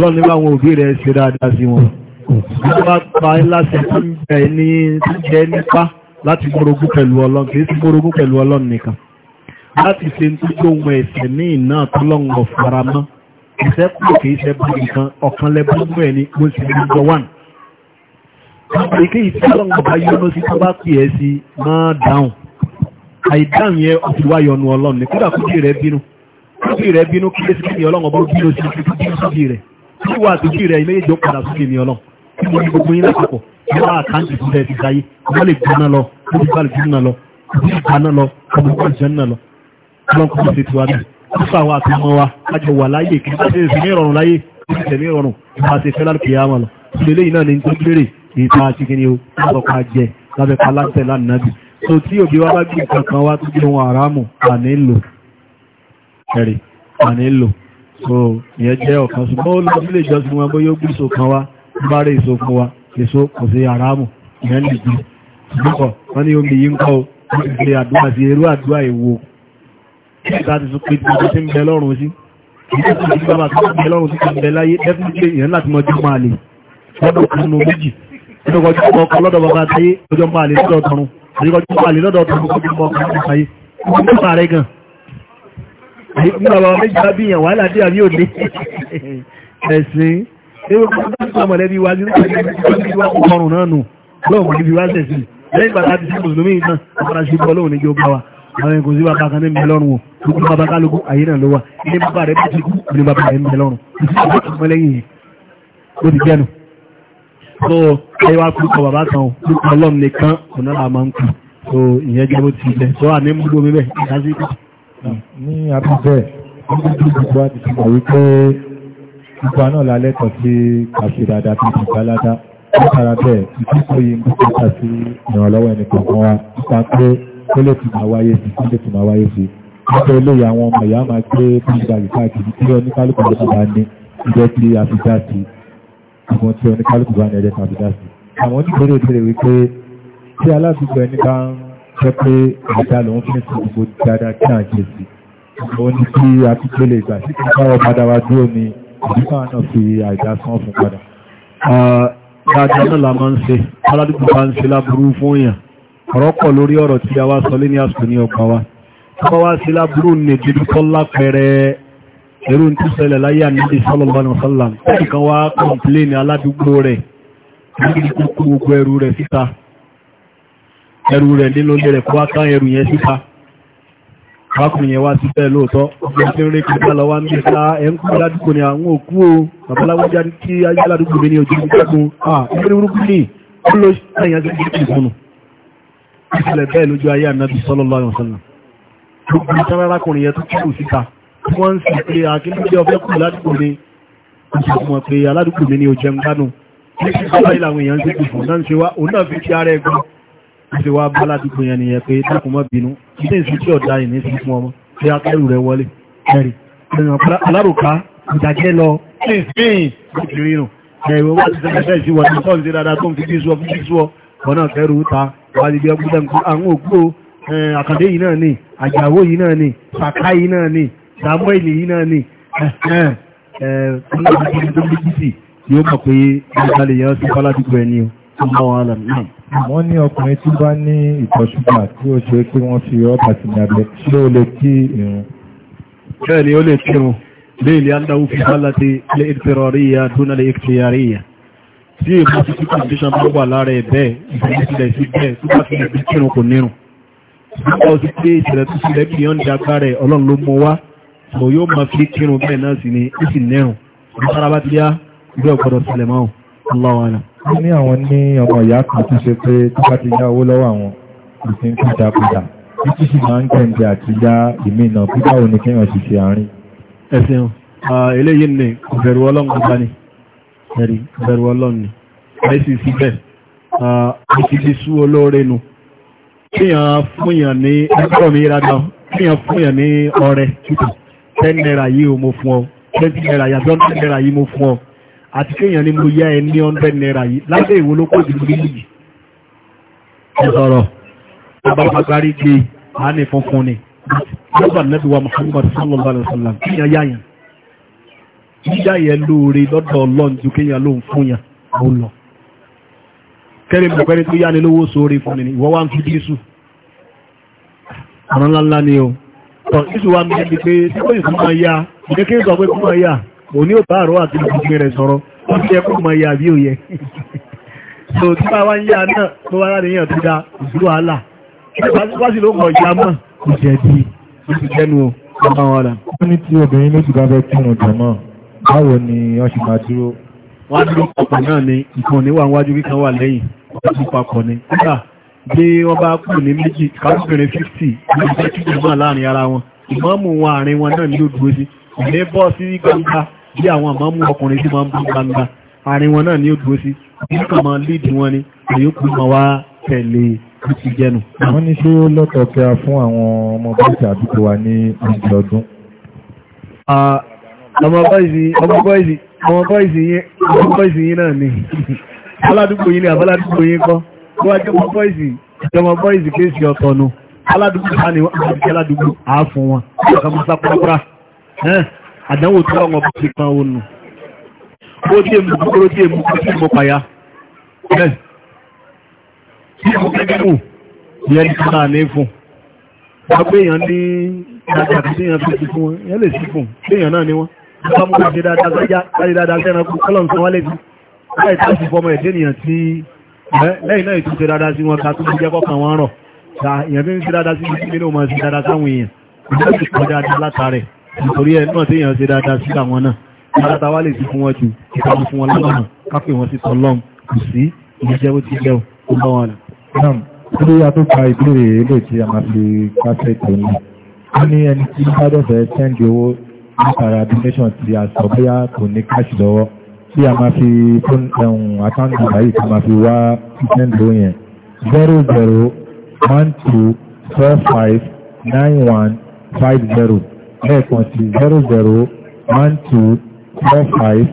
lọ́nà nígbà àwọn òbí rẹ̀ ṣe dáadáa sí wọn wọ́n bá pa láti ẹ̀ ní jẹ́ nípa láti gbórogún pẹ̀lú ọlọ́run kìí sí gbórogún pẹ̀lú ọlọ́run nìkan láti ṣe ń tójú ohun ẹ̀sẹ̀ ní ìná tọ́lọ́run ọ̀fara mọ́ ìṣẹ́ kù kìí ṣe bá nìkan ọ̀kan lẹ́bùnú ẹ̀ ní mo sì ní ọjọ́ wà tí wà àtúntì rẹ̀ ilé ìjọ padà sókè mi ọlọ́ tí mo ní gbogbo yín lápapọ̀ nípa àkáǹtì fún bẹ́ẹ̀ ti sáyé wọ́n lè gbaná lọ wọ́n lè gbàlè gbaná lọ wọ́n lè gbaná lọ wọ́n lè gbàlè gbaná lọ ọlọ́n kò sì tiwa bí wọ́n fà wá àtúmọ̀ wa lájọ wà láyé kí wọ́n ti sì ní ìrọ̀rùn láyé kí wọ́n ti ní ìrọ̀rùn wọ́n ti fẹ́ lálùkì yá wọn lọ ìdílé yìí náà ni tó gbére ìta àtìkíní o lọ́sọ̀ ká jẹ lábẹ́ paláṣẹ lánàbì so tí òbí wa bá gbé nǹkan kan wá tó gbé wọn àrámù àní lò ẹ̀rí àní lò so ìyẹn jẹ́ ọ̀kan ṣùgbọ́n ó lọ sílé ìjọsìn wọn bóyá ó gbé èso kan wá ń bá rí èso fún wa èso kò sí àrámù ìyẹn lè gbé ṣùgbọ́n wọ́n ní omi yìí ń kọ́ wọ́n ti ṣe àdúrà sí irú àdúrà èwo ìta ti sọ pé tí wọ́n ti ń bẹ lọ́rùn sí ìta ti sọ pé bàbá tó ń bẹ lọ́rùn sí ń bẹ láyé definitely ìyẹn láti mọ ọjọ́ máa lè lọ́dọ̀ kanú méjì nínú ọjọ́ ọkọ̀ lọ́dọ̀ bàbá táyé ọjọ́ máa lè lọ́dọ̀ tọrùn àyíkọjọ́ máa lè lọ́dọ̀ tọrùn kọjọ́ ọkọ̀ lọ́dọ̀ táyé ní bàbá méjì bá bíyàn wàhálà dé àbí òde ẹ̀sìn ewu kí wọ́n bá mọ̀lẹ́bí wa ní ọ̀rùn náà nù lọ́wọ́ níbi wá sẹ̀sìn lẹ́yìn bàbá ti sí mùsùlùmí náà ọ̀pọ̀lá sí bọ́ lóhùn níjó bá wa àwọn ẹ̀kọ́ sí bàbá kan ní mẹ́lọ́rùn wò gbogbo bàbá kálukú ayé náà ló wà ní bàbá rẹ̀ bá ti kú ní bàbá rẹ̀ mẹ́lọ́rùn mọ́lẹ́yìn yìí ó ti jẹ́nu so ayé wa kú kọ bàbá kan ó lọ́m nìkan ọ̀nà àmà ń kù so ìyẹn Mm. ní abúgbẹ́ gbogbo àti ṣùgbọ́n wípé gbogbo náà lálẹ́tọ̀ sí kàṣìdàdà tó ti gbáládá látara bẹ́ẹ̀ ìdíkò yìí ń gbogbo kà sí ìrànlọ́wọ́ ẹni kọ̀ọ̀kan wa nípa pé ó lè fi máa wáyé sí ó lè fi máa wáyé sí nípa eléyìí àwọn ọmọ ìyá máa gbé pílùgbàlù káàkiri tí oníkálùkù ló bá ní ìjọ tí a fi dá sí àwọn tí oníkálùkù bá ní ẹ̀jẹ̀ tàbí dá sí àwọn oníkèrè ìbéèrè wípé tí alábìgbọ ẹni bá ń jẹ́ pé ìdá lòun fi ń sọ gbogbo dáadáa kí à ń ṣe sí òun ní kí akíkó lè gbà títí báwọn padà wá dúró ni ìdíkà náà fi àìdá san fún padà. dáadáa náà la máa ń ṣe aládùúgbò bá ń ṣe láburú fún èèyàn ọ̀rọ̀ pọ̀ lórí ọ̀rọ̀ tí a wá sọ lé ní àsìkò ní ọgbà wa ọba wá sí láburú ní dídúkọ́ lápẹẹrẹ ẹ̀rù ń túnṣẹlẹ̀ láyé àníbi sallallahu alaihi wasallam ẹnìkan wá kọ̀ǹpléènì aládùúgbò rẹ̀ nígbà gbogbo ẹrù rẹ̀ síta ẹrù rẹ̀ nínú ilé rẹ̀ kó wá tán ẹrù yẹn síta wákùnrin yẹn wá sí bẹ́ẹ̀ lóòótọ́ ọgbọ́n tí ó rí kí lọ wá ń bí sá ẹ̀ ń kú ládùúgbò ni àwọn òkú o babaláwo jáde tí ayé ládùúgbò mi ní ojú ìgbàgbọ́n ah ìgbẹ́rẹ́ burúkú ni ó lọ sí àyàn tó ti kù ń sì pé akíndúgbé ah, ọfẹ́ kù ládùúgbò mi ó ṣe wá bá ládùúgbò yẹn nìyẹn pé dákun mọ́ bínú ilé ìsìn tí ọ̀dà ìní sí fún ọmọ tí a kẹ́rù rẹ̀ wọlé ẹ̀rì alárùká ìdàjẹ́ lọ ìsìn ìrìnrìn ẹ̀rọ wá ti sẹ́lẹ̀ fẹ́ ìṣíwọ̀ ní sọ́ọ̀sì dáadáa tó ń fi bíṣọ́ fi bíṣọ́ wọn náà kẹ́rù ta wà níbi ẹgbẹ́ nǹkan àwọn ògbó àkàndé yìí náà ni àjàwó yìí náà ni sàká yìí náà ni samuel yìí náà ni ẹ̀ẹ́dẹ́gbẹ̀rún tó ń bí jìtì yóò mọ̀ pé ìgbàlè yẹn sí fọ́ládùgbò ẹni o tó ń bá wọn lọ náà wọ́n ní ọkùnrin tí bá ní ìtọ̀ ṣúgbà tí ó ṣe pé wọ́n fi rọ́bà sí ìyàbẹ̀ tí ó lè kí ìrun. bẹ́ẹ̀ ni ó lè kírun lè ilé aláwọ̀ fi bá láti lè ìfẹ̀rọ̀ríyà dúnà lè ìfẹ̀yàríyà tí èbú ti tí condition bá wà lára ẹ̀ bẹ́ẹ̀ ìfẹ̀yàsílẹ̀ sí bẹ́ẹ̀ tó bá fi lè kírun kò nírun. nígbà ó ti pé ìṣẹ̀lẹ̀ tó sílẹ̀ bí yọ́n dàgbà rẹ̀ ọlọ́run ló wọ́n ní àwọn ní ọmọ ìyá kan tó ṣe pé tó bá ti yá owó lọ́wọ́ àwọn ìsìn ń padà padà títí sì máa ń kẹ́ǹdẹ̀ àti yá ìmí náà bí báwo ni kéèyàn sì ṣe àárín. ẹ̀sìn eléyìí ní ẹ̀rí ọlọ́run nu kíyàn fúnyàn ní ẹgbẹ́ mi rádán kíyàn fúnyàn ní ọrẹ títà ten naira yìí mo fún ọ twenty àti kéèyàn ni mo yá ẹ ní hundred naira yìí lábẹ́ ìwo ló kó di méjì ọ̀sọ̀rọ̀ abáfagbárí gbé àánì funfun ni lọ́gbà Nábì wa Muhammad sallallahu alaihi wasallam kéèyàn yáyàn yíyá yẹn lóore lọ́dọ̀ Ọlọ́run ju kéèyàn ló ń fún yàn ó lọ kẹ́rin bọ̀kẹ́rin tó yá ni o tọ̀ ìsù wa ń pé tí kò ìsù máa yá ìdẹ́kẹ́ ìsọ̀ pé kò máa yá òní ò bá àrọ́ àti ìgbìmọ̀ rẹ̀ sọ̀rọ̀ ó ti ẹkùn mọ̀ ìyà bí òye so tí bá wá ń yá náà tó wá láti yàn tó dá ìṣúrò àlà wá sí ló mọ̀ ìyá mọ̀ kò jẹ́ bí ó ti jẹ́nu o ọmọ wọn rà. wọ́n ní tí obìnrin méjì bá fẹ́ kírun jọ̀mọ́ báwo ni wọ́n ṣe máa dúró. wọ́n á dúró papọ̀ náà ni ìkan ní wà wájú kíkan wà lẹ́yìn wọ́n ti papọ̀ ni. nígbà bí wọ́n bá kù ní méjì kábíyèrè fifty ní ìjẹ́ kíkì náà láàrin ara wọn ìmọ̀ọ́mù wọn àárín wọn náà ni yóò dúró sí. ìlé bọ́ gbangba bí àwọn àmọ́mú ọkùnrin tí wọ́n ń bá gbangba àárín wọn náà ní ó dúró sí bí kàn máa líìdì wọn ni àyókù máa wá tẹ̀lé ó ti jẹnu. wọ́n ní ṣé ó a fún àwọn ọmọ bọ́ọ̀sì àdúgbò wa ní oúnjẹ ọdún. ọmọ bọ́ọ̀sì yín náà ni aládùúgbò yín ni àbáládùúgbò yín kọ́ tó wá jẹ́ ọmọ bọ́ọ̀sì ìjọmọ bọ́ọ̀sì kéèsì ọ̀tọ̀ nu aládùúgbò bá ní wọ́n àdúgbò àáfún wọn àdánwò tí wọ́n bá ti kan ònù ó dé mú kúrò dé mú kúrò mú pàyà bẹ́ẹ̀ tí mo gẹ́gẹ́ mú ní ẹni tó náà ní fún wọ́n pé èèyàn ní dáadáa tí èèyàn fi ti fún èèyàn lè sí fún èèyàn náà ni wọ́n wọ́n mú ìṣe dáadáa sájá láti dáadáa sẹ́ran kú kọ́lọ̀ nǹkan wọ́n lè fi láì tó sì fọmọ ẹ̀dẹ́ ènìyàn tí lẹ́yìn náà ìtúnṣe dáadáa sí wọn ká tó jẹ́ kọ́kàn wọn rọ̀ ìyẹn tí ń ṣe dáadáa sí ìdílé náà máa ṣe dáadáa sáwọn èèyàn ìdílé ti kọjá dáadáa látàrẹ̀ nítorí ẹ̀ náà tí èèyàn ṣe dáadáa sí àwọn náà látàtà wá lè sí fún wọn jù ìpamọ́ fún wọn lọ́nà kápẹ́ wọn sí tọ́lọ́m kò sí ìjẹ́ bó ti jẹun ó bá wọn lọ. nam kí a tó ka ìbéèrè ilé tí a máa fi kásẹ̀ tó ní a ní ẹni tí bá dẹ̀fẹ̀ sẹ́ndì owó látara donation tí a sọ bóyá kò ní káàṣì lọ́wọ́ tí a máa fi fún ẹ̀hún àkáǹtì báyìí tí a máa fi wá sẹ́ndì owó yẹn zero zero one two four five nine one five zero lẹ́ẹ̀kan sí zero zero one two four five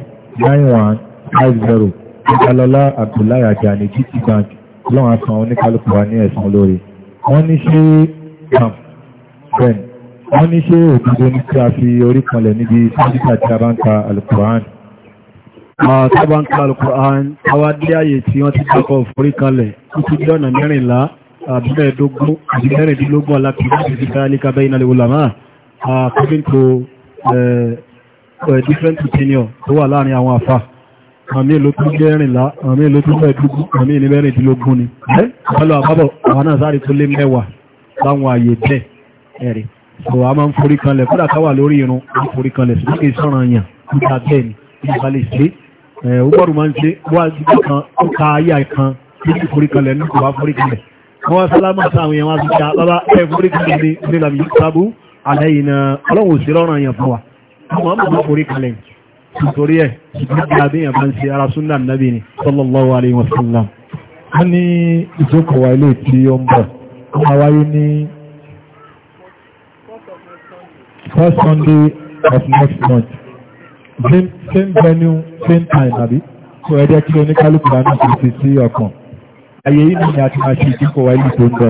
nine one five zero ìdálọ́lá Abdullahi Ajani GT Bank lọ́wọ́n san oníkálùkù wa ní ẹ̀sán lórí wọ́n ní ṣe camp ben wọ́n ní ṣe òdodo ní kí a fi orí kanlẹ̀ níbi sáàdìkà tí a bá ń ka alukur'an ta bá ń ka alukur'an àwa dé àyè tí wọ́n ti dákọ̀ forí kanlẹ̀ títí dọ́nà mẹ́rìnlá àbúrẹ́dógún àbúrẹ́dínlógún alákìlá ìdíkà alíkàbẹ́ ìnàlẹ́wòlámà Uh, according to uh, uh, different opinion tó wà láàrin àwọn àfà àmì ìlú tó gẹ́rìnlá àmì ìlú tó mẹ́ẹ̀dógún àmì ìlú mẹ́rìndínlógún ni ọlọ́ àbábọ̀ àwọn náà sáré tó lé mẹ́wàá láwọn àyè bẹ́ẹ̀ ẹ̀rì so a máa ń forí kanlẹ̀ kódà ká wà lórí irun a forí kanlẹ̀ sí kí sọ́ràn yàn nígbà bẹ́ẹ̀ ni nígbà lè ṣe ó gbọ́dọ̀ máa ń ṣe wá síbi kan ó ka ayé kan ní ti forí kanlẹ̀ ní kò wá forí kanlẹ̀ wọ́n wá sálámà sáwọn yẹn wá sí ká bábá ẹ̀ forí kanlẹ̀ ní nílàmì yìí sábú àlẹ́yìnà ọlọ́run òsì lọ́rọ̀ èèyàn fún wa àwọn ọmọ orí kalẹ̀ nítorí ẹ̀ àbíyàn bá ń ṣe ara súnnà nàbí ni sallallahu alaihi wasallam wọ́n ní ìjókòwà next month same, same venue same time àbí so ẹ jẹ́ kí oníkálùkù bá ní kò sí sí ọkàn àyè yìí ni